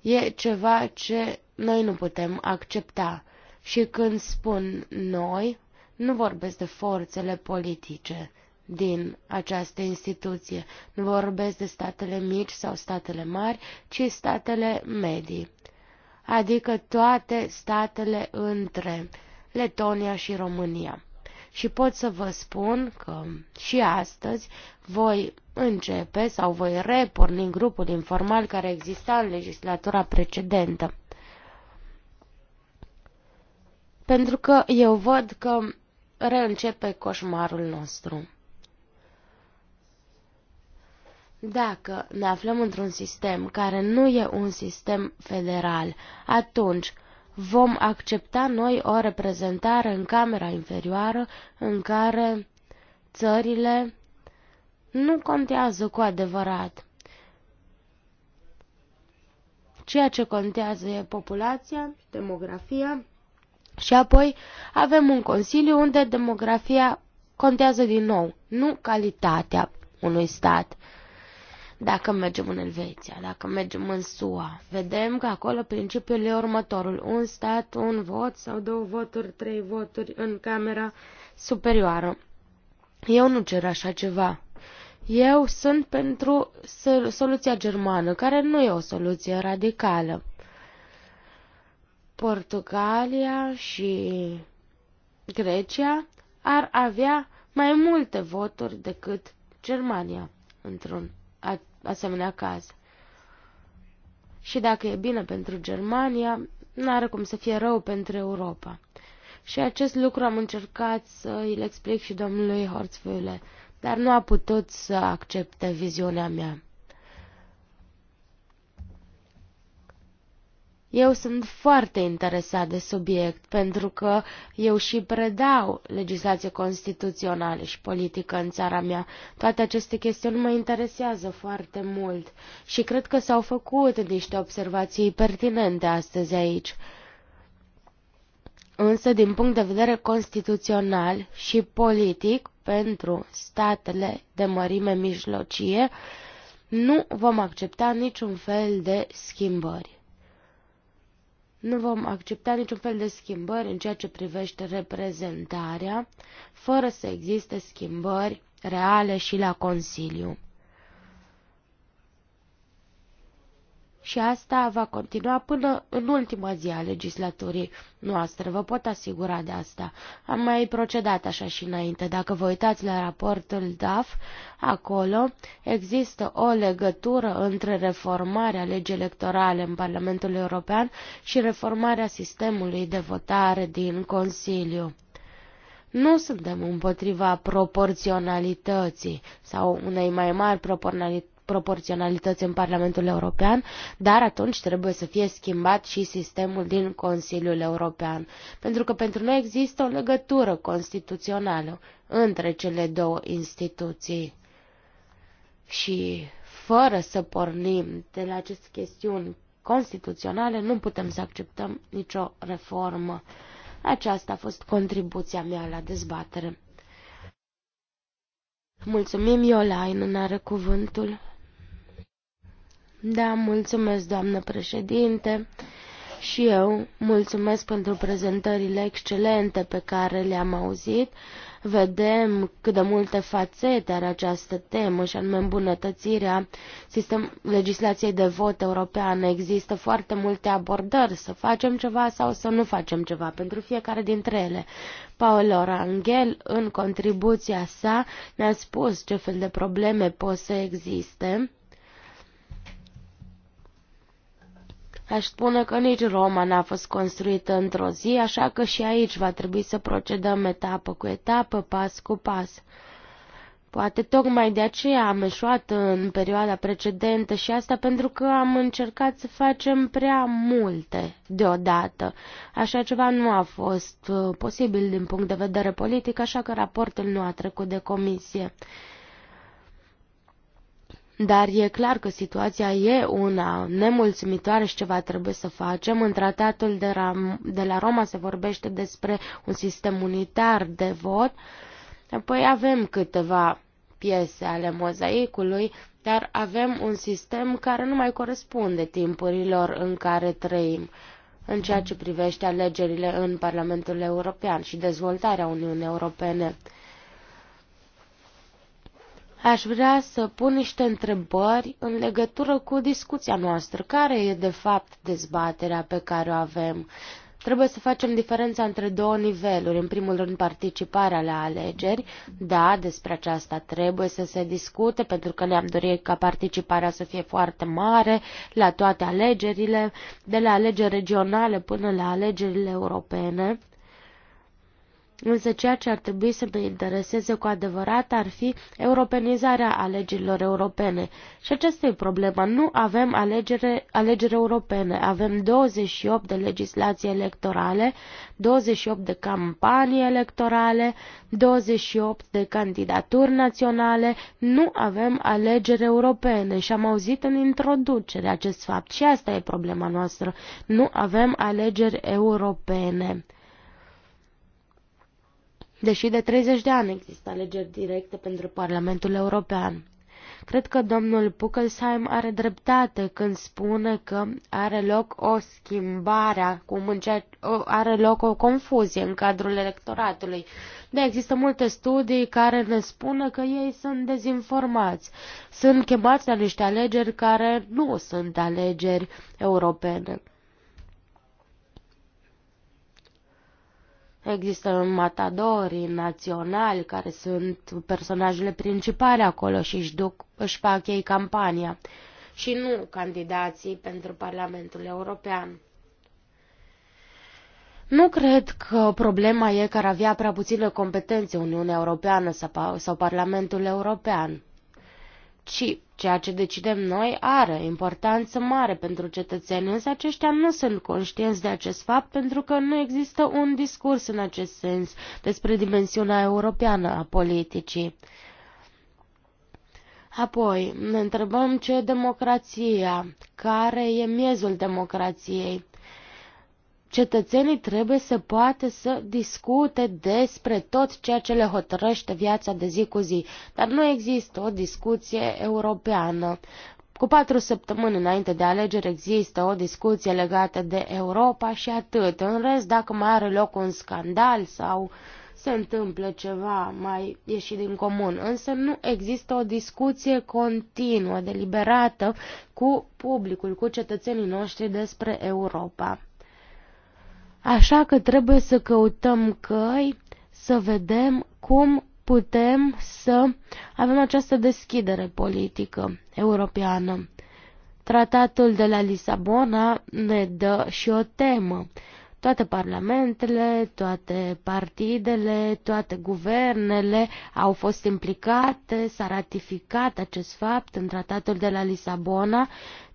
Speaker 3: E ceva ce noi nu putem accepta și când spun noi, nu vorbesc de forțele politice din această instituție, nu vorbesc de statele mici sau statele mari, ci statele medii, adică toate statele între Letonia și România. Și pot să vă spun că și astăzi voi începe sau voi reporni grupul informal care exista în legislatura precedentă pentru că eu văd că reîncepe coșmarul nostru. Dacă ne aflăm într-un sistem care nu e un sistem federal, atunci vom accepta noi o reprezentare în Camera Inferioară în care țările nu contează cu adevărat. Ceea ce contează e populația, demografia și apoi avem un consiliu unde demografia contează din nou, nu calitatea unui stat. Dacă mergem în Elveția, dacă mergem în SUA, vedem că acolo principiul e următorul. Un stat, un vot sau două voturi, trei voturi în camera superioară. Eu nu cer așa ceva. Eu sunt pentru soluția germană, care nu e o soluție radicală. Portugalia și Grecia ar avea mai multe voturi decât Germania într-un asemenea caz. Și dacă e bine pentru Germania, n-are cum să fie rău pentru Europa. Și acest lucru am încercat să îl explic și domnului Hortzfule, dar nu a putut să accepte viziunea mea. Eu sunt foarte interesat de subiect, pentru că eu și predau legislație constituțională și politică în țara mea. Toate aceste chestiuni mă interesează foarte mult și cred că s-au făcut niște observații pertinente astăzi aici. Însă, din punct de vedere constituțional și politic, pentru statele de mărime mijlocie, nu vom accepta niciun fel de schimbări. Nu vom accepta niciun fel de schimbări în ceea ce privește reprezentarea, fără să existe schimbări reale și la Consiliu. și asta va continua până în ultima zi a legislaturii noastre, vă pot asigura de asta. Am mai procedat așa și înainte. Dacă vă uitați la raportul DAF, acolo există o legătură între reformarea legii electorale în Parlamentul European și reformarea sistemului de votare din Consiliu. Nu suntem împotriva proporționalității sau unei mai mari proporționalități în Parlamentul European, dar atunci trebuie să fie schimbat și sistemul din Consiliul European, pentru că pentru noi există o legătură constituțională între cele două instituții. Și fără să pornim de la aceste chestiuni constituționale, nu putem să acceptăm nicio reformă. Aceasta a fost contribuția mea la dezbatere. Mulțumim, Iolain, în are cuvântul. Da, mulțumesc, doamnă președinte. Și eu mulțumesc pentru prezentările excelente pe care le-am auzit. Vedem cât de multe fațete are această temă și anume îmbunătățirea sistem legislației de vot europeană. Există foarte multe abordări să facem ceva sau să nu facem ceva pentru fiecare dintre ele. Paolo Rangel, în contribuția sa, ne-a spus ce fel de probleme pot să existe Aș spune că nici Roma n-a fost construită într-o zi, așa că și aici va trebui să procedăm etapă cu etapă, pas cu pas. Poate tocmai de aceea am eșuat în perioada precedentă și asta pentru că am încercat să facem prea multe deodată. Așa ceva nu a fost uh, posibil din punct de vedere politic, așa că raportul nu a trecut de comisie. Dar e clar că situația e una nemulțumitoare și ceva trebuie să facem. În tratatul de, Ram, de la Roma se vorbește despre un sistem unitar de vot. Apoi avem câteva piese ale mozaicului, dar avem un sistem care nu mai corespunde timpurilor în care trăim în ceea ce privește alegerile în Parlamentul European și dezvoltarea Uniunii Europene. Aș vrea să pun niște întrebări în legătură cu discuția noastră. Care e, de fapt, dezbaterea pe care o avem? Trebuie să facem diferența între două niveluri. În primul rând, participarea la alegeri. Da, despre aceasta trebuie să se discute, pentru că ne-am dorit ca participarea să fie foarte mare la toate alegerile, de la alegeri regionale până la alegerile europene. Însă ceea ce ar trebui să ne intereseze cu adevărat ar fi europenizarea alegerilor europene. Și aceasta e problema. Nu avem alegere, alegeri europene. Avem 28 de legislații electorale, 28 de campanii electorale, 28 de candidaturi naționale. Nu avem alegeri europene și am auzit în introducere acest fapt. Și asta e problema noastră. Nu avem alegeri europene deși de 30 de ani există alegeri directe pentru Parlamentul European. Cred că domnul Puckelsheim are dreptate când spune că are loc o schimbare cum în o, are loc o confuzie în cadrul electoratului. Da, există multe studii care ne spun că ei sunt dezinformați. Sunt chemați la niște alegeri care nu sunt alegeri europene. Există matadori naționali care sunt personajele principale acolo și își, duc, își fac ei campania și nu candidații pentru Parlamentul European. Nu cred că problema e că ar avea prea puține competențe Uniunea Europeană sau Parlamentul European ci ceea ce decidem noi are importanță mare pentru cetățeni, însă aceștia nu sunt conștienți de acest fapt pentru că nu există un discurs în acest sens despre dimensiunea europeană a politicii. Apoi ne întrebăm ce e democrația, care e miezul democrației. Cetățenii trebuie să poată să discute despre tot ceea ce le hotărăște viața de zi cu zi, dar nu există o discuție europeană. Cu patru săptămâni înainte de alegeri există o discuție legată de Europa și atât. În rest, dacă mai are loc un scandal sau se întâmplă ceva mai ieșit din comun, însă nu există o discuție continuă, deliberată cu publicul, cu cetățenii noștri despre Europa. Așa că trebuie să căutăm căi, să vedem cum putem să avem această deschidere politică europeană. Tratatul de la Lisabona ne dă și o temă. Toate parlamentele, toate partidele, toate guvernele au fost implicate, s-a ratificat acest fapt în tratatul de la Lisabona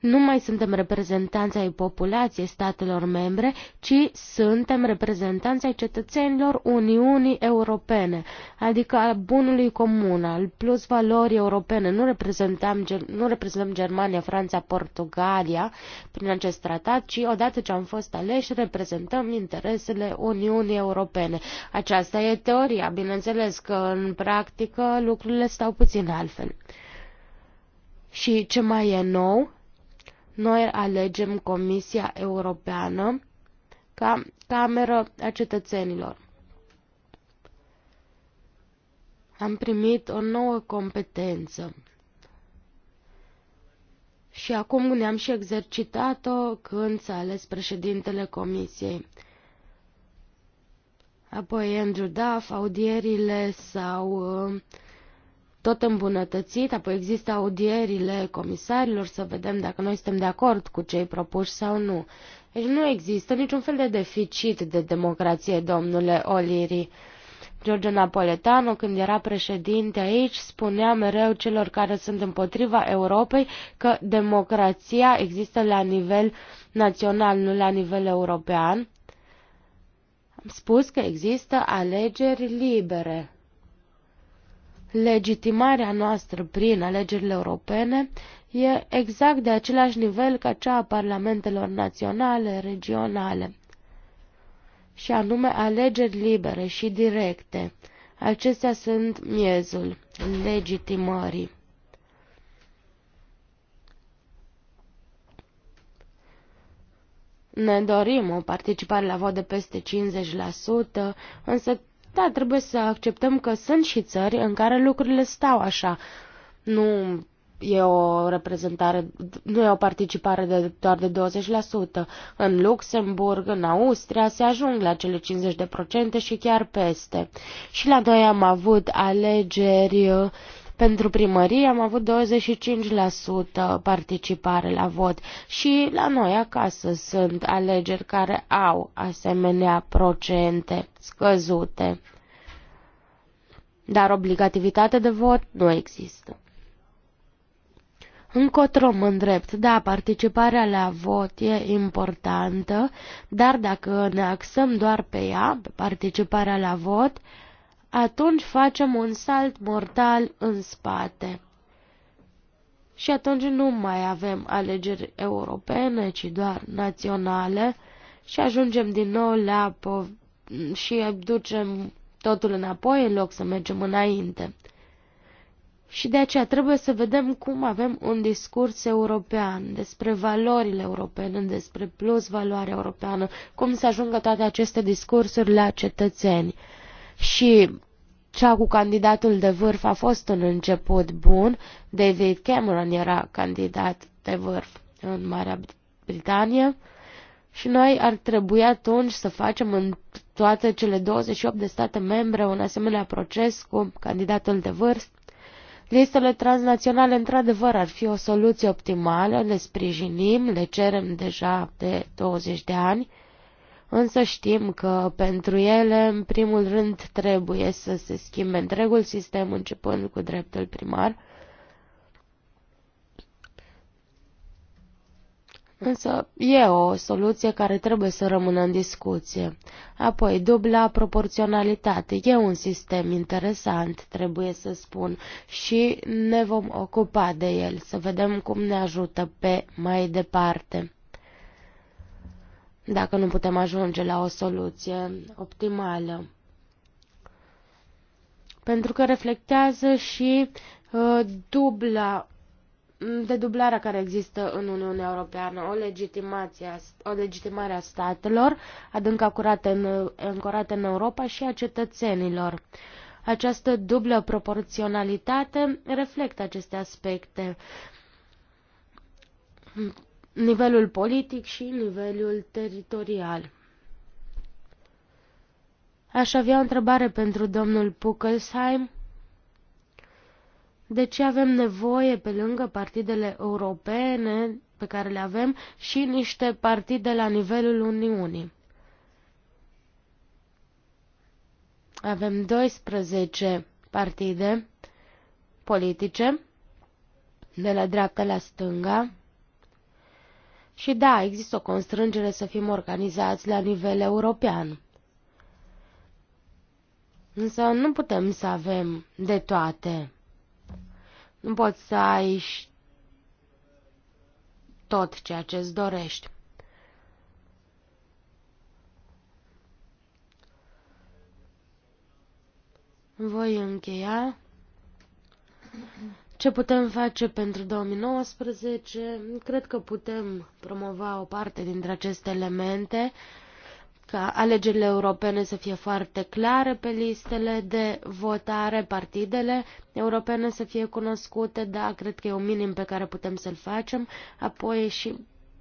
Speaker 3: nu mai suntem reprezentanți ai populației statelor membre, ci suntem reprezentanți ai cetățenilor Uniunii Europene, adică al bunului comun, al plus valorii europene. Nu reprezentăm, nu reprezentăm Germania, Franța, Portugalia prin acest tratat, ci odată ce am fost aleși, reprezentăm interesele Uniunii Europene. Aceasta e teoria, bineînțeles că în practică lucrurile stau puțin altfel. Și ce mai e nou noi alegem Comisia Europeană ca cameră a cetățenilor. Am primit o nouă competență și acum ne-am și exercitat-o când s-a ales președintele Comisiei. Apoi Andrew Duff, audierile sau uh, tot îmbunătățit, apoi există audierile comisarilor să vedem dacă noi suntem de acord cu cei propuși sau nu. Deci nu există niciun fel de deficit de democrație, domnule Oliri. George Napoletano, când era președinte aici, spunea mereu celor care sunt împotriva Europei că democrația există la nivel național, nu la nivel european. Am spus că există alegeri libere legitimarea noastră prin alegerile europene e exact de același nivel ca cea a parlamentelor naționale, regionale, și anume alegeri libere și directe. Acestea sunt miezul legitimării. Ne dorim o participare la vot de peste 50%, însă da, trebuie să acceptăm că sunt și țări în care lucrurile stau așa. Nu e o reprezentare, nu e o participare de doar de 20%. În Luxemburg, în Austria, se ajung la cele 50% și chiar peste. Și la noi am avut alegeri pentru primărie am avut 25% participare la vot și la noi acasă sunt alegeri care au asemenea procente scăzute. Dar obligativitate de vot nu există. Încotro mă îndrept, da, participarea la vot e importantă, dar dacă ne axăm doar pe ea, pe participarea la vot, uh, atunci facem un salt mortal în spate. Și atunci nu mai avem alegeri europene, ci doar naționale și ajungem din nou la și ducem totul înapoi în loc să mergem înainte. Și de aceea trebuie să vedem cum avem un discurs european despre valorile europene, despre plus valoarea europeană, cum să ajungă toate aceste discursuri la cetățeni și cea cu candidatul de vârf a fost un început bun. David Cameron era candidat de vârf în Marea Britanie și noi ar trebui atunci să facem în toate cele 28 de state membre un asemenea proces cu candidatul de vârf. Listele transnaționale, într-adevăr, ar fi o soluție optimală, le sprijinim, le cerem deja de 20 de ani. Însă știm că pentru ele, în primul rând, trebuie să se schimbe întregul sistem, începând cu dreptul primar. Însă e o soluție care trebuie să rămână în discuție. Apoi, dubla proporționalitate. E un sistem interesant, trebuie să spun, și ne vom ocupa de el, să vedem cum ne ajută pe mai departe dacă nu putem ajunge la o soluție optimală. Pentru că reflectează și uh, dubla de dublarea care există în Uniunea Europeană, o, legitimație, o legitimare a statelor adânc acurate în, în Europa și a cetățenilor. Această dublă proporționalitate reflectă aceste aspecte nivelul politic și nivelul teritorial. Aș avea o întrebare pentru domnul Puckelsheim. De ce avem nevoie, pe lângă partidele europene pe care le avem, și niște partide la nivelul Uniunii? Avem 12 partide politice, de la dreapta la stânga, și da, există o constrângere să fim organizați la nivel european. Însă nu putem să avem de toate. Nu poți să ai tot ceea ce îți dorești. Voi încheia ce putem face pentru 2019? Cred că putem promova o parte dintre aceste elemente, ca alegerile europene să fie foarte clare pe listele de votare, partidele europene să fie cunoscute, da, cred că e un minim pe care putem să-l facem, apoi și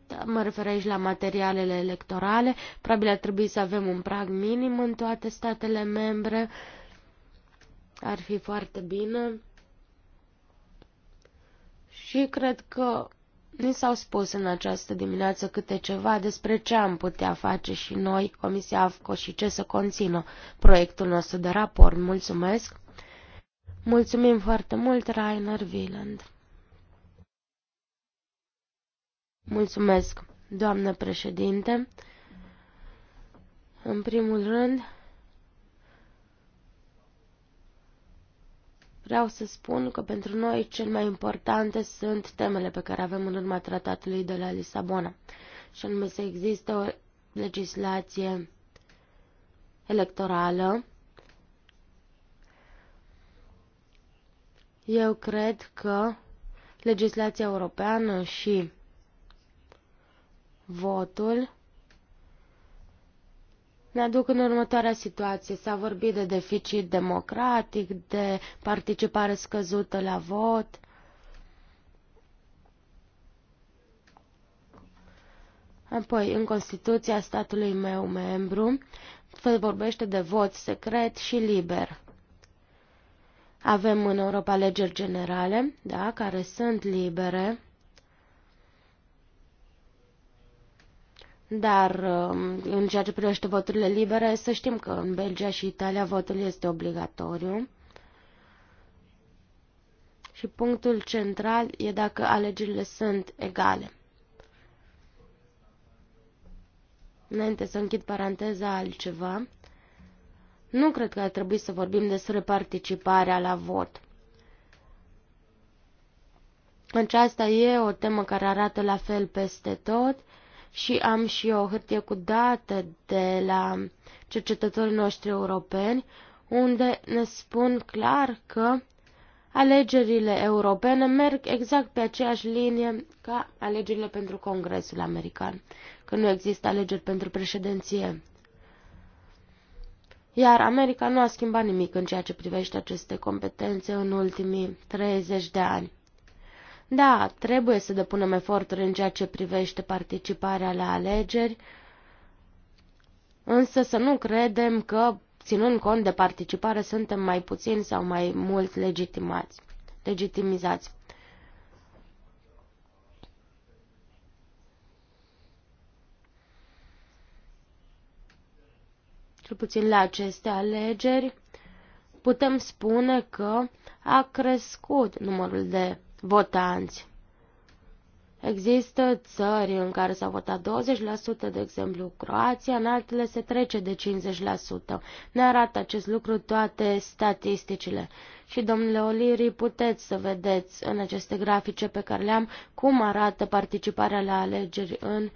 Speaker 3: da, mă refer aici la materialele electorale, probabil ar trebui să avem un prag minim în toate statele membre, ar fi foarte bine. Și cred că ni s-au spus în această dimineață câte ceva despre ce am putea face și noi, Comisia AFCO, și ce să conțină proiectul nostru de raport. Mulțumesc! Mulțumim foarte mult, Rainer Wieland! Mulțumesc, doamnă președinte! În primul rând, Vreau să spun că pentru noi cel mai importante sunt temele pe care avem în urma tratatului de la Lisabona, și anume să există o legislație electorală. Eu cred că legislația europeană și votul ne aduc în următoarea situație. S-a vorbit de deficit democratic, de participare scăzută la vot. Apoi, în Constituția statului meu membru, se vorbește de vot secret și liber. Avem în Europa alegeri generale, da, care sunt libere. Dar um, în ceea ce privește voturile libere, să știm că în Belgia și Italia votul este obligatoriu. Și punctul central e dacă alegerile sunt egale. Înainte să închid paranteza altceva, nu cred că ar trebui să vorbim despre participarea la vot. Aceasta e o temă care arată la fel peste tot și am și eu o hârtie cu date de la cercetătorii noștri europeni, unde ne spun clar că alegerile europene merg exact pe aceeași linie ca alegerile pentru Congresul American, că nu există alegeri pentru președinție. Iar America nu a schimbat nimic în ceea ce privește aceste competențe în ultimii 30 de ani. Da, trebuie să depunem eforturi în ceea ce privește participarea la alegeri, însă să nu credem că, ținând cont de participare, suntem mai puțin sau mai mult legitimați, legitimizați. Cel puțin la aceste alegeri, putem spune că a crescut numărul de votanți. Există țări în care s-a votat 20%, de exemplu Croația, în altele se trece de 50%. Ne arată acest lucru toate statisticile. Și, domnule Oliri, puteți să vedeți în aceste grafice pe care le-am cum arată participarea la alegeri în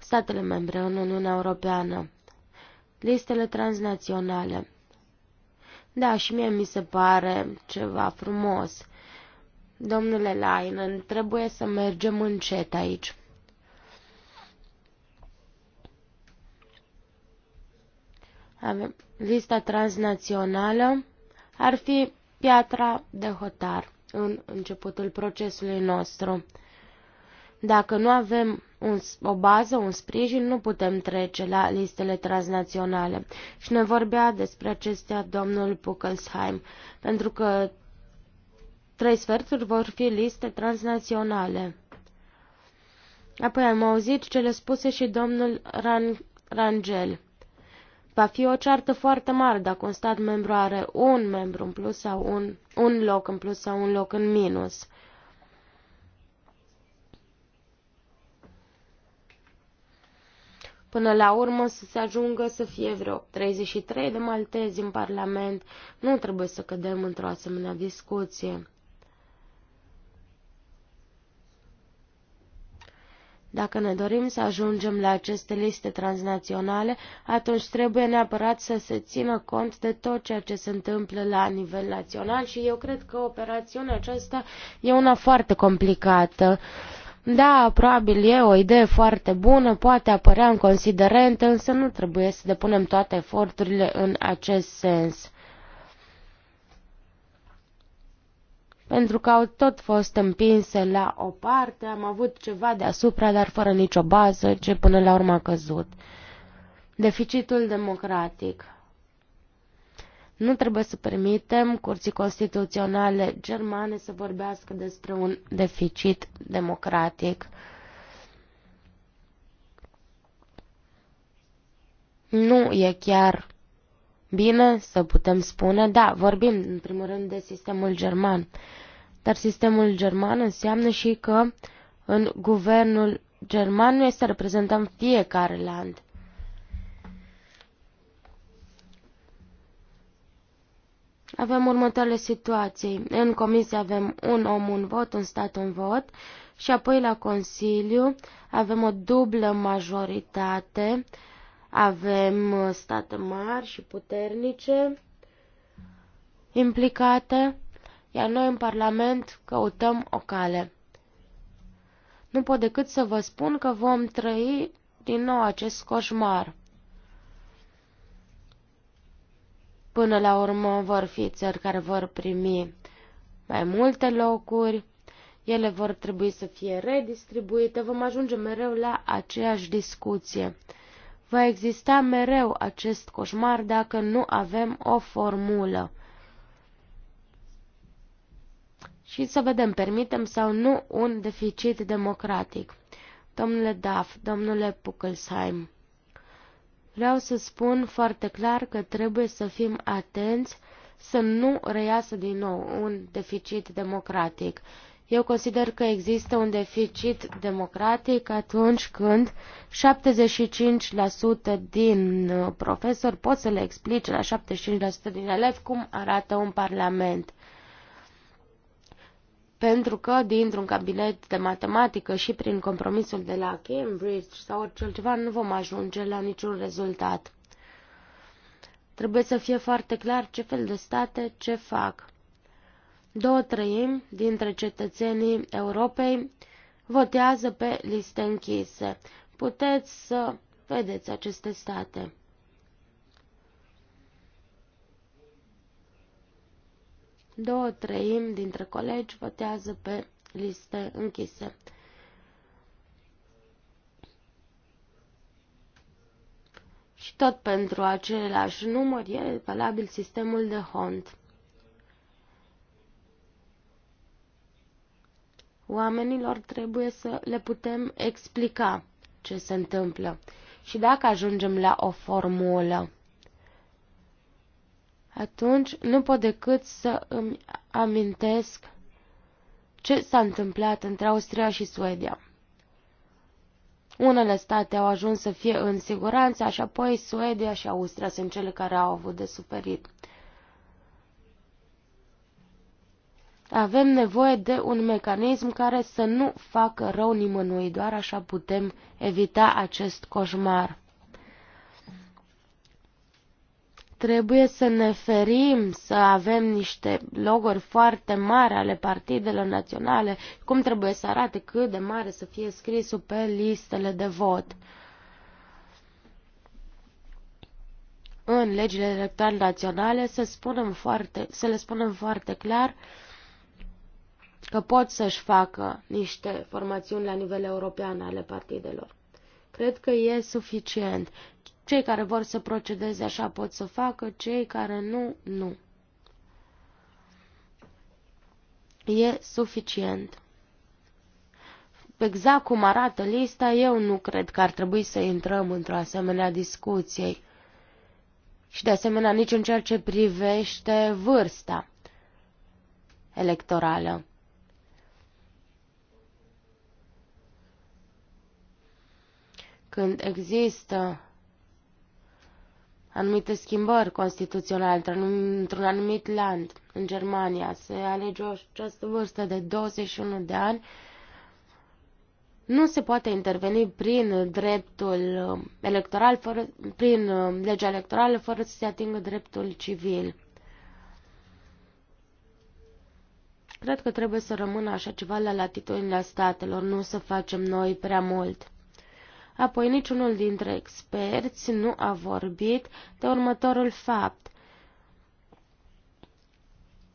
Speaker 3: statele membre, în Uniunea Europeană. Listele transnaționale. Da, și mie mi se pare ceva frumos Domnule Lainen, trebuie să mergem încet aici. Avem lista transnațională ar fi piatra de hotar în începutul procesului nostru. Dacă nu avem un, o bază, un sprijin, nu putem trece la listele transnaționale. Și ne vorbea despre acestea domnul Puckelsheim, pentru că trei sferturi vor fi liste transnaționale. Apoi am auzit cele spuse și domnul Ran Rangel. Va fi o ceartă foarte mare dacă un stat membru are un membru în plus sau un, un loc în plus sau un loc în minus. Până la urmă să se ajungă să fie vreo 33 de maltezi în Parlament, nu trebuie să cădem într-o asemenea discuție. Dacă ne dorim să ajungem la aceste liste transnaționale, atunci trebuie neapărat să se țină cont de tot ceea ce se întâmplă la nivel național și eu cred că operațiunea aceasta e una foarte complicată. Da, probabil e o idee foarte bună, poate apărea în considerente, însă nu trebuie să depunem toate eforturile în acest sens. pentru că au tot fost împinse la o parte, am avut ceva deasupra, dar fără nicio bază, ce până la urmă a căzut. Deficitul democratic. Nu trebuie să permitem curții constituționale germane să vorbească despre un deficit democratic. Nu e chiar bine să putem spune, da, vorbim în primul rând de sistemul german, dar sistemul german înseamnă și că în guvernul german nu este reprezentat fiecare land. Avem următoarele situații. În comisie avem un om, un vot, un stat, un vot și apoi la Consiliu avem o dublă majoritate uh, avem uh, state mari și puternice implicate, iar noi în Parlament căutăm o cale. Nu pot decât să vă spun că vom trăi din nou acest coșmar. Până la urmă vor fi țări care vor primi mai multe locuri, ele vor trebui să fie redistribuite, vom ajunge mereu la aceeași discuție. Va exista mereu acest coșmar dacă nu avem o formulă. Și să vedem, permitem sau nu un deficit democratic. Domnule Daf, domnule Puckelsheim, vreau să spun foarte clar că trebuie să fim atenți să nu reiasă din nou un deficit democratic. Eu consider că există un deficit democratic atunci când 75% din uh, profesori pot să le explice la 75% din elevi cum arată un parlament. Pentru că dintr-un cabinet de matematică și prin compromisul de la Cambridge sau orice ceva nu vom ajunge la niciun rezultat. Trebuie să fie foarte clar ce fel de state ce fac Două treimi dintre cetățenii Europei votează pe liste închise. Puteți să vedeți aceste state. Două treimi dintre colegi votează pe liste închise. Și tot pentru același număr e valabil sistemul de HONT. Oamenilor trebuie să le putem explica ce se întâmplă și dacă ajungem la o formulă. Atunci nu pot decât să îmi amintesc ce s-a întâmplat între Austria și Suedia. Unele state au ajuns să fie în siguranță și apoi Suedia și Austria sunt cele care au avut de suferit. Avem nevoie de un mecanism care să nu facă rău nimănui, doar așa putem evita acest coșmar. Trebuie să ne ferim să avem niște loguri foarte mari ale partidelor naționale, cum trebuie să arate cât de mare să fie scrisul pe listele de vot. în legile electorale naționale să, spunem foarte, să le spunem foarte clar că pot să-și facă niște formațiuni la nivel european ale partidelor. Cred că e suficient. Cei care vor să procedeze așa pot să facă, cei care nu, nu. E suficient. Exact cum arată lista, eu nu cred că ar trebui să intrăm într-o asemenea discuție și de asemenea nici în ceea ce privește vârsta electorală. când există anumite schimbări constituționale într-un anumit land, în Germania, se alege o această vârstă de 21 de ani, nu se poate interveni prin dreptul um, electoral, fără, prin um, legea electorală, fără să se atingă dreptul civil. Cred că trebuie să rămână așa ceva la latitudinea statelor, nu să facem noi prea mult. Apoi niciunul dintre experți nu a vorbit de următorul fapt.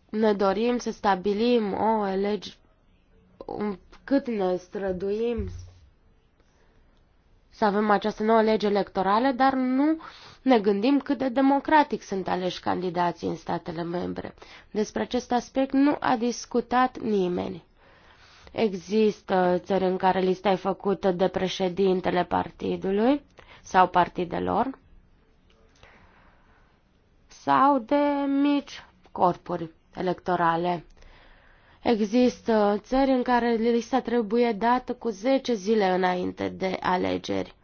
Speaker 3: Ne dorim să stabilim o lege cât ne străduim să avem această nouă lege electorală, dar nu ne gândim cât de democratic sunt aleși candidații în statele membre. Despre acest aspect nu a discutat nimeni. Există țări în care lista e făcută de președintele partidului sau partidelor sau de mici corpuri electorale. Există țări în care lista trebuie dată cu 10 zile înainte de alegeri.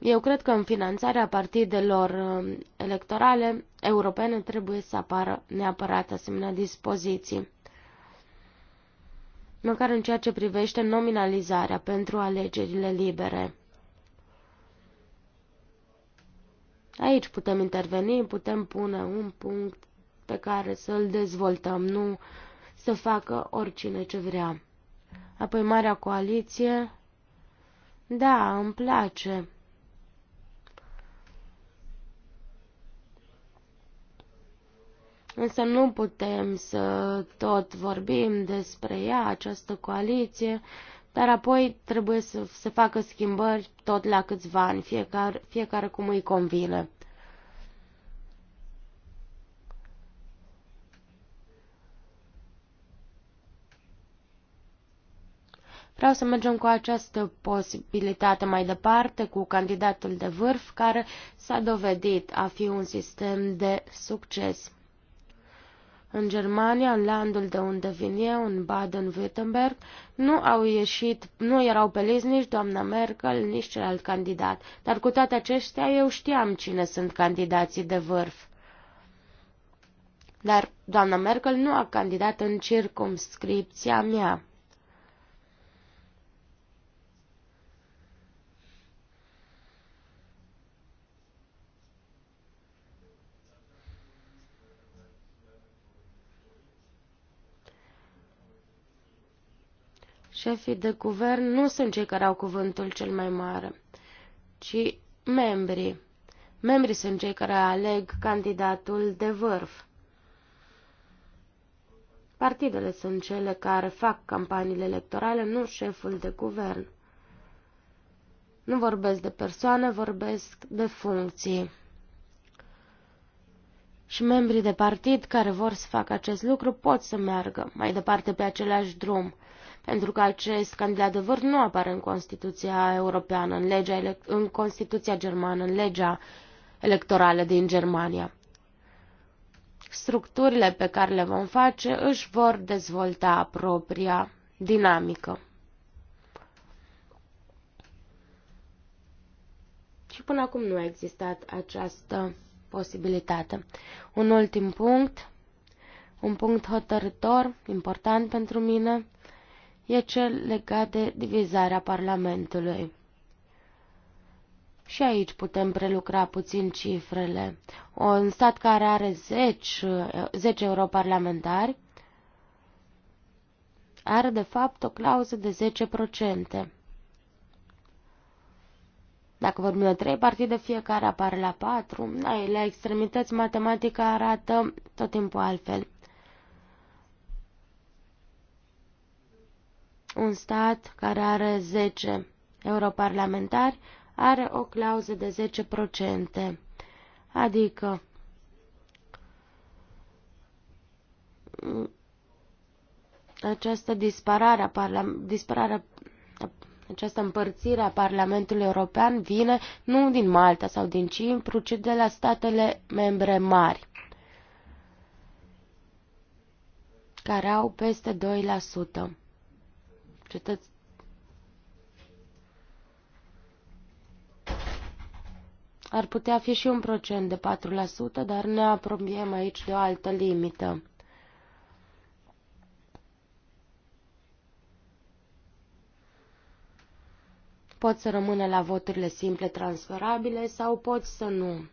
Speaker 3: Eu cred că în finanțarea partidelor um, electorale europene trebuie să apară neapărat asemenea dispoziții măcar în ceea ce privește nominalizarea pentru alegerile libere. Aici putem interveni, putem pune un punct pe care să-l dezvoltăm, nu să facă oricine ce vrea. Apoi Marea Coaliție, da, îmi place însă nu putem să tot vorbim despre ea, această coaliție, dar apoi trebuie să se facă schimbări tot la câțiva ani, fiecare, fiecare cum îi convine. Vreau să mergem cu această posibilitate mai departe, cu candidatul de vârf, care s-a dovedit a fi un sistem de succes. În Germania, în landul de unde vin eu, în Baden-Württemberg, nu au ieșit, nu erau pe list nici doamna Merkel, nici celălalt candidat. Dar cu toate acestea eu știam cine sunt candidații de vârf. Dar doamna Merkel nu a candidat în circumscripția mea. Șefii de guvern nu sunt cei care au cuvântul cel mai mare, ci membrii. Membrii sunt cei care aleg candidatul de vârf. Partidele sunt cele care fac campaniile electorale, nu șeful de guvern. Nu vorbesc de persoane, vorbesc de funcții. Și membrii de partid care vor să facă acest lucru pot să meargă mai departe pe același drum pentru că acest cand de adevăr nu apare în Constituția europeană, în, legea, în Constituția germană, în legea electorală din Germania. Structurile pe care le vom face își vor dezvolta propria dinamică. Și până acum nu a existat această posibilitate. Un ultim punct, un punct hotărător, important pentru mine, e cel legat de divizarea Parlamentului. Și aici putem prelucra puțin cifrele. Un stat care are 10, 10 europarlamentari are de fapt o clauză de 10%. Dacă vorbim de trei partide, fiecare apare la patru. La extremități, matematica arată tot timpul altfel. un stat care are 10 europarlamentari are o clauză de 10%, adică această disparare a, disparare, această împărțire a Parlamentului European vine nu din Malta sau din Cipru, ci de la statele membre mari, care au peste 2% cetăți... Ar putea fi și un procent de 4%, dar ne apropiem aici de o altă limită. Pot să rămână la voturile simple transferabile sau pot să nu.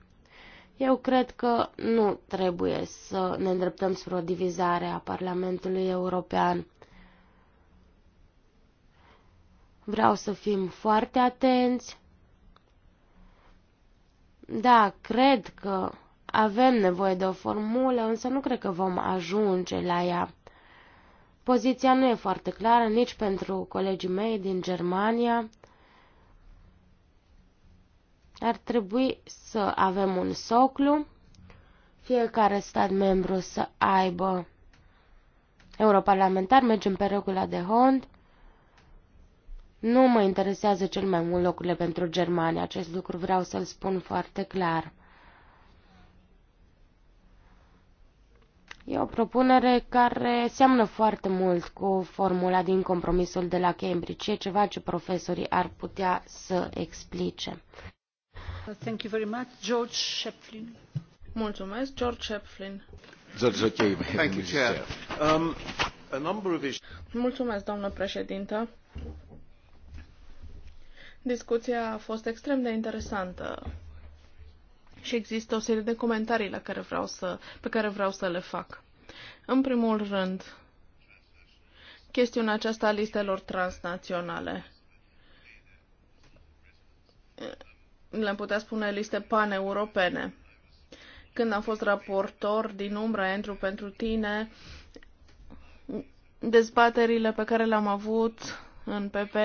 Speaker 3: Eu cred că nu trebuie să ne îndreptăm spre o divizare a Parlamentului European. Vreau să fim foarte atenți. Da, cred că avem nevoie de o formulă, însă nu cred că vom ajunge la ea. Poziția nu e foarte clară nici pentru colegii mei din Germania. Ar trebui să avem un soclu, fiecare stat membru să aibă europarlamentar, mergem pe regula de Hond, nu mă interesează cel mai mult locurile pentru Germania, acest lucru vreau să-l spun foarte clar. E o propunere care seamănă foarte mult cu formula din compromisul de la Cambridge. E ceva ce profesorii ar putea să explice.
Speaker 1: Thank you very much. George Shepflin. Mulțumesc, George Shepflin. George, okay. Thank you, Chair. Um, a number of issues. Mulțumesc, doamnă președintă. Discuția a fost extrem de interesantă și există o serie de comentarii la care vreau să, pe care vreau să le fac. În primul rând, chestiunea aceasta a listelor transnaționale. Le-am putea spune liste paneuropene. Când am fost raportor din umbra Andrew, pentru tine, dezbaterile pe care le-am avut în PP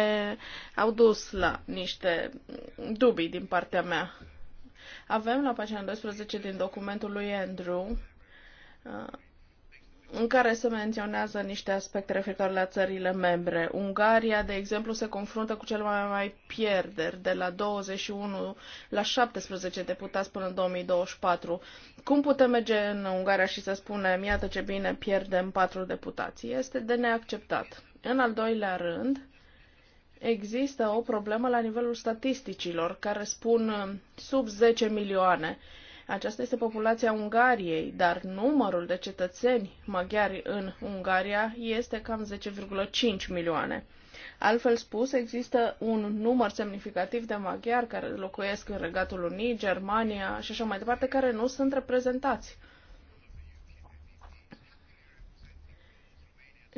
Speaker 1: au dus la niște dubii din partea mea. Avem la pagina 12 din documentul lui Andrew uh, în care se menționează niște aspecte referitoare la țările membre. Ungaria, de exemplu, se confruntă cu cel mai mai pierderi, de la 21 la 17 deputați până în 2024. Cum putem merge în Ungaria și să spunem, iată ce bine, pierdem patru deputați? Este de neacceptat. În al doilea rând, există o problemă la nivelul statisticilor care spun uh, sub 10 milioane. Aceasta este populația Ungariei, dar numărul de cetățeni maghiari în Ungaria este cam 10,5 milioane. Altfel spus, există un număr semnificativ de maghiari care locuiesc în Regatul Unii, Germania și așa mai departe, care nu sunt reprezentați.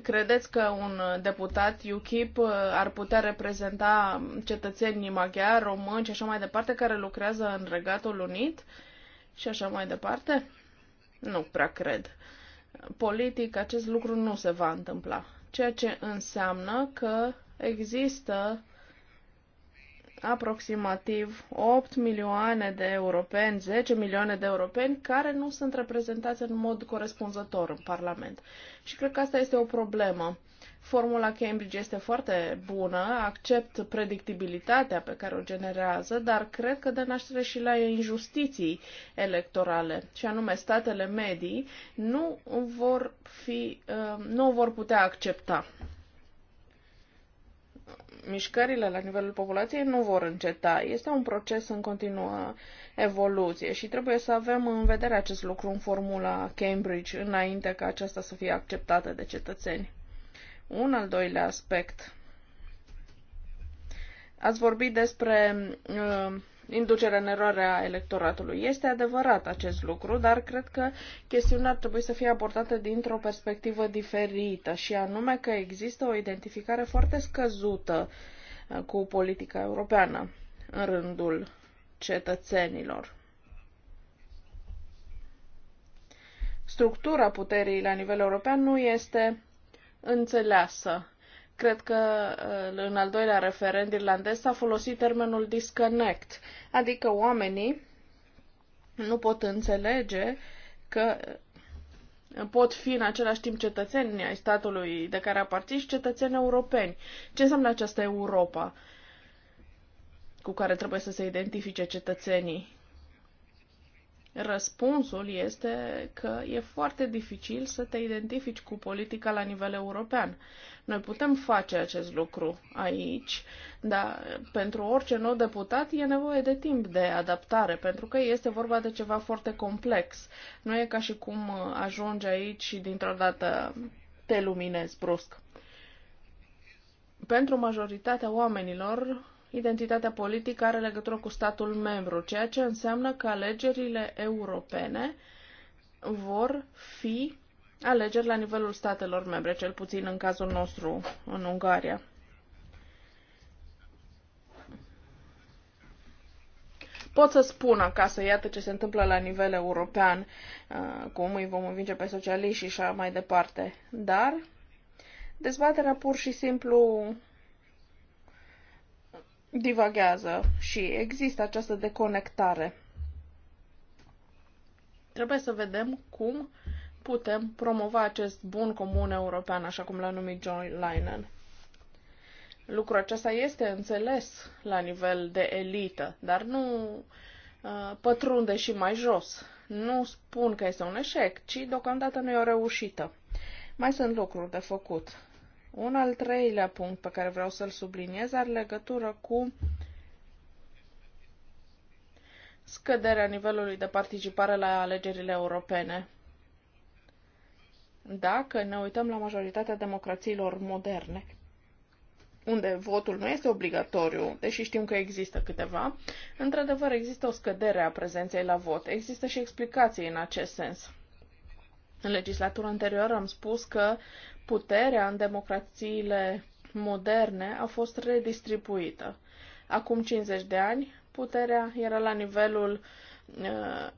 Speaker 1: Credeți că un deputat UKIP uh, ar putea reprezenta cetățenii maghiari, români și așa mai departe care lucrează în Regatul Unit și așa mai departe? Nu prea cred. Politic acest lucru nu se va întâmpla, ceea ce înseamnă că există aproximativ 8 milioane de europeni, 10 milioane de europeni care nu sunt reprezentați în mod corespunzător în Parlament. Și cred că asta este o problemă. Formula Cambridge este foarte bună, accept predictibilitatea pe care o generează, dar cred că dă naștere și la injustiții electorale, și anume statele medii nu vor, fi, uh, nu vor putea accepta mișcările la nivelul populației nu vor înceta. Este un proces în continuă evoluție și trebuie să avem în vedere acest lucru în formula Cambridge înainte ca aceasta să fie acceptată de cetățeni. Un al doilea aspect. Ați vorbit despre uh, inducerea în eroare a electoratului. Este adevărat acest lucru, dar cred că chestiunea ar trebui să fie abordată dintr-o perspectivă diferită și anume că există o identificare foarte scăzută uh, cu politica europeană în rândul cetățenilor. Structura puterii la nivel european nu este înțeleasă Cred că uh, în al doilea referent irlandez s-a folosit termenul disconnect, adică oamenii nu pot înțelege că uh, pot fi în același timp cetățeni ai statului de care aparțin și cetățeni europeni. Ce înseamnă această Europa cu care trebuie să se identifice cetățenii? Răspunsul este că e foarte dificil să te identifici cu politica la nivel european. Noi putem face acest lucru aici, dar pentru orice nou deputat e nevoie de timp de adaptare, pentru că este vorba de ceva foarte complex. Nu e ca și cum ajungi aici și dintr-o dată te luminezi brusc. Pentru majoritatea oamenilor, identitatea politică are legătură cu statul membru, ceea ce înseamnă că alegerile europene vor fi alegeri la nivelul statelor membre, cel puțin în cazul nostru în Ungaria. pot să spun acasă, iată ce se întâmplă la nivel european, uh, cum îi vom învinge pe socialiști și așa mai departe. Dar dezbaterea pur și simplu divaghează și există această deconectare. Trebuie să vedem cum putem promova acest bun comun european, așa cum l-a numit John Lennon. Lucrul acesta este înțeles la nivel de elită, dar nu uh, pătrunde și mai jos. Nu spun că este un eșec, ci deocamdată nu e o reușită. Mai sunt lucruri de făcut. Un al treilea punct pe care vreau să-l subliniez are legătură cu scăderea nivelului de participare la alegerile europene. Dacă ne uităm la majoritatea democrațiilor moderne, unde votul nu este obligatoriu, deși știm că există câteva, într-adevăr există o scădere a prezenței la vot. Există și explicații în acest sens. În legislatura anterioară am spus că Puterea în democrațiile moderne a fost redistribuită. Acum 50 de ani, puterea era la nivelul uh,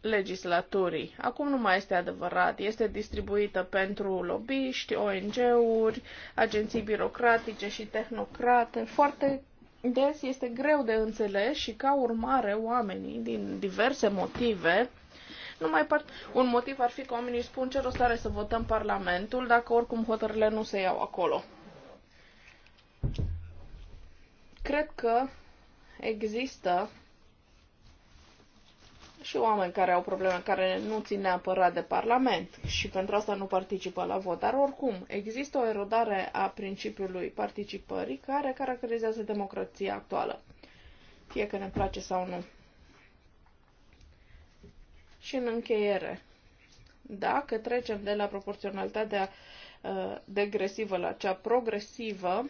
Speaker 1: legislaturii. Acum nu mai este adevărat. Este distribuită pentru lobbyști, ONG-uri, agenții birocratice și tehnocrate. Foarte des este greu de înțeles și ca urmare oamenii din diverse motive nu mai part... Un motiv ar fi că oamenii spun ce rost are să votăm Parlamentul dacă oricum hotările nu se iau acolo. Cred că există și oameni care au probleme care nu țin neapărat de Parlament și pentru asta nu participă la vot. Dar oricum, există o erodare a principiului participării care caracterizează democrația actuală. Fie că ne place sau nu. Și în încheiere, dacă trecem de la proporționalitatea uh, degresivă la cea progresivă,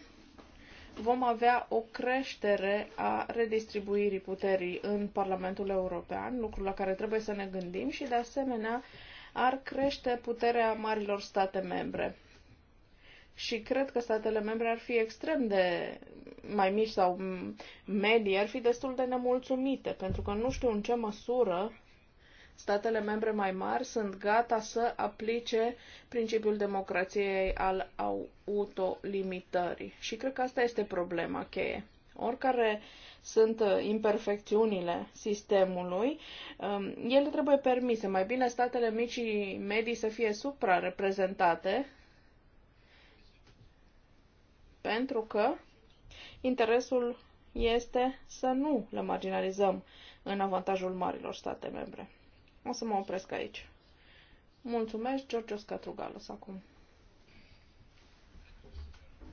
Speaker 1: vom avea o creștere a redistribuirii puterii în Parlamentul European, lucru la care trebuie să ne gândim și, de asemenea, ar crește puterea marilor state membre. Și cred că statele membre ar fi extrem de mai mici sau medii, ar fi destul de nemulțumite, pentru că nu știu în ce măsură statele membre mai mari sunt gata să aplice principiul democrației al autolimitării. Și cred că asta este problema cheie. Oricare sunt uh, imperfecțiunile sistemului, um, ele trebuie permise. Mai bine statele mici și medii să fie suprareprezentate pentru că interesul este să nu le marginalizăm în avantajul marilor state membre. O să mă opresc aici. Mulțumesc, Georgios Catrugalos, acum.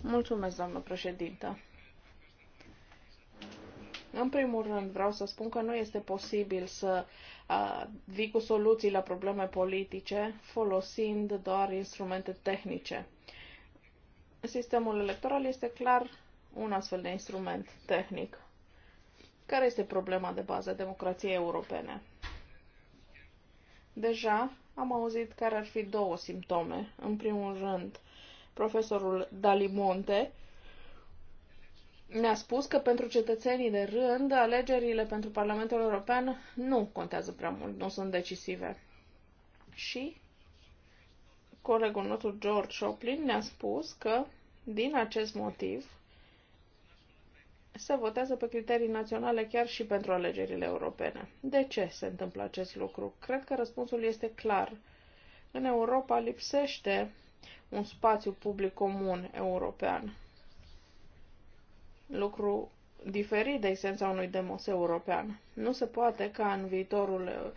Speaker 1: Mulțumesc, doamnă președintă. În primul rând, vreau să spun că nu este posibil să a, vii cu soluții la probleme politice folosind doar instrumente tehnice. Sistemul electoral este clar un astfel de instrument tehnic. Care este problema de bază a democrației europene? Deja am auzit care ar fi două simptome. În primul rând, profesorul Dalimonte ne-a spus că pentru cetățenii de rând, alegerile pentru Parlamentul European nu contează prea mult, nu sunt decisive. Și colegul nostru George Shoplin ne-a spus că, din acest motiv, se votează pe criterii naționale chiar și pentru alegerile europene. De ce se întâmplă acest lucru? Cred că răspunsul este clar. În Europa lipsește un spațiu public comun european. Lucru diferit de esența unui demos european. Nu se poate ca în viitorul uh,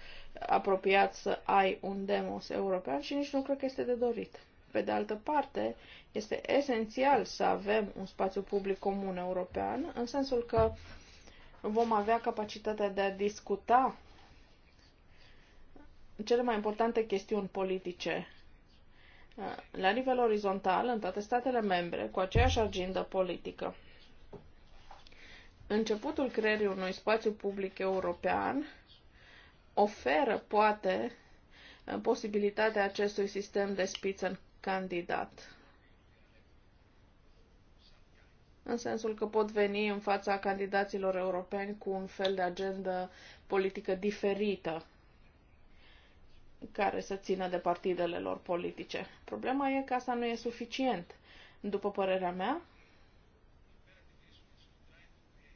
Speaker 1: apropiat să ai un demos european și nici nu cred că este de dorit. Pe de altă parte, este esențial să avem un spațiu public comun european, în sensul că vom avea capacitatea de a discuta cele mai importante chestiuni politice uh, la nivel orizontal în toate statele membre cu aceeași agendă politică. Începutul creierii unui spațiu public european oferă, poate, uh, posibilitatea acestui sistem de în candidat. În sensul că pot veni în fața candidaților europeni cu un fel de agendă politică diferită care să țină de partidele lor politice. Problema e că asta nu e suficient. După părerea mea,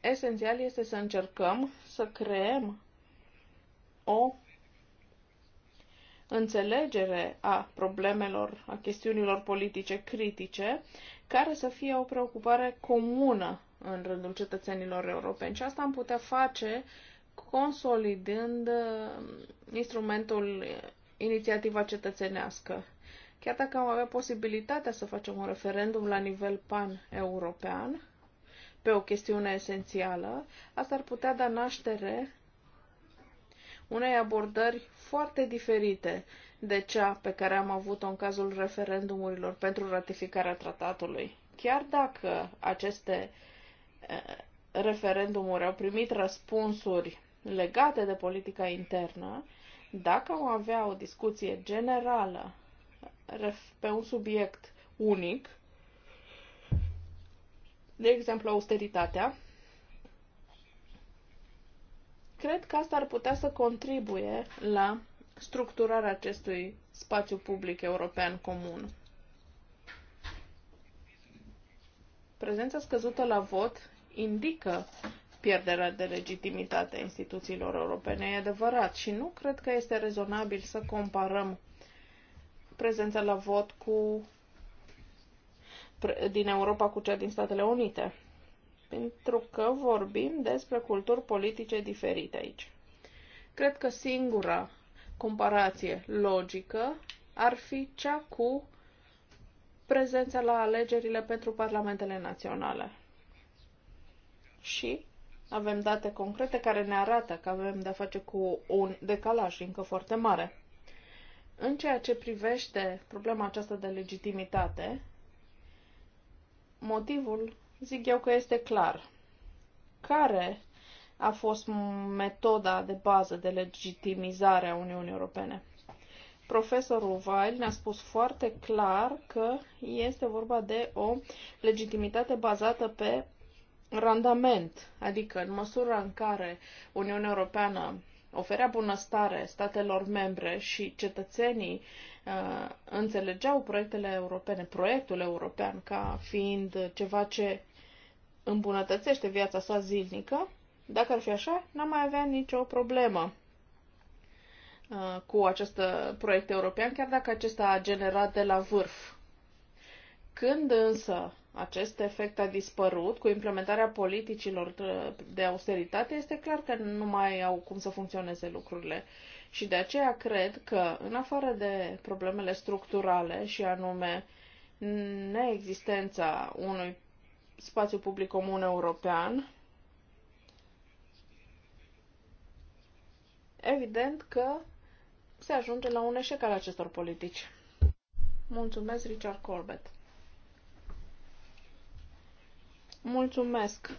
Speaker 1: esențial este să încercăm să creăm o înțelegere a problemelor, a chestiunilor politice critice, care să fie o preocupare comună în rândul cetățenilor europeni. Și asta am putea face consolidând uh, instrumentul inițiativa cetățenească. Chiar dacă am avea posibilitatea să facem un referendum la nivel pan-european pe o chestiune esențială, asta ar putea da naștere unei abordări foarte diferite de cea pe care am avut-o în cazul referendumurilor pentru ratificarea tratatului. Chiar dacă aceste eh, referendumuri au primit răspunsuri legate de politica internă, dacă au avea o discuție generală pe un subiect unic, de exemplu austeritatea, Cred că asta ar putea să contribuie la structurarea acestui spațiu public european comun. Prezența scăzută la vot indică pierderea de legitimitate a instituțiilor europene, e adevărat, și nu cred că este rezonabil să comparăm prezența la vot cu din Europa cu cea din Statele Unite pentru că vorbim despre culturi politice diferite aici. Cred că singura comparație logică ar fi cea cu prezența la alegerile pentru parlamentele naționale. Și avem date concrete care ne arată că avem de-a face cu un decalaj încă foarte mare. În ceea ce privește problema aceasta de legitimitate, motivul zic eu că este clar. Care a fost metoda de bază de legitimizare a Uniunii Europene? Profesorul Weil ne-a spus foarte clar că este vorba de o legitimitate bazată pe randament, adică în măsura în care Uniunea Europeană oferea bunăstare statelor membre și cetățenii uh, înțelegeau proiectele europene, proiectul european ca fiind ceva ce îmbunătățește viața sa zilnică. Dacă ar fi așa, n-am mai avea nicio problemă uh, cu acest proiect european, chiar dacă acesta a generat de la vârf. Când însă acest efect a dispărut cu implementarea politicilor de austeritate, este clar că nu mai au cum să funcționeze lucrurile. Și de aceea cred că, în afară de problemele structurale și anume neexistența unui spațiu public comun european, evident că se ajunge la un eșec al acestor politici. Mulțumesc, Richard Corbett. Mulțumesc.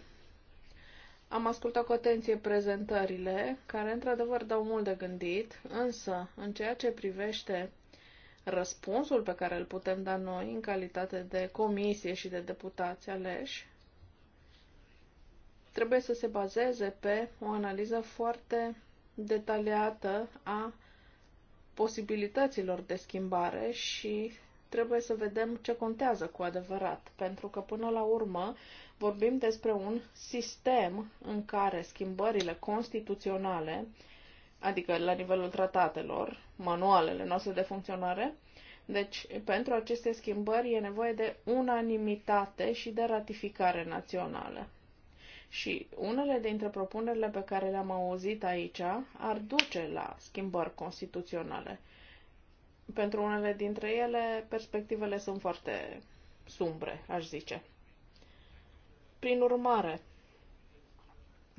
Speaker 1: Am ascultat cu atenție prezentările, care într-adevăr dau mult de gândit, însă, în ceea ce privește Răspunsul pe care îl putem da noi în calitate de comisie și de deputați aleși trebuie să se bazeze pe o analiză foarte detaliată a posibilităților de schimbare și trebuie să vedem ce contează cu adevărat, pentru că până la urmă vorbim despre un sistem în care schimbările constituționale adică la nivelul tratatelor, manualele noastre de funcționare. Deci, pentru aceste schimbări e nevoie de unanimitate și de ratificare națională. Și unele dintre propunerile pe care le-am auzit aici ar duce la schimbări constituționale. Pentru unele dintre ele, perspectivele sunt foarte sumbre, aș zice. Prin urmare,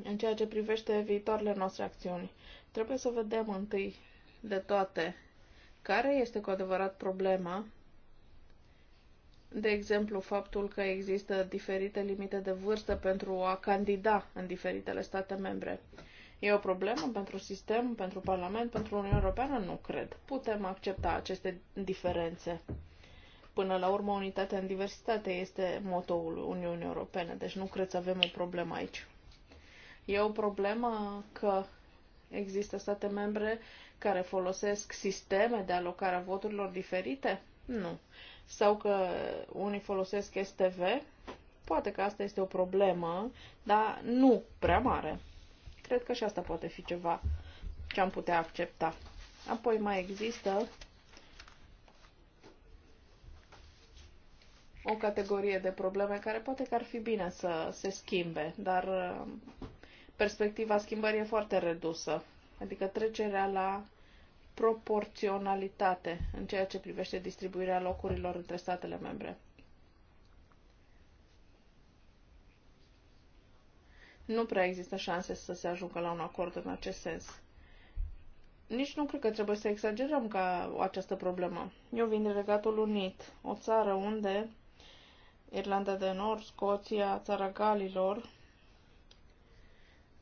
Speaker 1: în ceea ce privește viitoarele noastre acțiuni, Trebuie să vedem întâi de toate care este cu adevărat problema. De exemplu, faptul că există diferite limite de vârstă pentru a candida în diferitele state membre. E o problemă pentru sistem, pentru Parlament, pentru Uniunea Europeană? Nu cred. Putem accepta aceste diferențe. Până la urmă, unitatea în diversitate este motoul Uniunii Europene, deci nu cred să avem o problemă aici. E o problemă că Există state membre care folosesc sisteme de alocare a voturilor diferite? Nu. Sau că unii folosesc STV? Poate că asta este o problemă, dar nu prea mare. Cred că și asta poate fi ceva ce am putea accepta. Apoi mai există o categorie de probleme care poate că ar fi bine să se schimbe, dar perspectiva schimbării e foarte redusă, adică trecerea la proporționalitate în ceea ce privește distribuirea locurilor între statele membre. Nu prea există șanse să se ajungă la un acord în acest sens. Nici nu cred că trebuie să exagerăm ca această problemă. Eu vin din Regatul Unit, o țară unde Irlanda de Nord, Scoția, țara Galilor,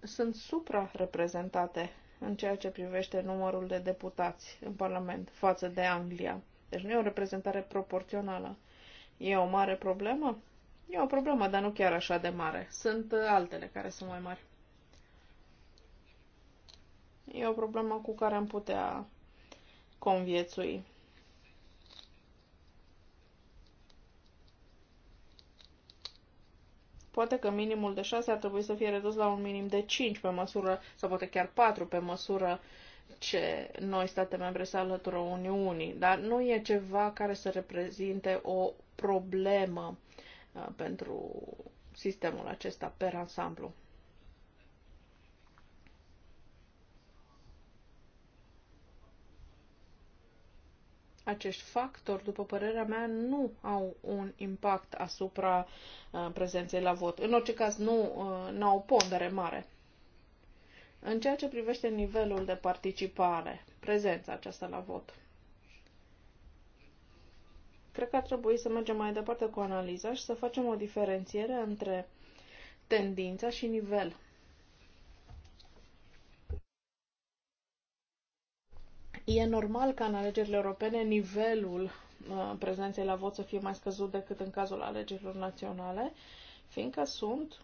Speaker 1: sunt supra reprezentate în ceea ce privește numărul de deputați în Parlament față de Anglia. Deci nu e o reprezentare proporțională. E o mare problemă? E o problemă, dar nu chiar așa de mare. Sunt altele care sunt mai mari. E o problemă cu care am putea conviețui. Poate că minimul de 6 ar trebui să fie redus la un minim de 5 pe măsură, sau poate chiar 4 pe măsură ce noi, state membre, se alătură Uniunii. Dar nu e ceva care să reprezinte o problemă uh, pentru sistemul acesta per ansamblu. acești factori, după părerea mea, nu au un impact asupra uh, prezenței la vot. În orice caz, nu uh, au o pondere mare. În ceea ce privește nivelul de participare, prezența aceasta la vot, cred că ar trebui să mergem mai departe cu analiza și să facem o diferențiere între tendința și nivel E normal ca în alegerile europene nivelul uh, prezenței la vot să fie mai scăzut decât în cazul alegerilor naționale, fiindcă sunt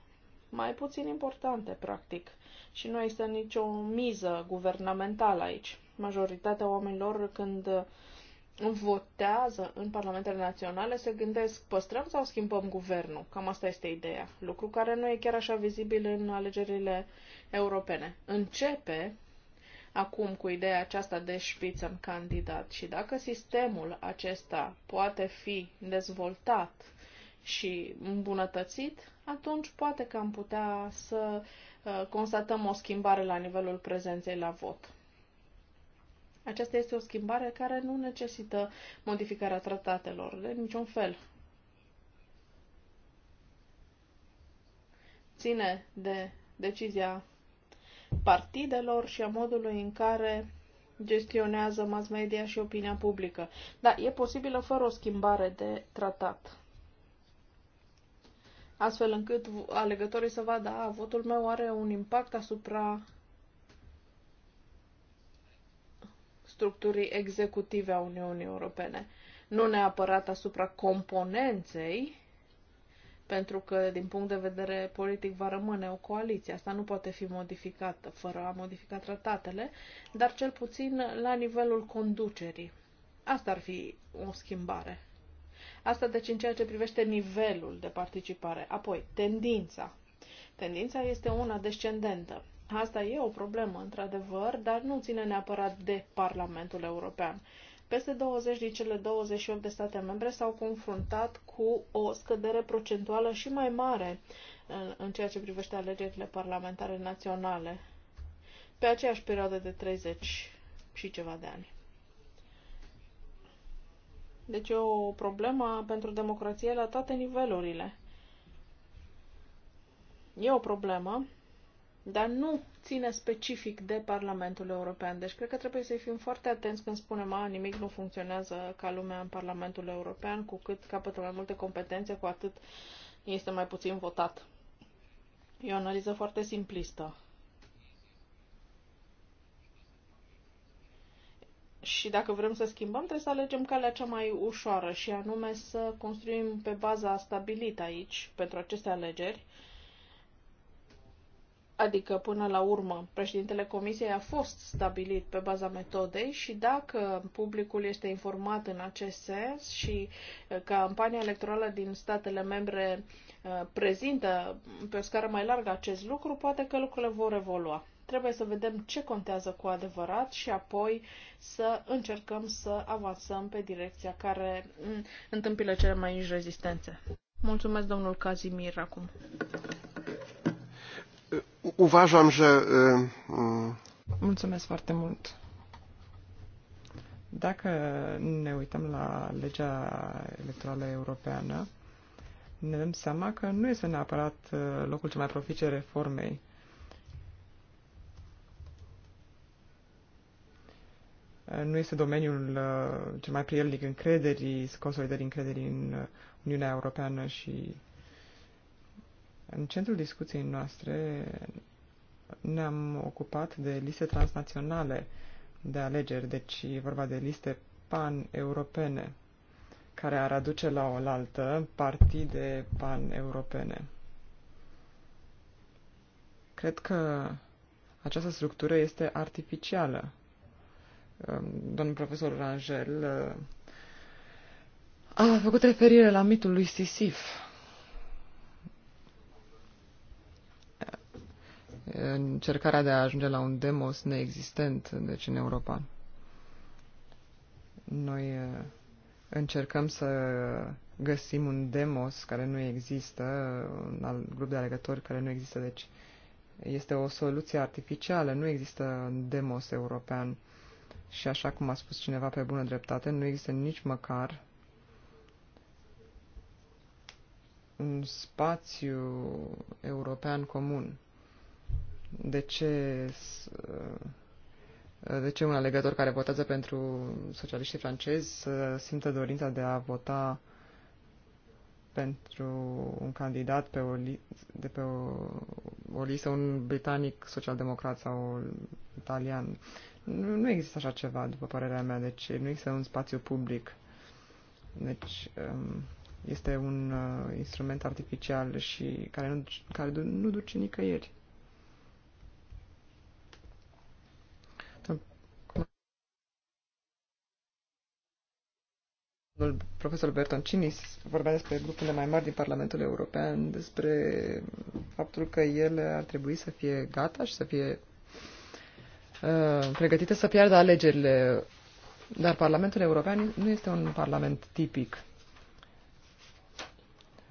Speaker 1: mai puțin importante, practic. Și nu este nicio miză guvernamentală aici. Majoritatea oamenilor, când votează în parlamentele naționale, se gândesc păstrăm sau schimbăm guvernul. Cam asta este ideea. Lucru care nu e chiar așa vizibil în alegerile europene. Începe acum cu ideea aceasta de șpițăm candidat. Și dacă sistemul acesta poate fi dezvoltat și îmbunătățit, atunci poate că am putea să uh, constatăm o schimbare la nivelul prezenței la vot. Aceasta este o schimbare care nu necesită modificarea tratatelor de niciun fel. Ține de decizia partidelor și a modului în care gestionează mass media și opinia publică. Da, e posibilă fără o schimbare de tratat. Astfel încât alegătorii să vadă, a, votul meu are un impact asupra structurii executive a Uniunii Europene. Nu neapărat asupra componenței pentru că, din punct de vedere politic, va rămâne o coaliție. Asta nu poate fi modificată fără a modifica tratatele, dar cel puțin la nivelul conducerii. Asta ar fi o schimbare. Asta deci în ceea ce privește nivelul de participare. Apoi, tendința. Tendința este una descendentă. Asta e o problemă, într-adevăr, dar nu ține neapărat de Parlamentul European. Peste 20 din cele 28 de state membre s-au confruntat cu o scădere procentuală și mai mare în ceea ce privește alegerile parlamentare naționale pe aceeași perioadă de 30 și ceva de ani. Deci e o problemă pentru democrație la toate nivelurile. E o problemă dar nu ține specific de Parlamentul European. Deci cred că trebuie să fim foarte atenți când spunem, a, nimic nu funcționează ca lumea în Parlamentul European, cu cât capătă mai multe competențe, cu atât este mai puțin votat. E o analiză foarte simplistă. Și dacă vrem să schimbăm, trebuie să alegem calea cea mai ușoară și anume să construim pe baza stabilită aici, pentru aceste alegeri, uh, Adică, până la urmă, președintele comisiei a fost stabilit pe baza metodei și dacă publicul este informat în acest sens și uh, campania electorală din statele membre uh, prezintă pe o scară mai largă acest lucru, poate că lucrurile vor evolua. Trebuie să vedem ce contează cu adevărat și apoi să încercăm să avansăm pe direcția care mm, întâmpină cele mai mici rezistențe. Mulțumesc, domnul Kazimir acum
Speaker 2: uważam, że... Mulțumesc foarte mult. Dacă ne uităm la legea electorală europeană, ne dăm seama că nu este neapărat uh, locul cel mai profice reformei. Nu este domeniul uh, cel mai prielnic încrederii, consolidării încrederii în Uniunea Europeană și în centrul discuției noastre ne-am ocupat de liste transnaționale de alegeri, deci e vorba de liste pan-europene, care ar aduce la oaltă partide pan-europene. Cred că această structură este artificială. Ehm, domnul profesor Rangel ehm, a făcut referire la mitul lui Sisif, încercarea de a ajunge la un demos neexistent, deci în Europa. Noi uh, încercăm să găsim un demos care nu există, un alt grup de alegători care nu există, deci este o soluție artificială, nu există un demos european și așa cum a spus cineva pe bună dreptate, nu există nici măcar un spațiu european comun de ce, uh, de ce un alegător care votează pentru socialiștii francezi să simtă dorința de a vota pentru un candidat pe o li- de pe o, o listă, un britanic social-democrat sau un italian. Nu, nu există așa ceva, după părerea mea, deci nu există un spațiu public. Deci um, este un uh, instrument artificial și care nu, care nu duce nicăieri. Domnul profesor Bertoncini vorbea despre grupurile mai mari din Parlamentul European, despre faptul că ele ar trebui să fie gata și să fie uh, pregătite să piardă alegerile. Dar Parlamentul European nu este un parlament tipic.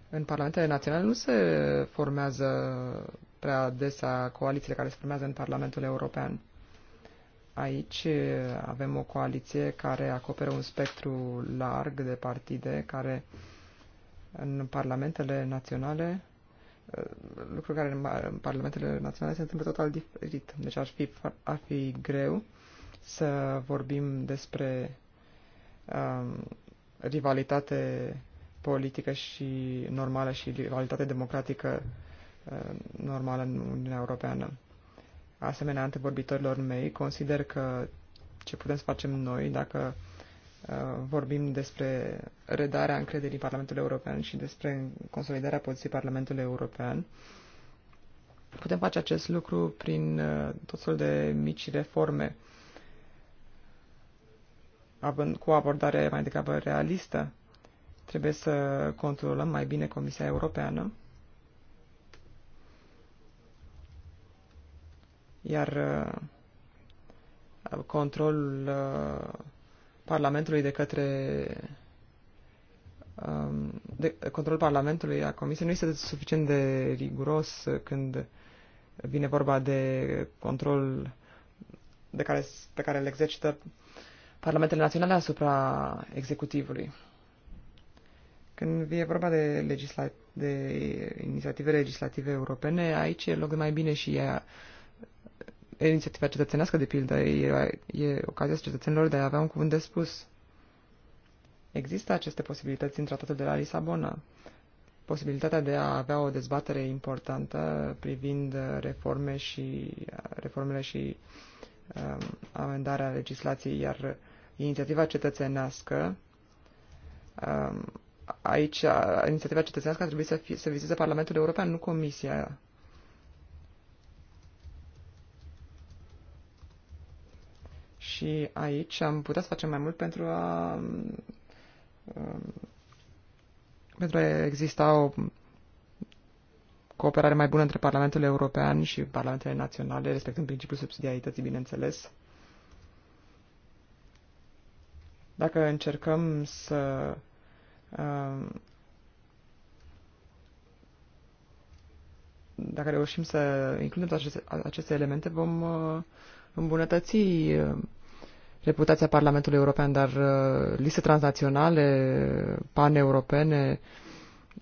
Speaker 2: În parlamentele naționale nu se formează prea adesea coalițiile care se formează în Parlamentul European. Aici avem o coaliție care acoperă un spectru larg de partide care în parlamentele naționale lucruri care în parlamentele naționale se întâmplă total diferit. Deci ar fi, ar fi greu să vorbim despre um, rivalitate politică și normală și rivalitate democratică uh, normală în Uniunea Europeană asemenea antevorbitorilor mei, consider că ce putem să facem noi dacă uh, vorbim despre redarea încrederii Parlamentului European și despre consolidarea poziției Parlamentului European. Putem face acest lucru prin uh, tot felul de mici reforme, având cu o abordare mai degrabă realistă. Trebuie să controlăm mai bine Comisia Europeană Iar uh, controlul uh, Parlamentului de către um, de controlul Parlamentului a Comisiei nu este suficient de riguros când vine vorba de control de care, pe care îl exercită Parlamentele Naționale asupra executivului. Când vine vorba de, legisla- de inițiative legislative europene, aici e loc de mai bine și ea inițiativa cetățenească, de pildă, e, e ocazia cetățenilor de a avea un cuvânt de spus. Există aceste posibilități în tratatul de la Lisabona. Posibilitatea de a avea o dezbatere importantă privind reforme și, reformele și um, amendarea legislației, iar inițiativa cetățenească um, aici inițiativa cetățenească ar trebui să, fie, să vizeze Parlamentul European, nu Comisia. Și aici am putea să facem mai mult pentru a um, pentru a exista o cooperare mai bună între Parlamentul European și Parlamentele Naționale, respectând principiul subsidiarității, bineînțeles. Dacă încercăm să um, dacă reușim să includem aceste, aceste elemente, vom uh, îmbunătăți uh, reputația Parlamentului European, dar uh, liste transnaționale, paneuropene,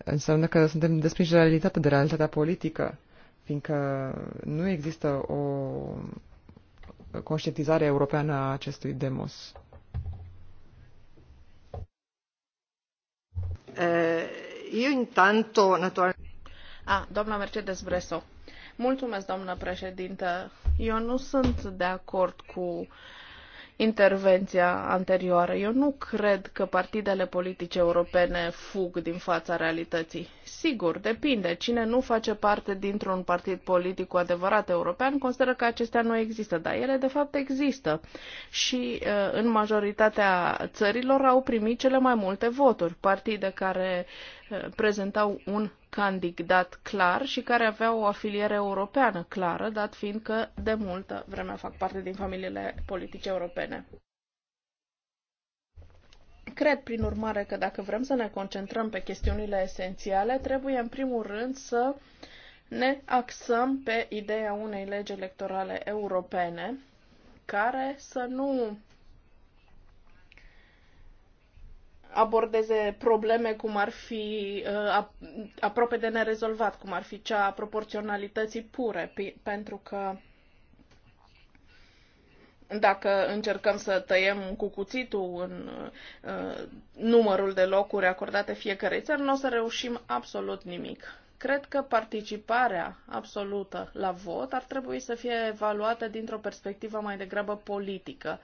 Speaker 2: înseamnă că suntem desprinși de realitate, de realitatea politică, fiindcă nu există o conștientizare europeană a acestui demos.
Speaker 1: Eu eh, intanto, natural... A, ah, doamna Mercedes Bresso. Mulțumesc, doamnă președintă. Eu nu sunt de acord cu uh, intervenția anterioară. Eu nu cred că partidele politice europene fug din fața realității. Sigur, depinde. Cine nu face parte dintr-un partid politic cu adevărat european consideră că acestea nu există, dar ele de fapt există. Și uh, în majoritatea țărilor au primit cele mai multe voturi. Partide care uh, Eh, prezentau un candidat clar și care avea o afiliere europeană clară, dat fiind că de multă vreme fac parte din familiile politice europene. Cred, prin urmare, că dacă vrem să ne concentrăm pe chestiunile esențiale, trebuie, în primul rând, să ne axăm pe ideea unei legi electorale europene care să nu abordeze probleme cum ar fi uh, aproape de nerezolvat, cum ar fi cea a proporționalității pure, pentru că dacă încercăm să tăiem cu cuțitul în uh, numărul de locuri acordate fiecărei țări, nu o să reușim absolut nimic. Cred că participarea absolută la vot ar trebui să fie evaluată dintr-o perspectivă mai degrabă politică,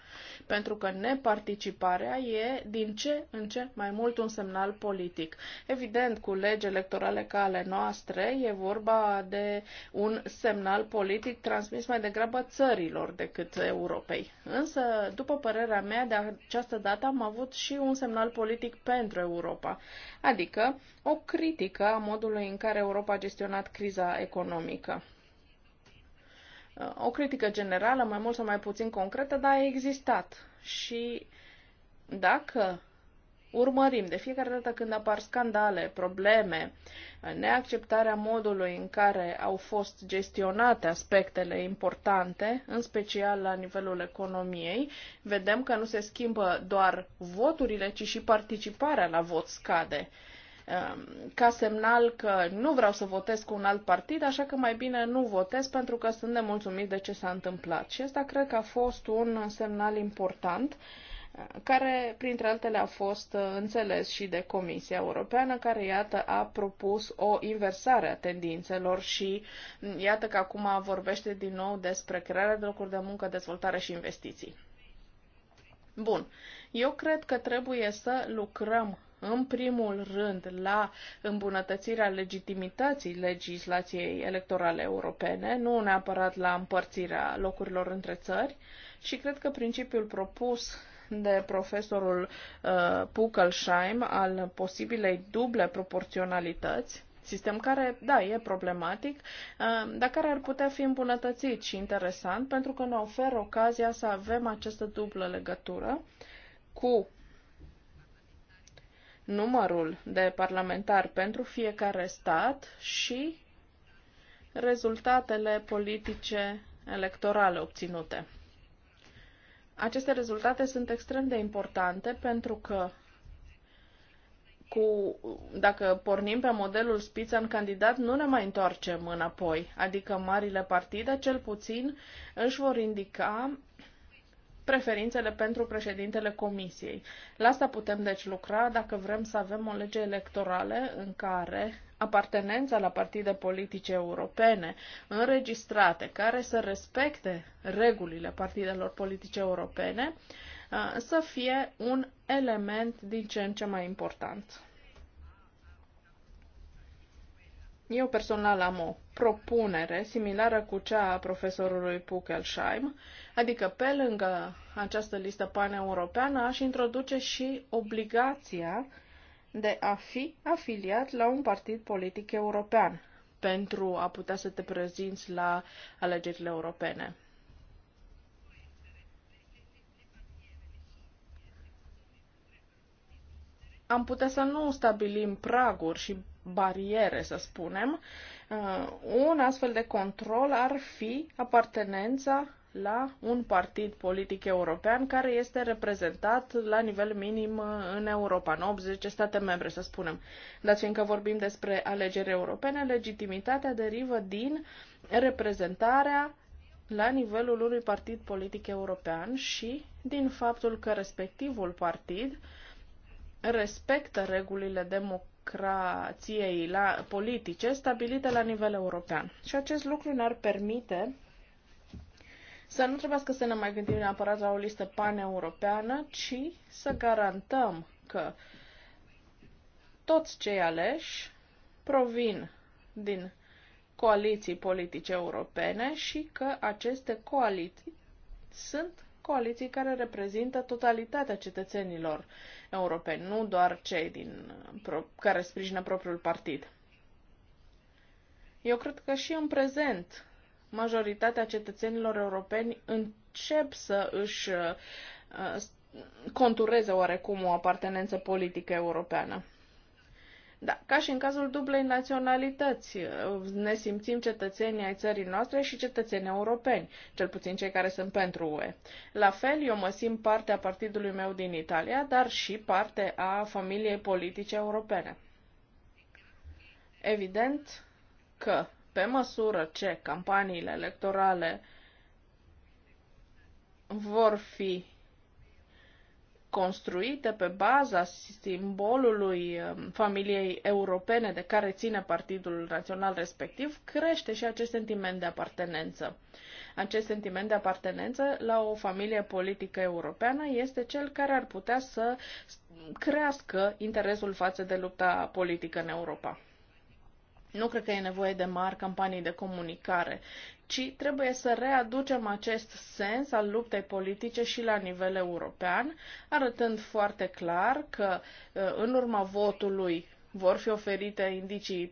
Speaker 1: pentru că neparticiparea e din ce în ce mai mult un semnal politic. Evident, cu legi electorale ca ale noastre, e vorba de un semnal politic transmis mai degrabă țărilor decât Europei. Însă, după părerea mea, de această dată am avut și un semnal politic pentru Europa, adică o critică a modului în care Europa a gestionat criza economică. Uh, o critică generală, mai mult sau mai puțin concretă, dar a existat. Și dacă urmărim de fiecare dată când apar scandale, probleme, neacceptarea modului în care au fost gestionate aspectele importante, în special la nivelul economiei, vedem că nu se schimbă doar voturile, ci și participarea la vot scade. Um, ca semnal că nu vreau să votez cu un alt partid, așa că mai bine nu votez pentru că sunt nemulțumit de ce s-a întâmplat. Și ăsta cred că a fost un semnal important uh, care, printre altele, a fost uh, înțeles și de Comisia Europeană, care, iată, a propus o inversare a tendințelor și, mm, iată că acum vorbește din nou despre crearea de locuri de muncă, dezvoltare și investiții. Bun. Eu cred că trebuie să lucrăm în primul rând, la îmbunătățirea legitimității legislației electorale europene, nu neapărat la împărțirea locurilor între țări, și cred că principiul propus de profesorul uh, Puckelsheim al posibilei duble proporționalități, sistem care, da, e problematic, uh, dar care ar putea fi îmbunătățit și interesant pentru că ne oferă ocazia să avem această dublă legătură cu numărul de parlamentari pentru fiecare stat și rezultatele politice electorale obținute. Aceste rezultate sunt extrem de importante pentru că cu, dacă pornim pe modelul spiță în candidat, nu ne mai întoarcem înapoi. Adică marile partide, cel puțin, își vor indica preferințele pentru președintele Comisiei. La asta putem deci lucra dacă vrem să avem o lege electorală în care apartenența la partide politice europene înregistrate care să respecte regulile partidelor politice europene să fie un element din ce în ce mai important. Eu personal am o propunere similară cu cea a profesorului Puckelsheim, adică pe lângă această listă paneuropeană aș introduce și obligația de a fi afiliat la un partid politic european pentru a putea să te prezinți la alegerile europene. Am putea să nu stabilim praguri și bariere, să spunem, uh, un astfel de control ar fi apartenența la un partid politic european care este reprezentat la nivel minim în Europa, în 80 state membre, să spunem. Dar fiindcă vorbim despre alegeri europene, legitimitatea derivă din reprezentarea la nivelul unui partid politic european și din faptul că respectivul partid respectă regulile democratice democrației la politice stabilite la nivel european. Și acest lucru ne-ar permite să nu trebuiască să ne mai gândim neapărat la o listă paneuropeană, ci să garantăm că toți cei aleși provin din coaliții politice europene și că aceste coaliții sunt coaliții care reprezintă totalitatea cetățenilor europeni, nu doar cei din, care sprijină propriul partid. Eu cred că și în prezent majoritatea cetățenilor europeni încep să își uh, contureze oarecum o apartenență politică europeană. Da, ca și în cazul dublei naționalități, uh, ne simțim cetățenii ai țării noastre și cetățeni europeni, cel puțin cei care sunt pentru UE. La fel, eu mă simt parte a partidului meu din Italia, dar și parte a familiei politice europene. Evident că, pe măsură ce campaniile electorale vor fi construite pe baza simbolului um, familiei europene de care ține Partidul Național respectiv, crește și acest sentiment de apartenență. Acest sentiment de apartenență la o familie politică europeană este cel care ar putea să crească interesul față de lupta politică în Europa. Nu cred că e nevoie de mari campanii de comunicare, ci trebuie să readucem acest sens al luptei politice și la nivel european, arătând foarte clar că ă, în urma votului vor fi oferite indicii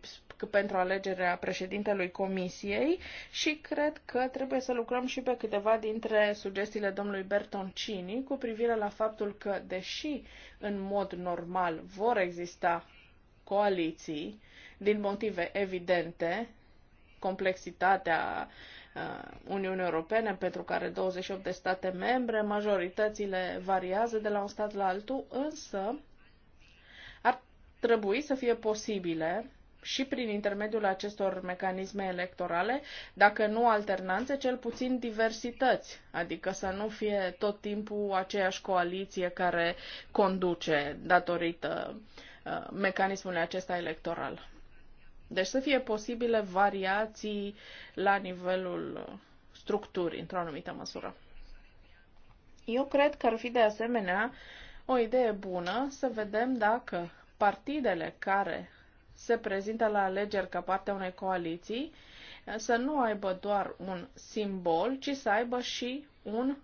Speaker 1: pentru alegerea președintelui Comisiei și cred că trebuie să lucrăm și pe câteva dintre sugestiile domnului Bertoncini cu privire la faptul că, deși în mod normal vor exista coaliții, din motive evidente, complexitatea uh, Uniunii Europene, pentru care 28 de state membre, majoritățile variază de la un stat la altul, însă ar trebui să fie posibile și prin intermediul acestor mecanisme electorale, dacă nu alternanțe, cel puțin diversități, adică să nu fie tot timpul aceeași coaliție care conduce datorită uh, mecanismului acesta electoral. Deci să fie posibile variații la nivelul structurii, într-o anumită măsură. Eu cred că ar fi de asemenea o idee bună să vedem dacă partidele care se prezintă la alegeri ca partea unei coaliții să nu aibă doar un simbol, ci să aibă și un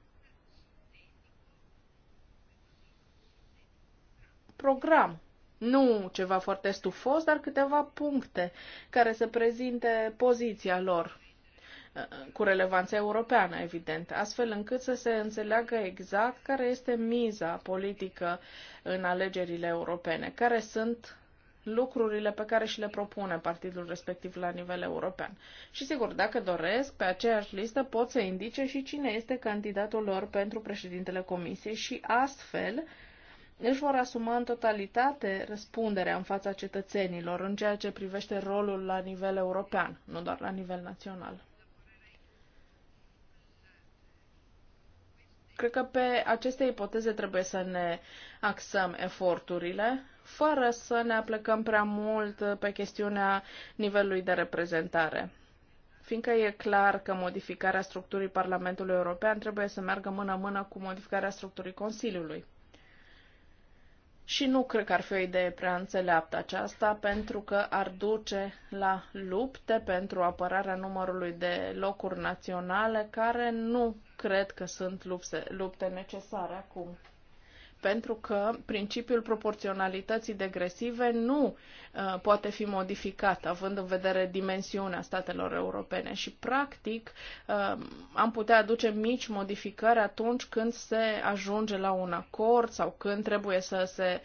Speaker 1: program nu ceva foarte stufos, dar câteva puncte care să prezinte poziția lor uh, cu relevanță europeană, evident, astfel încât să se înțeleagă exact care este miza politică în alegerile europene, care sunt lucrurile pe care și le propune partidul respectiv la nivel european. Și sigur, dacă doresc, pe aceeași listă pot să indice și cine este candidatul lor pentru președintele Comisiei și astfel își vor asuma în totalitate răspunderea în fața cetățenilor în ceea ce privește rolul la nivel european, nu doar la nivel național. Cred că pe aceste ipoteze trebuie să ne axăm eforturile, fără să ne aplecăm prea mult pe chestiunea nivelului de reprezentare fiindcă e clar că modificarea structurii Parlamentului European trebuie să meargă mână-mână cu modificarea structurii Consiliului. Și nu cred că ar fi o idee prea înțeleaptă aceasta, pentru că ar duce la lupte pentru apărarea numărului de locuri naționale, care nu cred că sunt lupte, lupte necesare acum pentru că principiul proporționalității degresive nu uh, poate fi modificat, având în vedere dimensiunea statelor europene și, practic, uh, am putea aduce mici modificări atunci când se ajunge la un acord sau când trebuie să se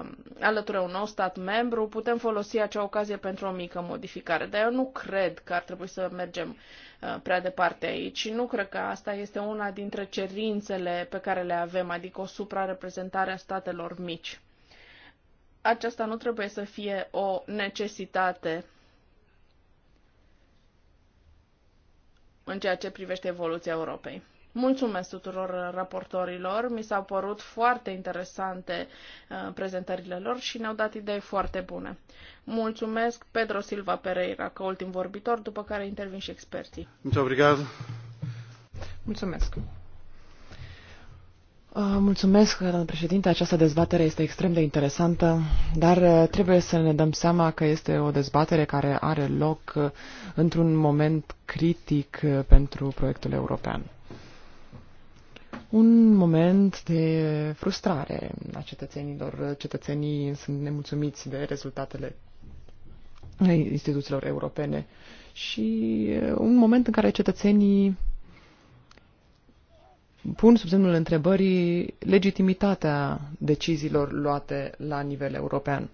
Speaker 1: um, alăture un nou stat membru, putem folosi acea ocazie pentru o mică modificare. Dar eu nu cred că ar trebui să mergem Uh, prea departe aici. Nu cred că asta este una dintre cerințele pe care le avem, adică o suprareprezentare a statelor mici. Aceasta nu trebuie să fie o necesitate în ceea ce privește evoluția Europei. Mulțumesc tuturor uh, raportorilor, mi s-au părut foarte interesante uh, prezentările lor și ne-au dat idei foarte bune. Mulțumesc Pedro Silva Pereira ca ultim vorbitor, după care intervin și experții.
Speaker 2: Mulțumesc. Mulțumesc. Uh, mulțumesc, doamnă președinte. Această dezbatere este extrem de interesantă, dar trebuie să ne dăm seama că este o dezbatere care are loc într-un moment critic pentru proiectul european un moment de frustrare a cetățenilor. Cetățenii sunt nemulțumiți de rezultatele instituțiilor europene și un moment în care cetățenii pun sub semnul întrebării legitimitatea deciziilor luate la nivel european.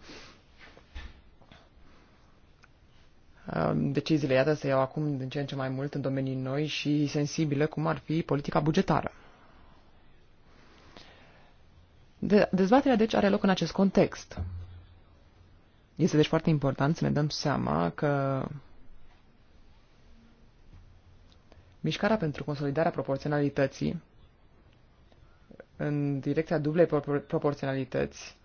Speaker 2: Deciziile, iată, se iau acum din ce în ce mai mult în domenii noi și sensibile, cum ar fi politica bugetară. De- dezbaterea, deci, are loc în acest context. Este, deci, foarte important să ne dăm seama că mișcarea pentru consolidarea proporționalității în direcția dublei propor- proporționalități,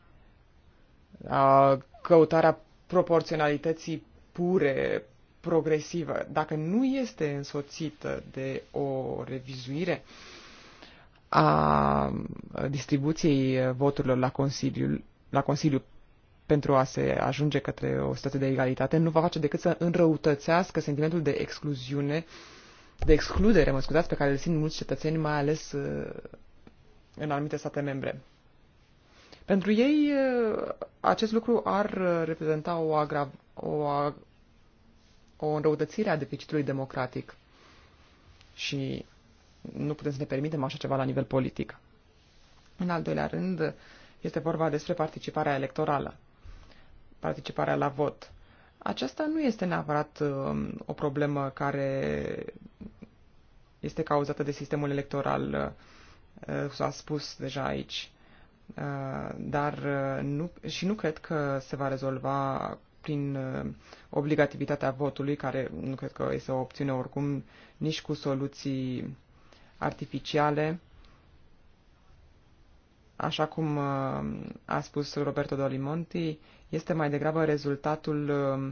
Speaker 2: a căutarea proporționalității pure, progresivă, dacă nu este însoțită de o revizuire uh, a distribuției voturilor la Consiliu, la Consiliu pentru a se ajunge către o situație de egalitate nu va face decât să înrăutățească sentimentul de excluziune, de excludere, mă scuzați, pe care îl simt mulți cetățeni, mai ales uh, în anumite state membre. Pentru ei, uh, acest lucru ar reprezenta o, agrav, o, o înrăutățire a deficitului democratic. Și nu putem să ne permitem așa ceva la nivel politic. În al doilea rând, este vorba despre participarea electorală, participarea la vot. Aceasta nu este neapărat um, o problemă care este cauzată de sistemul electoral, uh, s-a spus deja aici, uh, dar uh, nu, și nu cred că se va rezolva prin obligativitatea votului, care nu cred că este o opțiune oricum, nici cu soluții artificiale, așa cum uh, a spus Roberto Dolimonti, este mai degrabă rezultatul uh,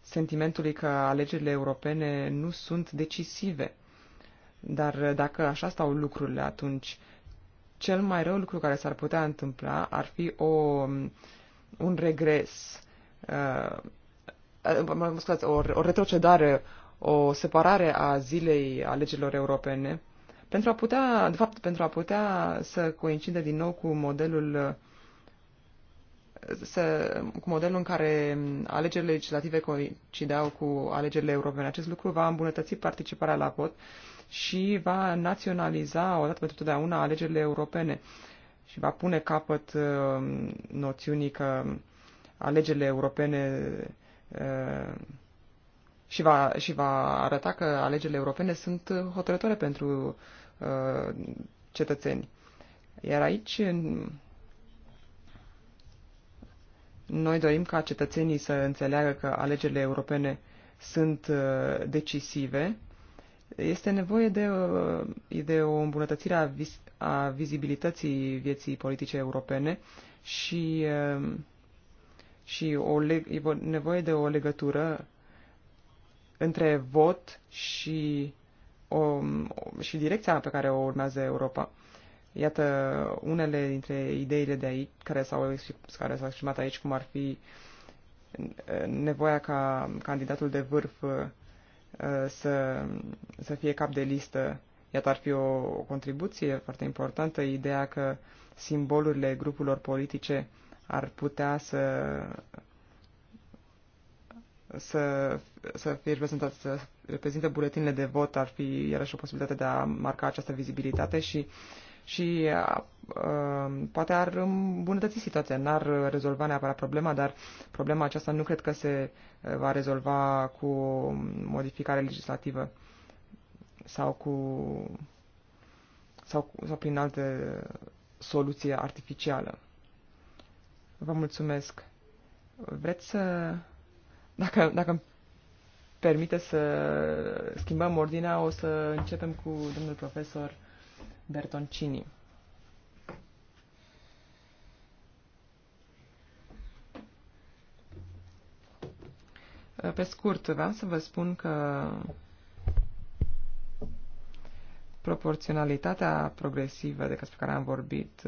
Speaker 2: sentimentului că alegerile europene nu sunt decisive. Dar uh, dacă așa stau lucrurile, atunci cel mai rău lucru care s-ar putea întâmpla ar fi o, um, un regres, uh, scuze, o, o retrocedare, o separare a zilei alegerilor europene pentru a putea, de fapt, pentru a putea să coincide din nou cu modelul să, cu modelul în care alegerile legislative coincideau cu alegerile europene. Acest lucru va îmbunătăți participarea la vot și va naționaliza odată pentru totdeauna alegerile europene și va pune capăt uh, noțiunii că alegerile europene uh, și va, și va arăta că alegerile europene sunt hotărătoare pentru Uh, cetățeni. Iar aici noi dorim ca cetățenii să înțeleagă că alegerile europene sunt uh, decisive. Este nevoie de, uh, de o îmbunătățire a, vis, a vizibilității vieții politice europene și, și o, e nevoie de o legătură între vot și o, și direcția pe care o urmează Europa. Iată unele dintre ideile de aici care s-au, care s-au exprimat aici, cum ar fi uh, nevoia ca candidatul de vârf uh, să, să fie cap de listă. Iată ar fi o, o contribuție foarte importantă, ideea că simbolurile grupurilor politice ar putea să să, să fie reprezentat, să reprezinte buletinele de vot ar fi iarăși o posibilitate de a marca această vizibilitate și, și a, uh, a, poate ar îmbunătăți situația, n-ar rezolva neapărat problema, dar problema aceasta nu cred că se uh, va rezolva cu modificare legislativă sau cu sau, sau prin alte soluție artificială. Vă mulțumesc. Vreți să dacă, dacă îmi permite să schimbăm ordinea, o să începem cu domnul profesor Bertoncini. Pe scurt, vreau să vă spun că proporționalitatea progresivă de despre care am vorbit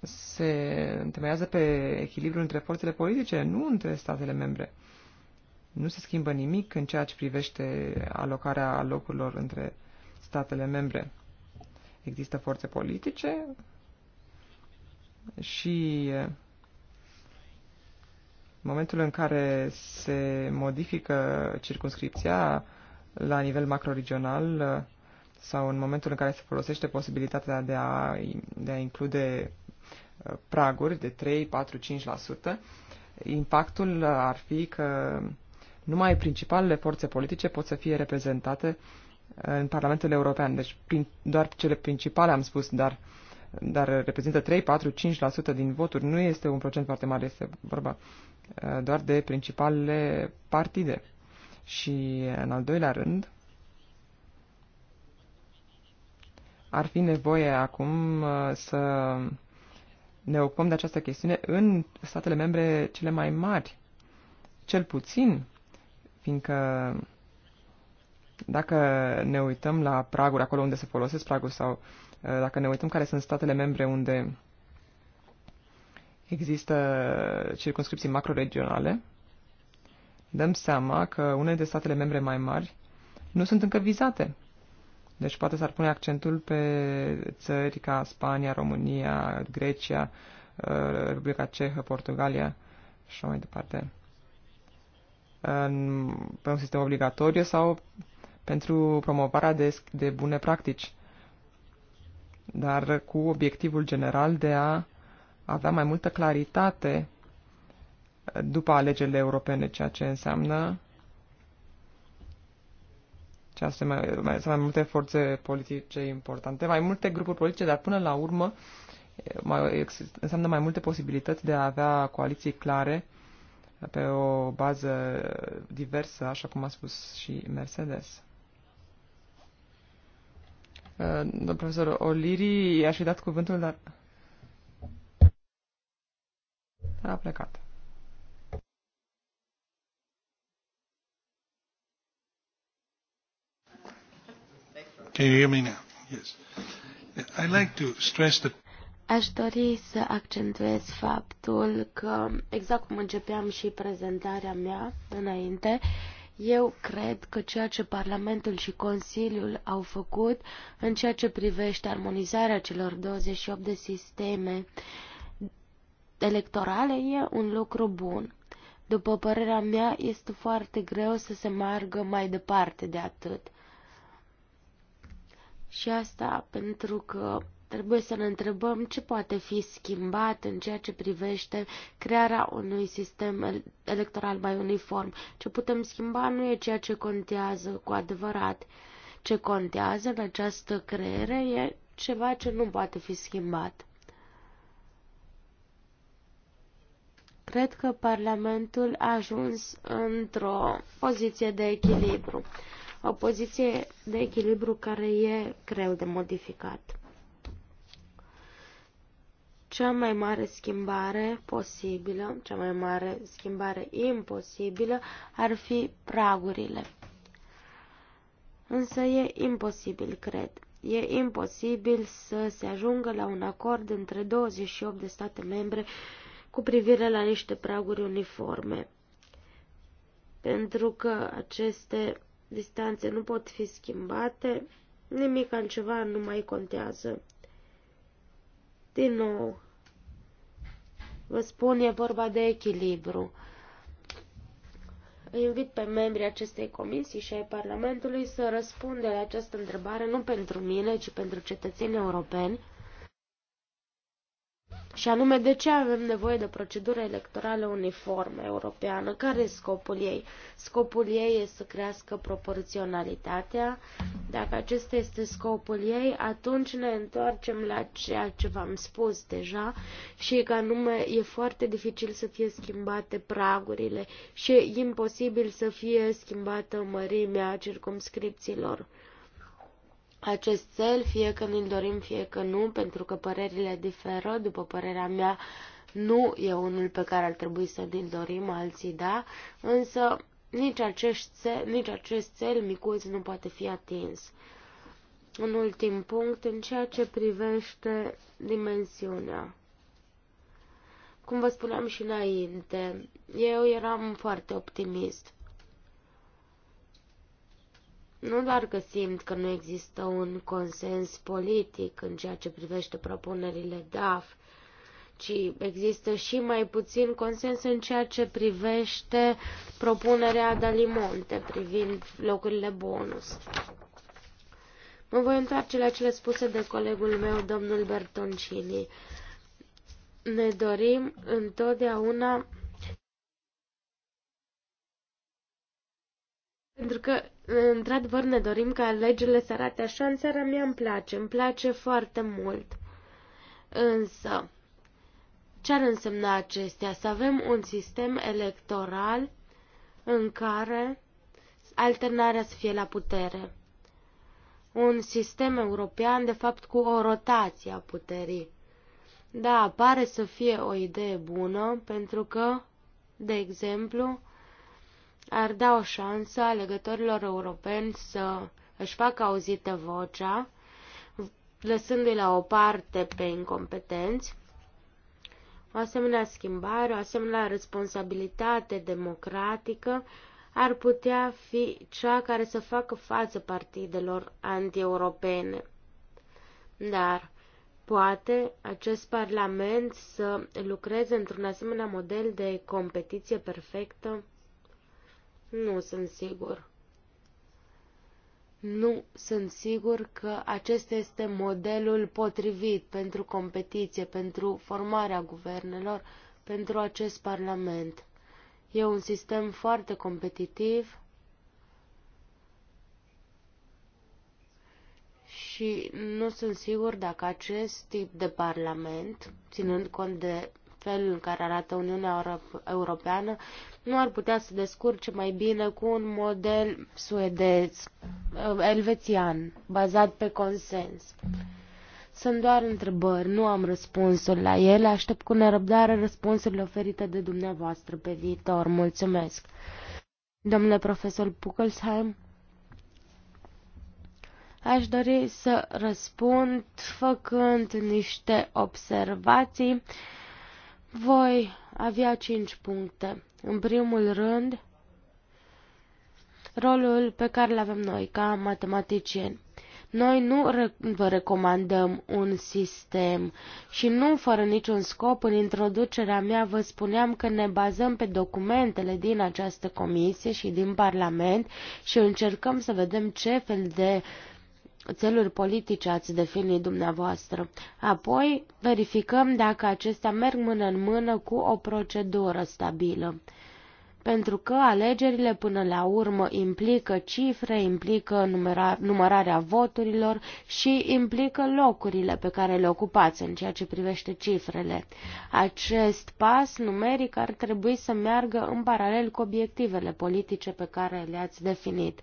Speaker 2: se întemeiază pe echilibru între forțele politice, nu între statele membre. Nu se schimbă nimic în ceea ce privește alocarea locurilor între statele membre. Există forțe politice și în momentul în care se modifică circunscripția la nivel macroregional sau în momentul în care se folosește posibilitatea de a, de a include Uh, praguri de 3, 4, 5%, impactul uh, ar fi că numai principalele forțe politice pot să fie reprezentate uh, în Parlamentul European. Deci prin, doar cele principale am spus, dar, dar reprezintă 3, 4, 5% din voturi. Nu este un procent foarte mare, este vorba doar de principalele partide. Și în al doilea rând, ar fi nevoie acum să ne ocupăm de această chestiune în statele membre cele mai mari. Cel puțin, fiindcă dacă ne uităm la praguri, acolo unde se folosesc praguri sau uh, dacă ne uităm care sunt statele membre unde există circunscripții macroregionale, dăm seama că unele de statele membre mai mari nu sunt încă vizate deci poate s-ar pune accentul pe țări ca Spania, România, Grecia, uh, Republica Cehă, Portugalia și așa mai departe. pe un sistem obligatoriu sau pentru promovarea de, de bune practici, dar cu obiectivul general de a avea mai multă claritate după alegerile europene, ceea ce înseamnă ce să mai, mai, sunt mai multe forțe politice importante, mai multe grupuri politice, dar până la urmă mai, înseamnă mai multe posibilități de a avea coaliții clare pe o bază diversă, așa cum a spus și Mercedes. Domnul profesor Oliri, i-aș fi dat cuvântul, dar a plecat.
Speaker 1: Can you hear me now? Yes. like to stress that
Speaker 3: Aș dori să accentuez faptul că, exact cum începeam și prezentarea mea înainte, eu cred că ceea ce Parlamentul și Consiliul au făcut în ceea ce privește armonizarea celor 28 de sisteme electorale e un lucru bun. După părerea mea, este foarte greu să se margă mai departe de atât. Și asta pentru că trebuie să ne întrebăm ce poate fi schimbat în ceea ce privește crearea unui sistem electoral mai uniform. Ce putem schimba nu e ceea ce contează cu adevărat. Ce contează în această creere e ceva ce nu poate fi schimbat. Cred că Parlamentul a ajuns într-o poziție de echilibru o poziție de echilibru care e greu de modificat. Cea mai mare schimbare posibilă, cea mai mare schimbare imposibilă ar fi pragurile. Însă e imposibil, cred. E imposibil să se ajungă la un acord între 28 de state membre cu privire la niște praguri uniforme. Pentru că aceste distanțe nu pot fi schimbate, nimic altceva nu mai contează. Din nou, vă spun, e vorba de echilibru. Îi invit pe membrii acestei comisii și ai Parlamentului să răspundă la această întrebare nu pentru mine, ci pentru cetățenii europeni, și anume, de ce avem nevoie de procedură electorală uniformă europeană? Care e scopul ei? Scopul ei este să crească proporționalitatea. Dacă acesta este scopul ei, atunci ne întoarcem la ceea ce v-am spus deja și că anume e foarte dificil să fie schimbate pragurile și e imposibil să fie schimbată mărimea circumscripțiilor acest cel, fie că ne-l dorim, fie că nu, pentru că părerile diferă, după părerea mea, nu e unul pe care ar trebui să ne-l dorim, alții da, însă nici, acești cel, nici acest cel micuț nu poate fi atins. Un ultim punct în ceea ce privește dimensiunea. Cum vă spuneam și înainte, eu eram foarte optimist nu doar că simt că nu există un consens politic în ceea ce privește propunerile DAF, ci există și mai puțin consens în ceea ce privește propunerea Dalimonte privind locurile bonus. Mă voi întoarce la cele spuse de colegul meu, domnul Bertoncini. Ne dorim întotdeauna Pentru că, într-adevăr, ne dorim ca legile să arate așa. În țara mea îmi place, îmi place foarte mult. Însă, ce ar însemna acestea? Să avem un sistem electoral în care alternarea să fie la putere. Un sistem european, de fapt, cu o rotație a puterii. Da, pare să fie o idee bună, pentru că, de exemplu, ar da o șansă alegătorilor europeni să își facă auzită vocea, lăsându-i la o parte pe incompetenți. O asemenea schimbare, o asemenea responsabilitate democratică ar putea fi cea care să facă față partidelor antieuropene. Dar poate acest Parlament să lucreze într-un asemenea model de competiție perfectă? Nu sunt sigur. Nu sunt sigur că acesta este modelul potrivit pentru competiție, pentru formarea guvernelor, pentru acest parlament. E un sistem foarte competitiv și nu sunt sigur dacă acest tip de parlament, ținând cont de felul în care arată Uniunea Europeană, nu ar putea să descurce mai bine cu un model suedez, uh, elvețian, bazat pe consens. Sunt doar întrebări, nu am răspunsul la ele, aștept cu nerăbdare răspunsurile oferite de dumneavoastră pe viitor. Mulțumesc! Domnule profesor Puckelsheim, aș dori să răspund făcând niște observații voi avea cinci puncte. În primul rând, rolul pe care îl avem noi ca matematicieni. Noi nu re- vă recomandăm un sistem și nu fără niciun scop în introducerea mea vă spuneam că ne bazăm pe documentele din această comisie și din Parlament și încercăm să vedem ce fel de uh, țeluri politice ați definit dumneavoastră. Apoi verificăm dacă acestea merg mână în mână cu o procedură stabilă. Pentru că alegerile până la urmă implică cifre, implică numera, numărarea voturilor și implică locurile pe care le ocupați în ceea ce privește cifrele. Acest pas numeric ar trebui să meargă în paralel cu obiectivele politice pe care le-ați definit.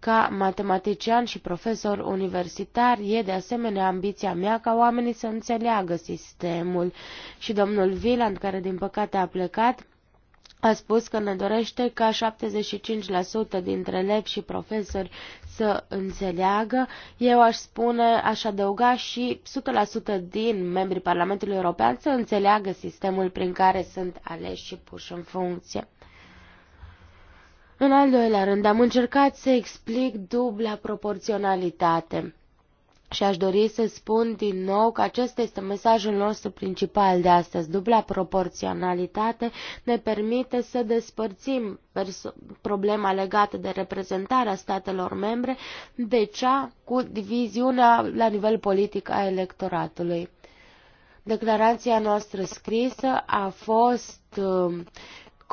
Speaker 3: Ca matematician și profesor universitar, e de asemenea ambiția mea ca oamenii să înțeleagă sistemul. Și domnul Viland, care din păcate a plecat, a spus că ne dorește ca 75% dintre elevi și profesori să înțeleagă. Eu aș spune, aș adăuga și 100% din membrii Parlamentului European să înțeleagă sistemul prin care sunt aleși și puși în funcție. În al doilea rând, am încercat să explic dubla proporționalitate. Și aș dori să spun din nou că acesta este mesajul nostru principal de astăzi. Dubla proporționalitate ne permite să despărțim problema legată de reprezentarea statelor membre de cea cu diviziunea la nivel politic a electoratului. Declarația noastră scrisă a fost uh,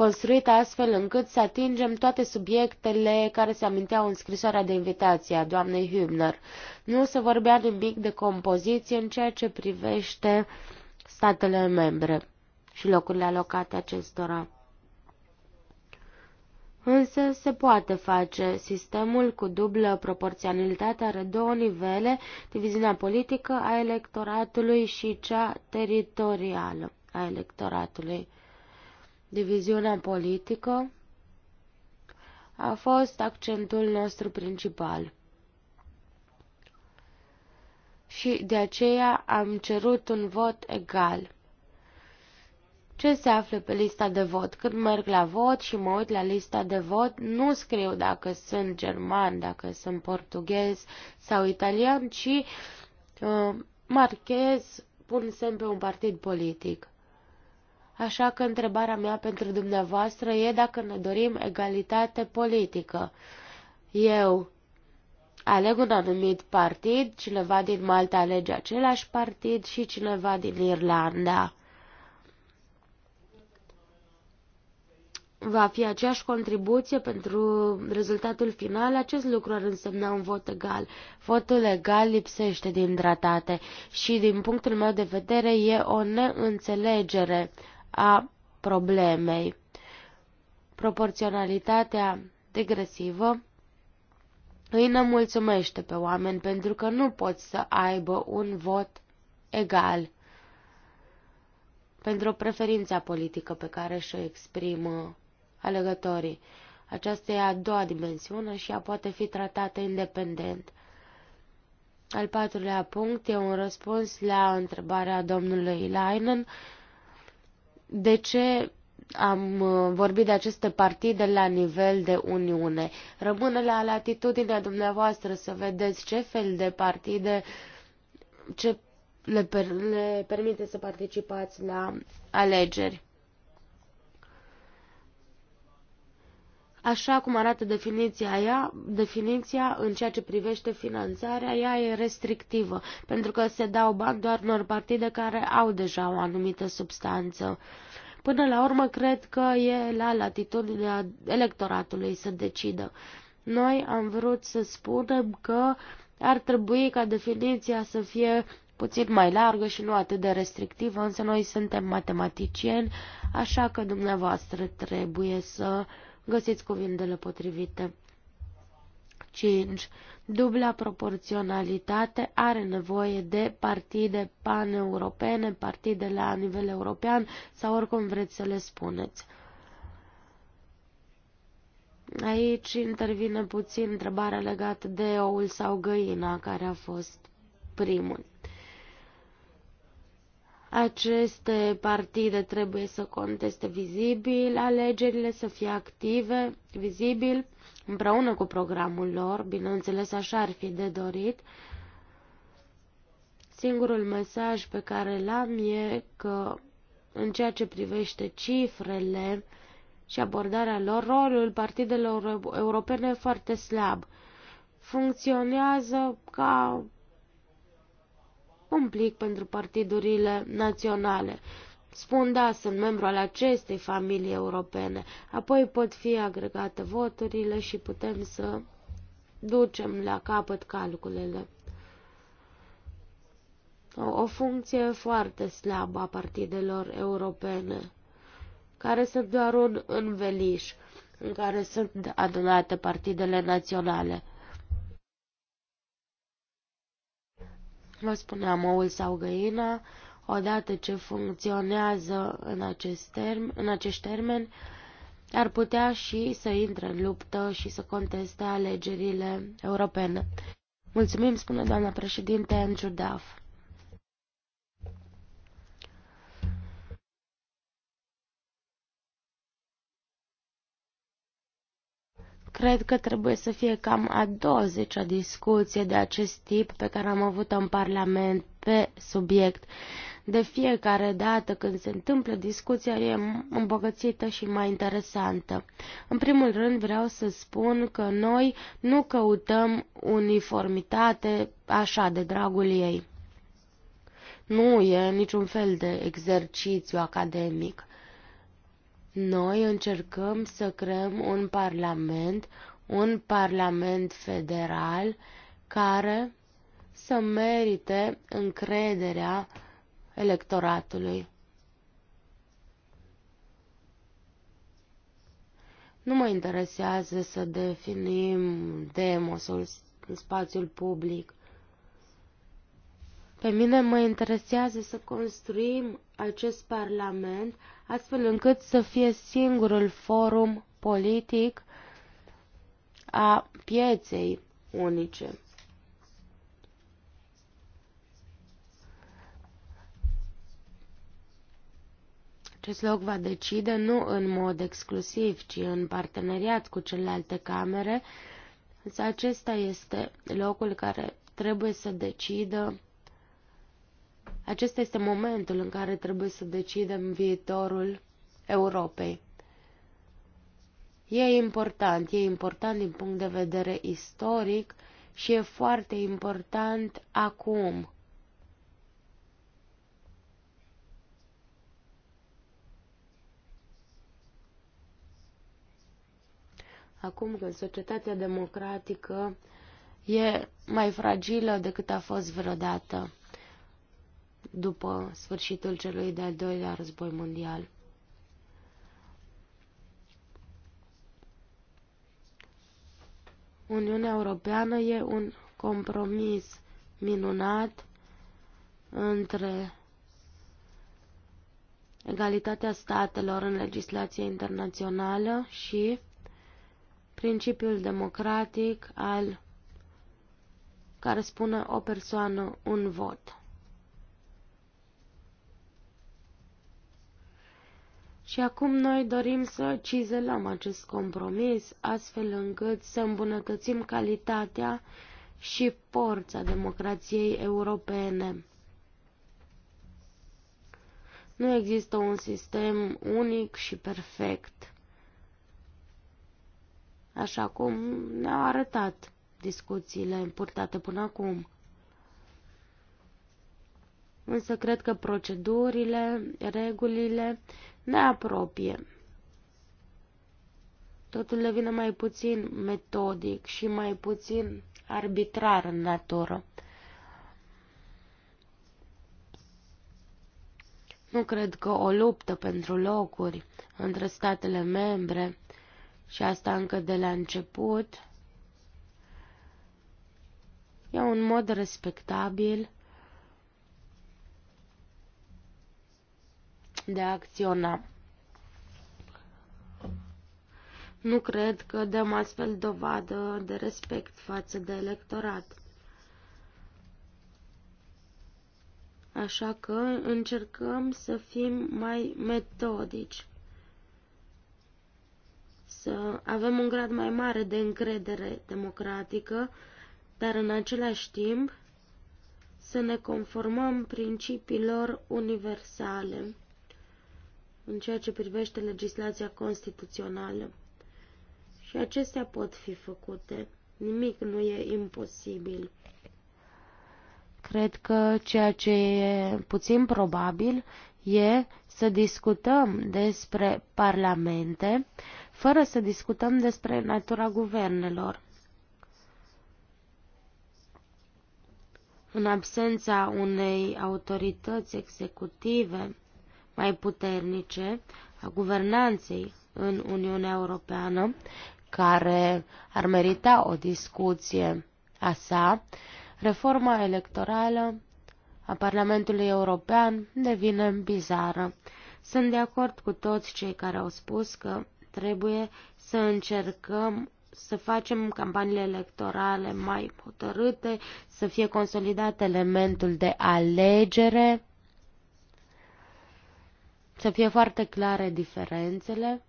Speaker 3: Construită astfel încât să atingem toate subiectele care se aminteau în scrisoarea de invitație a doamnei Hübner. Nu se vorbea nimic de compoziție în ceea ce privește statele membre și locurile alocate acestora. Însă se poate face. Sistemul cu dublă proporționalitate are două nivele, diviziunea politică a electoratului și cea teritorială a electoratului diviziunea politică a fost accentul nostru principal. Și de aceea am cerut un vot egal. Ce se află pe lista de vot? Când merg la vot și mă uit la lista de vot, nu scriu dacă sunt german, dacă sunt portughez sau italian, ci uh, marchez, pun semn pe un partid politic. Așa că întrebarea mea pentru dumneavoastră e dacă ne dorim egalitate politică. Eu aleg un anumit partid, cineva din Malta alege același partid și cineva din Irlanda. Va fi aceeași contribuție pentru rezultatul final, acest lucru ar însemna un vot egal. Votul egal lipsește din tratate și, din punctul meu de vedere, e o neînțelegere a problemei. Proporționalitatea degresivă îi nemulțumește pe oameni pentru că nu pot să aibă un vot egal pentru preferința politică pe care și-o exprimă alegătorii. Aceasta e a doua dimensiune și ea poate fi tratată independent. Al patrulea punct e un răspuns la întrebarea domnului Leinen de ce am uh, vorbit de aceste partide la nivel de Uniune. Rămâne la latitudinea dumneavoastră să vedeți ce fel de partide ce le, per, le permite să participați la alegeri. Așa cum arată definiția ea, definiția în ceea ce privește finanțarea, ea e restrictivă, pentru că se dau bani doar unor partide care au deja o anumită substanță. Până la urmă, cred că e la latitudinea electoratului să decidă. Noi am vrut să spunem că ar trebui ca definiția să fie puțin mai largă și nu atât de restrictivă, însă noi suntem matematicieni, așa că dumneavoastră trebuie să uh, Găsiți cuvintele potrivite. 5. Dubla proporționalitate are nevoie de partide paneuropene, partide la nivel european sau oricum vreți să le spuneți. Aici intervine puțin întrebarea legată de oul sau găina care a fost primul. Aceste partide trebuie să conteste vizibil alegerile, să fie active, vizibil, împreună cu programul lor, bineînțeles așa ar fi de dorit. Singurul mesaj pe care l-am e că în ceea ce privește cifrele și abordarea lor, rolul partidelor europene e foarte slab. Funcționează ca un plic pentru partidurile naționale. Spun da, sunt membru al acestei familii europene, apoi pot fi agregate voturile și putem să ducem la capăt calculele. O, o funcție foarte slabă a partidelor europene, care sunt doar un înveliș în care sunt adunate partidele naționale. nu spuneam oul sau găina, odată ce funcționează în, acest term, în acești termen, ar putea și să intre în luptă și să conteste alegerile europene. Mulțumim, spune doamna președinte în ciudaf. Cred că trebuie să fie cam a 20-a discuție de acest tip pe care am avut-o în Parlament pe subiect. De fiecare dată când se întâmplă discuția e îmbogățită și mai interesantă. În primul rând vreau să spun că noi nu căutăm uniformitate așa de dragul ei. Nu e niciun fel de exercițiu academic. Noi încercăm să creăm un parlament, un parlament federal care să merite încrederea electoratului. Nu mă interesează să definim demosul, spațiul public. Pe mine mă interesează să construim acest parlament astfel încât să fie singurul forum politic a pieței unice. Acest loc va decide nu în mod exclusiv, ci în parteneriat cu celelalte camere, însă acesta este locul care trebuie să decidă acesta este momentul în care trebuie să decidem viitorul Europei. E important, e important din punct de vedere istoric și e foarte important acum. Acum când societatea democratică e mai fragilă decât a fost vreodată după sfârșitul celui de-al doilea război mondial. Uniunea Europeană e un compromis minunat între egalitatea statelor în legislația internațională și principiul democratic al care spune o persoană un vot. Și acum noi dorim să cizelăm acest compromis astfel încât să îmbunătățim calitatea și forța democrației europene. Nu există un sistem unic și perfect, așa cum ne-au arătat discuțiile purtate până acum. Însă cred că procedurile, regulile ne apropie. Totul devine mai puțin metodic și mai puțin arbitrar în natură. Nu cred că o luptă pentru locuri între statele membre, și asta încă de la început, e un mod respectabil de a acționa. Nu cred că dăm astfel dovadă de respect față de electorat. Așa că încercăm să fim mai metodici, să avem un grad mai mare de încredere democratică, dar în același timp să ne conformăm principiilor universale în ceea ce privește legislația constituțională. Și acestea pot fi făcute. Nimic nu e imposibil. Cred că ceea ce e puțin probabil e să discutăm despre parlamente fără să discutăm despre natura guvernelor. În absența unei autorități executive, mai puternice a guvernanței în Uniunea Europeană, care ar merita o discuție a sa, reforma electorală a Parlamentului European devine bizară. Sunt de acord cu toți cei care au spus că trebuie să încercăm să facem campaniile electorale mai hotărâte, să fie consolidat elementul de alegere să fie foarte clare diferențele.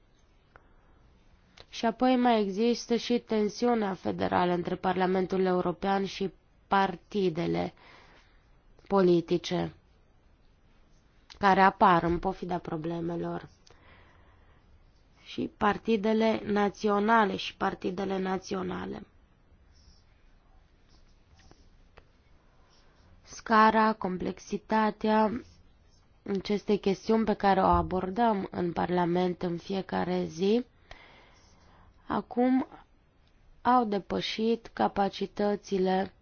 Speaker 3: Și apoi mai există și tensiunea federală între Parlamentul European și partidele politice care apar în pofida problemelor. Și partidele naționale și partidele naționale. Scara, complexitatea aceste chestiuni pe care o abordăm în Parlament în fiecare zi, acum au depășit capacitățile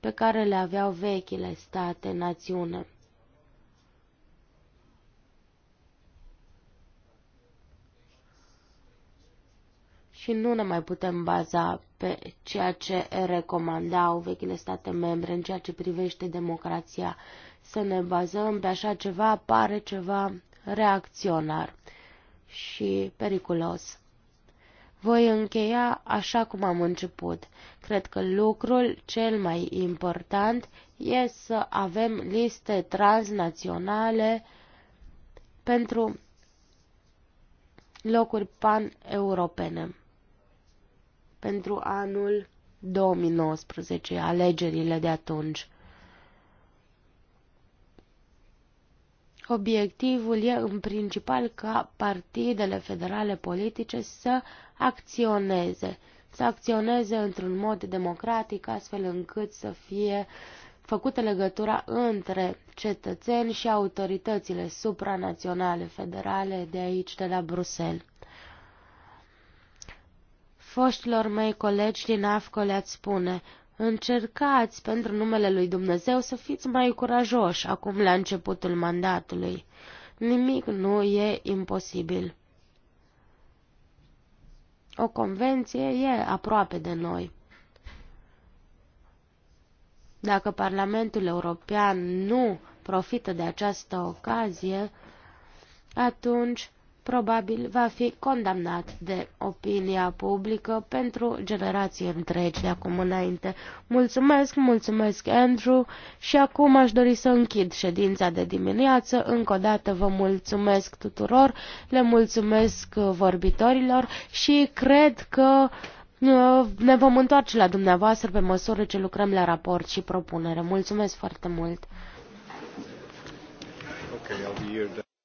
Speaker 3: pe care le aveau vechile state, națiune. Și nu ne mai putem baza pe ceea ce recomandau vechile state membre în ceea ce privește democrația să ne bazăm pe așa ceva pare ceva reacționar și periculos. Voi încheia așa cum am început. Cred că lucrul cel mai important e să avem liste transnaționale pentru locuri pan-europene pentru anul 2019, alegerile de atunci. Obiectivul e în principal ca partidele federale politice să acționeze, să acționeze într-un mod democratic, astfel încât să fie făcută legătura între cetățeni și autoritățile supranaționale federale de aici, de la Bruxelles. Foștilor mei colegi din AFCO le-ați spune, Încercați, pentru numele lui Dumnezeu, să fiți mai curajoși acum la începutul mandatului. Nimic nu e imposibil. O convenție e aproape de noi. Dacă Parlamentul European nu profită de această ocazie, atunci probabil va fi condamnat de opinia publică pentru generații întregi de acum înainte. Mulțumesc, mulțumesc, Andrew, și acum aș dori să închid ședința de dimineață. Încă o dată vă mulțumesc tuturor, le mulțumesc vorbitorilor și cred că uh, ne vom întoarce la dumneavoastră pe măsură ce lucrăm la raport și propunere. Mulțumesc foarte mult!
Speaker 1: Okay, I'll be here then.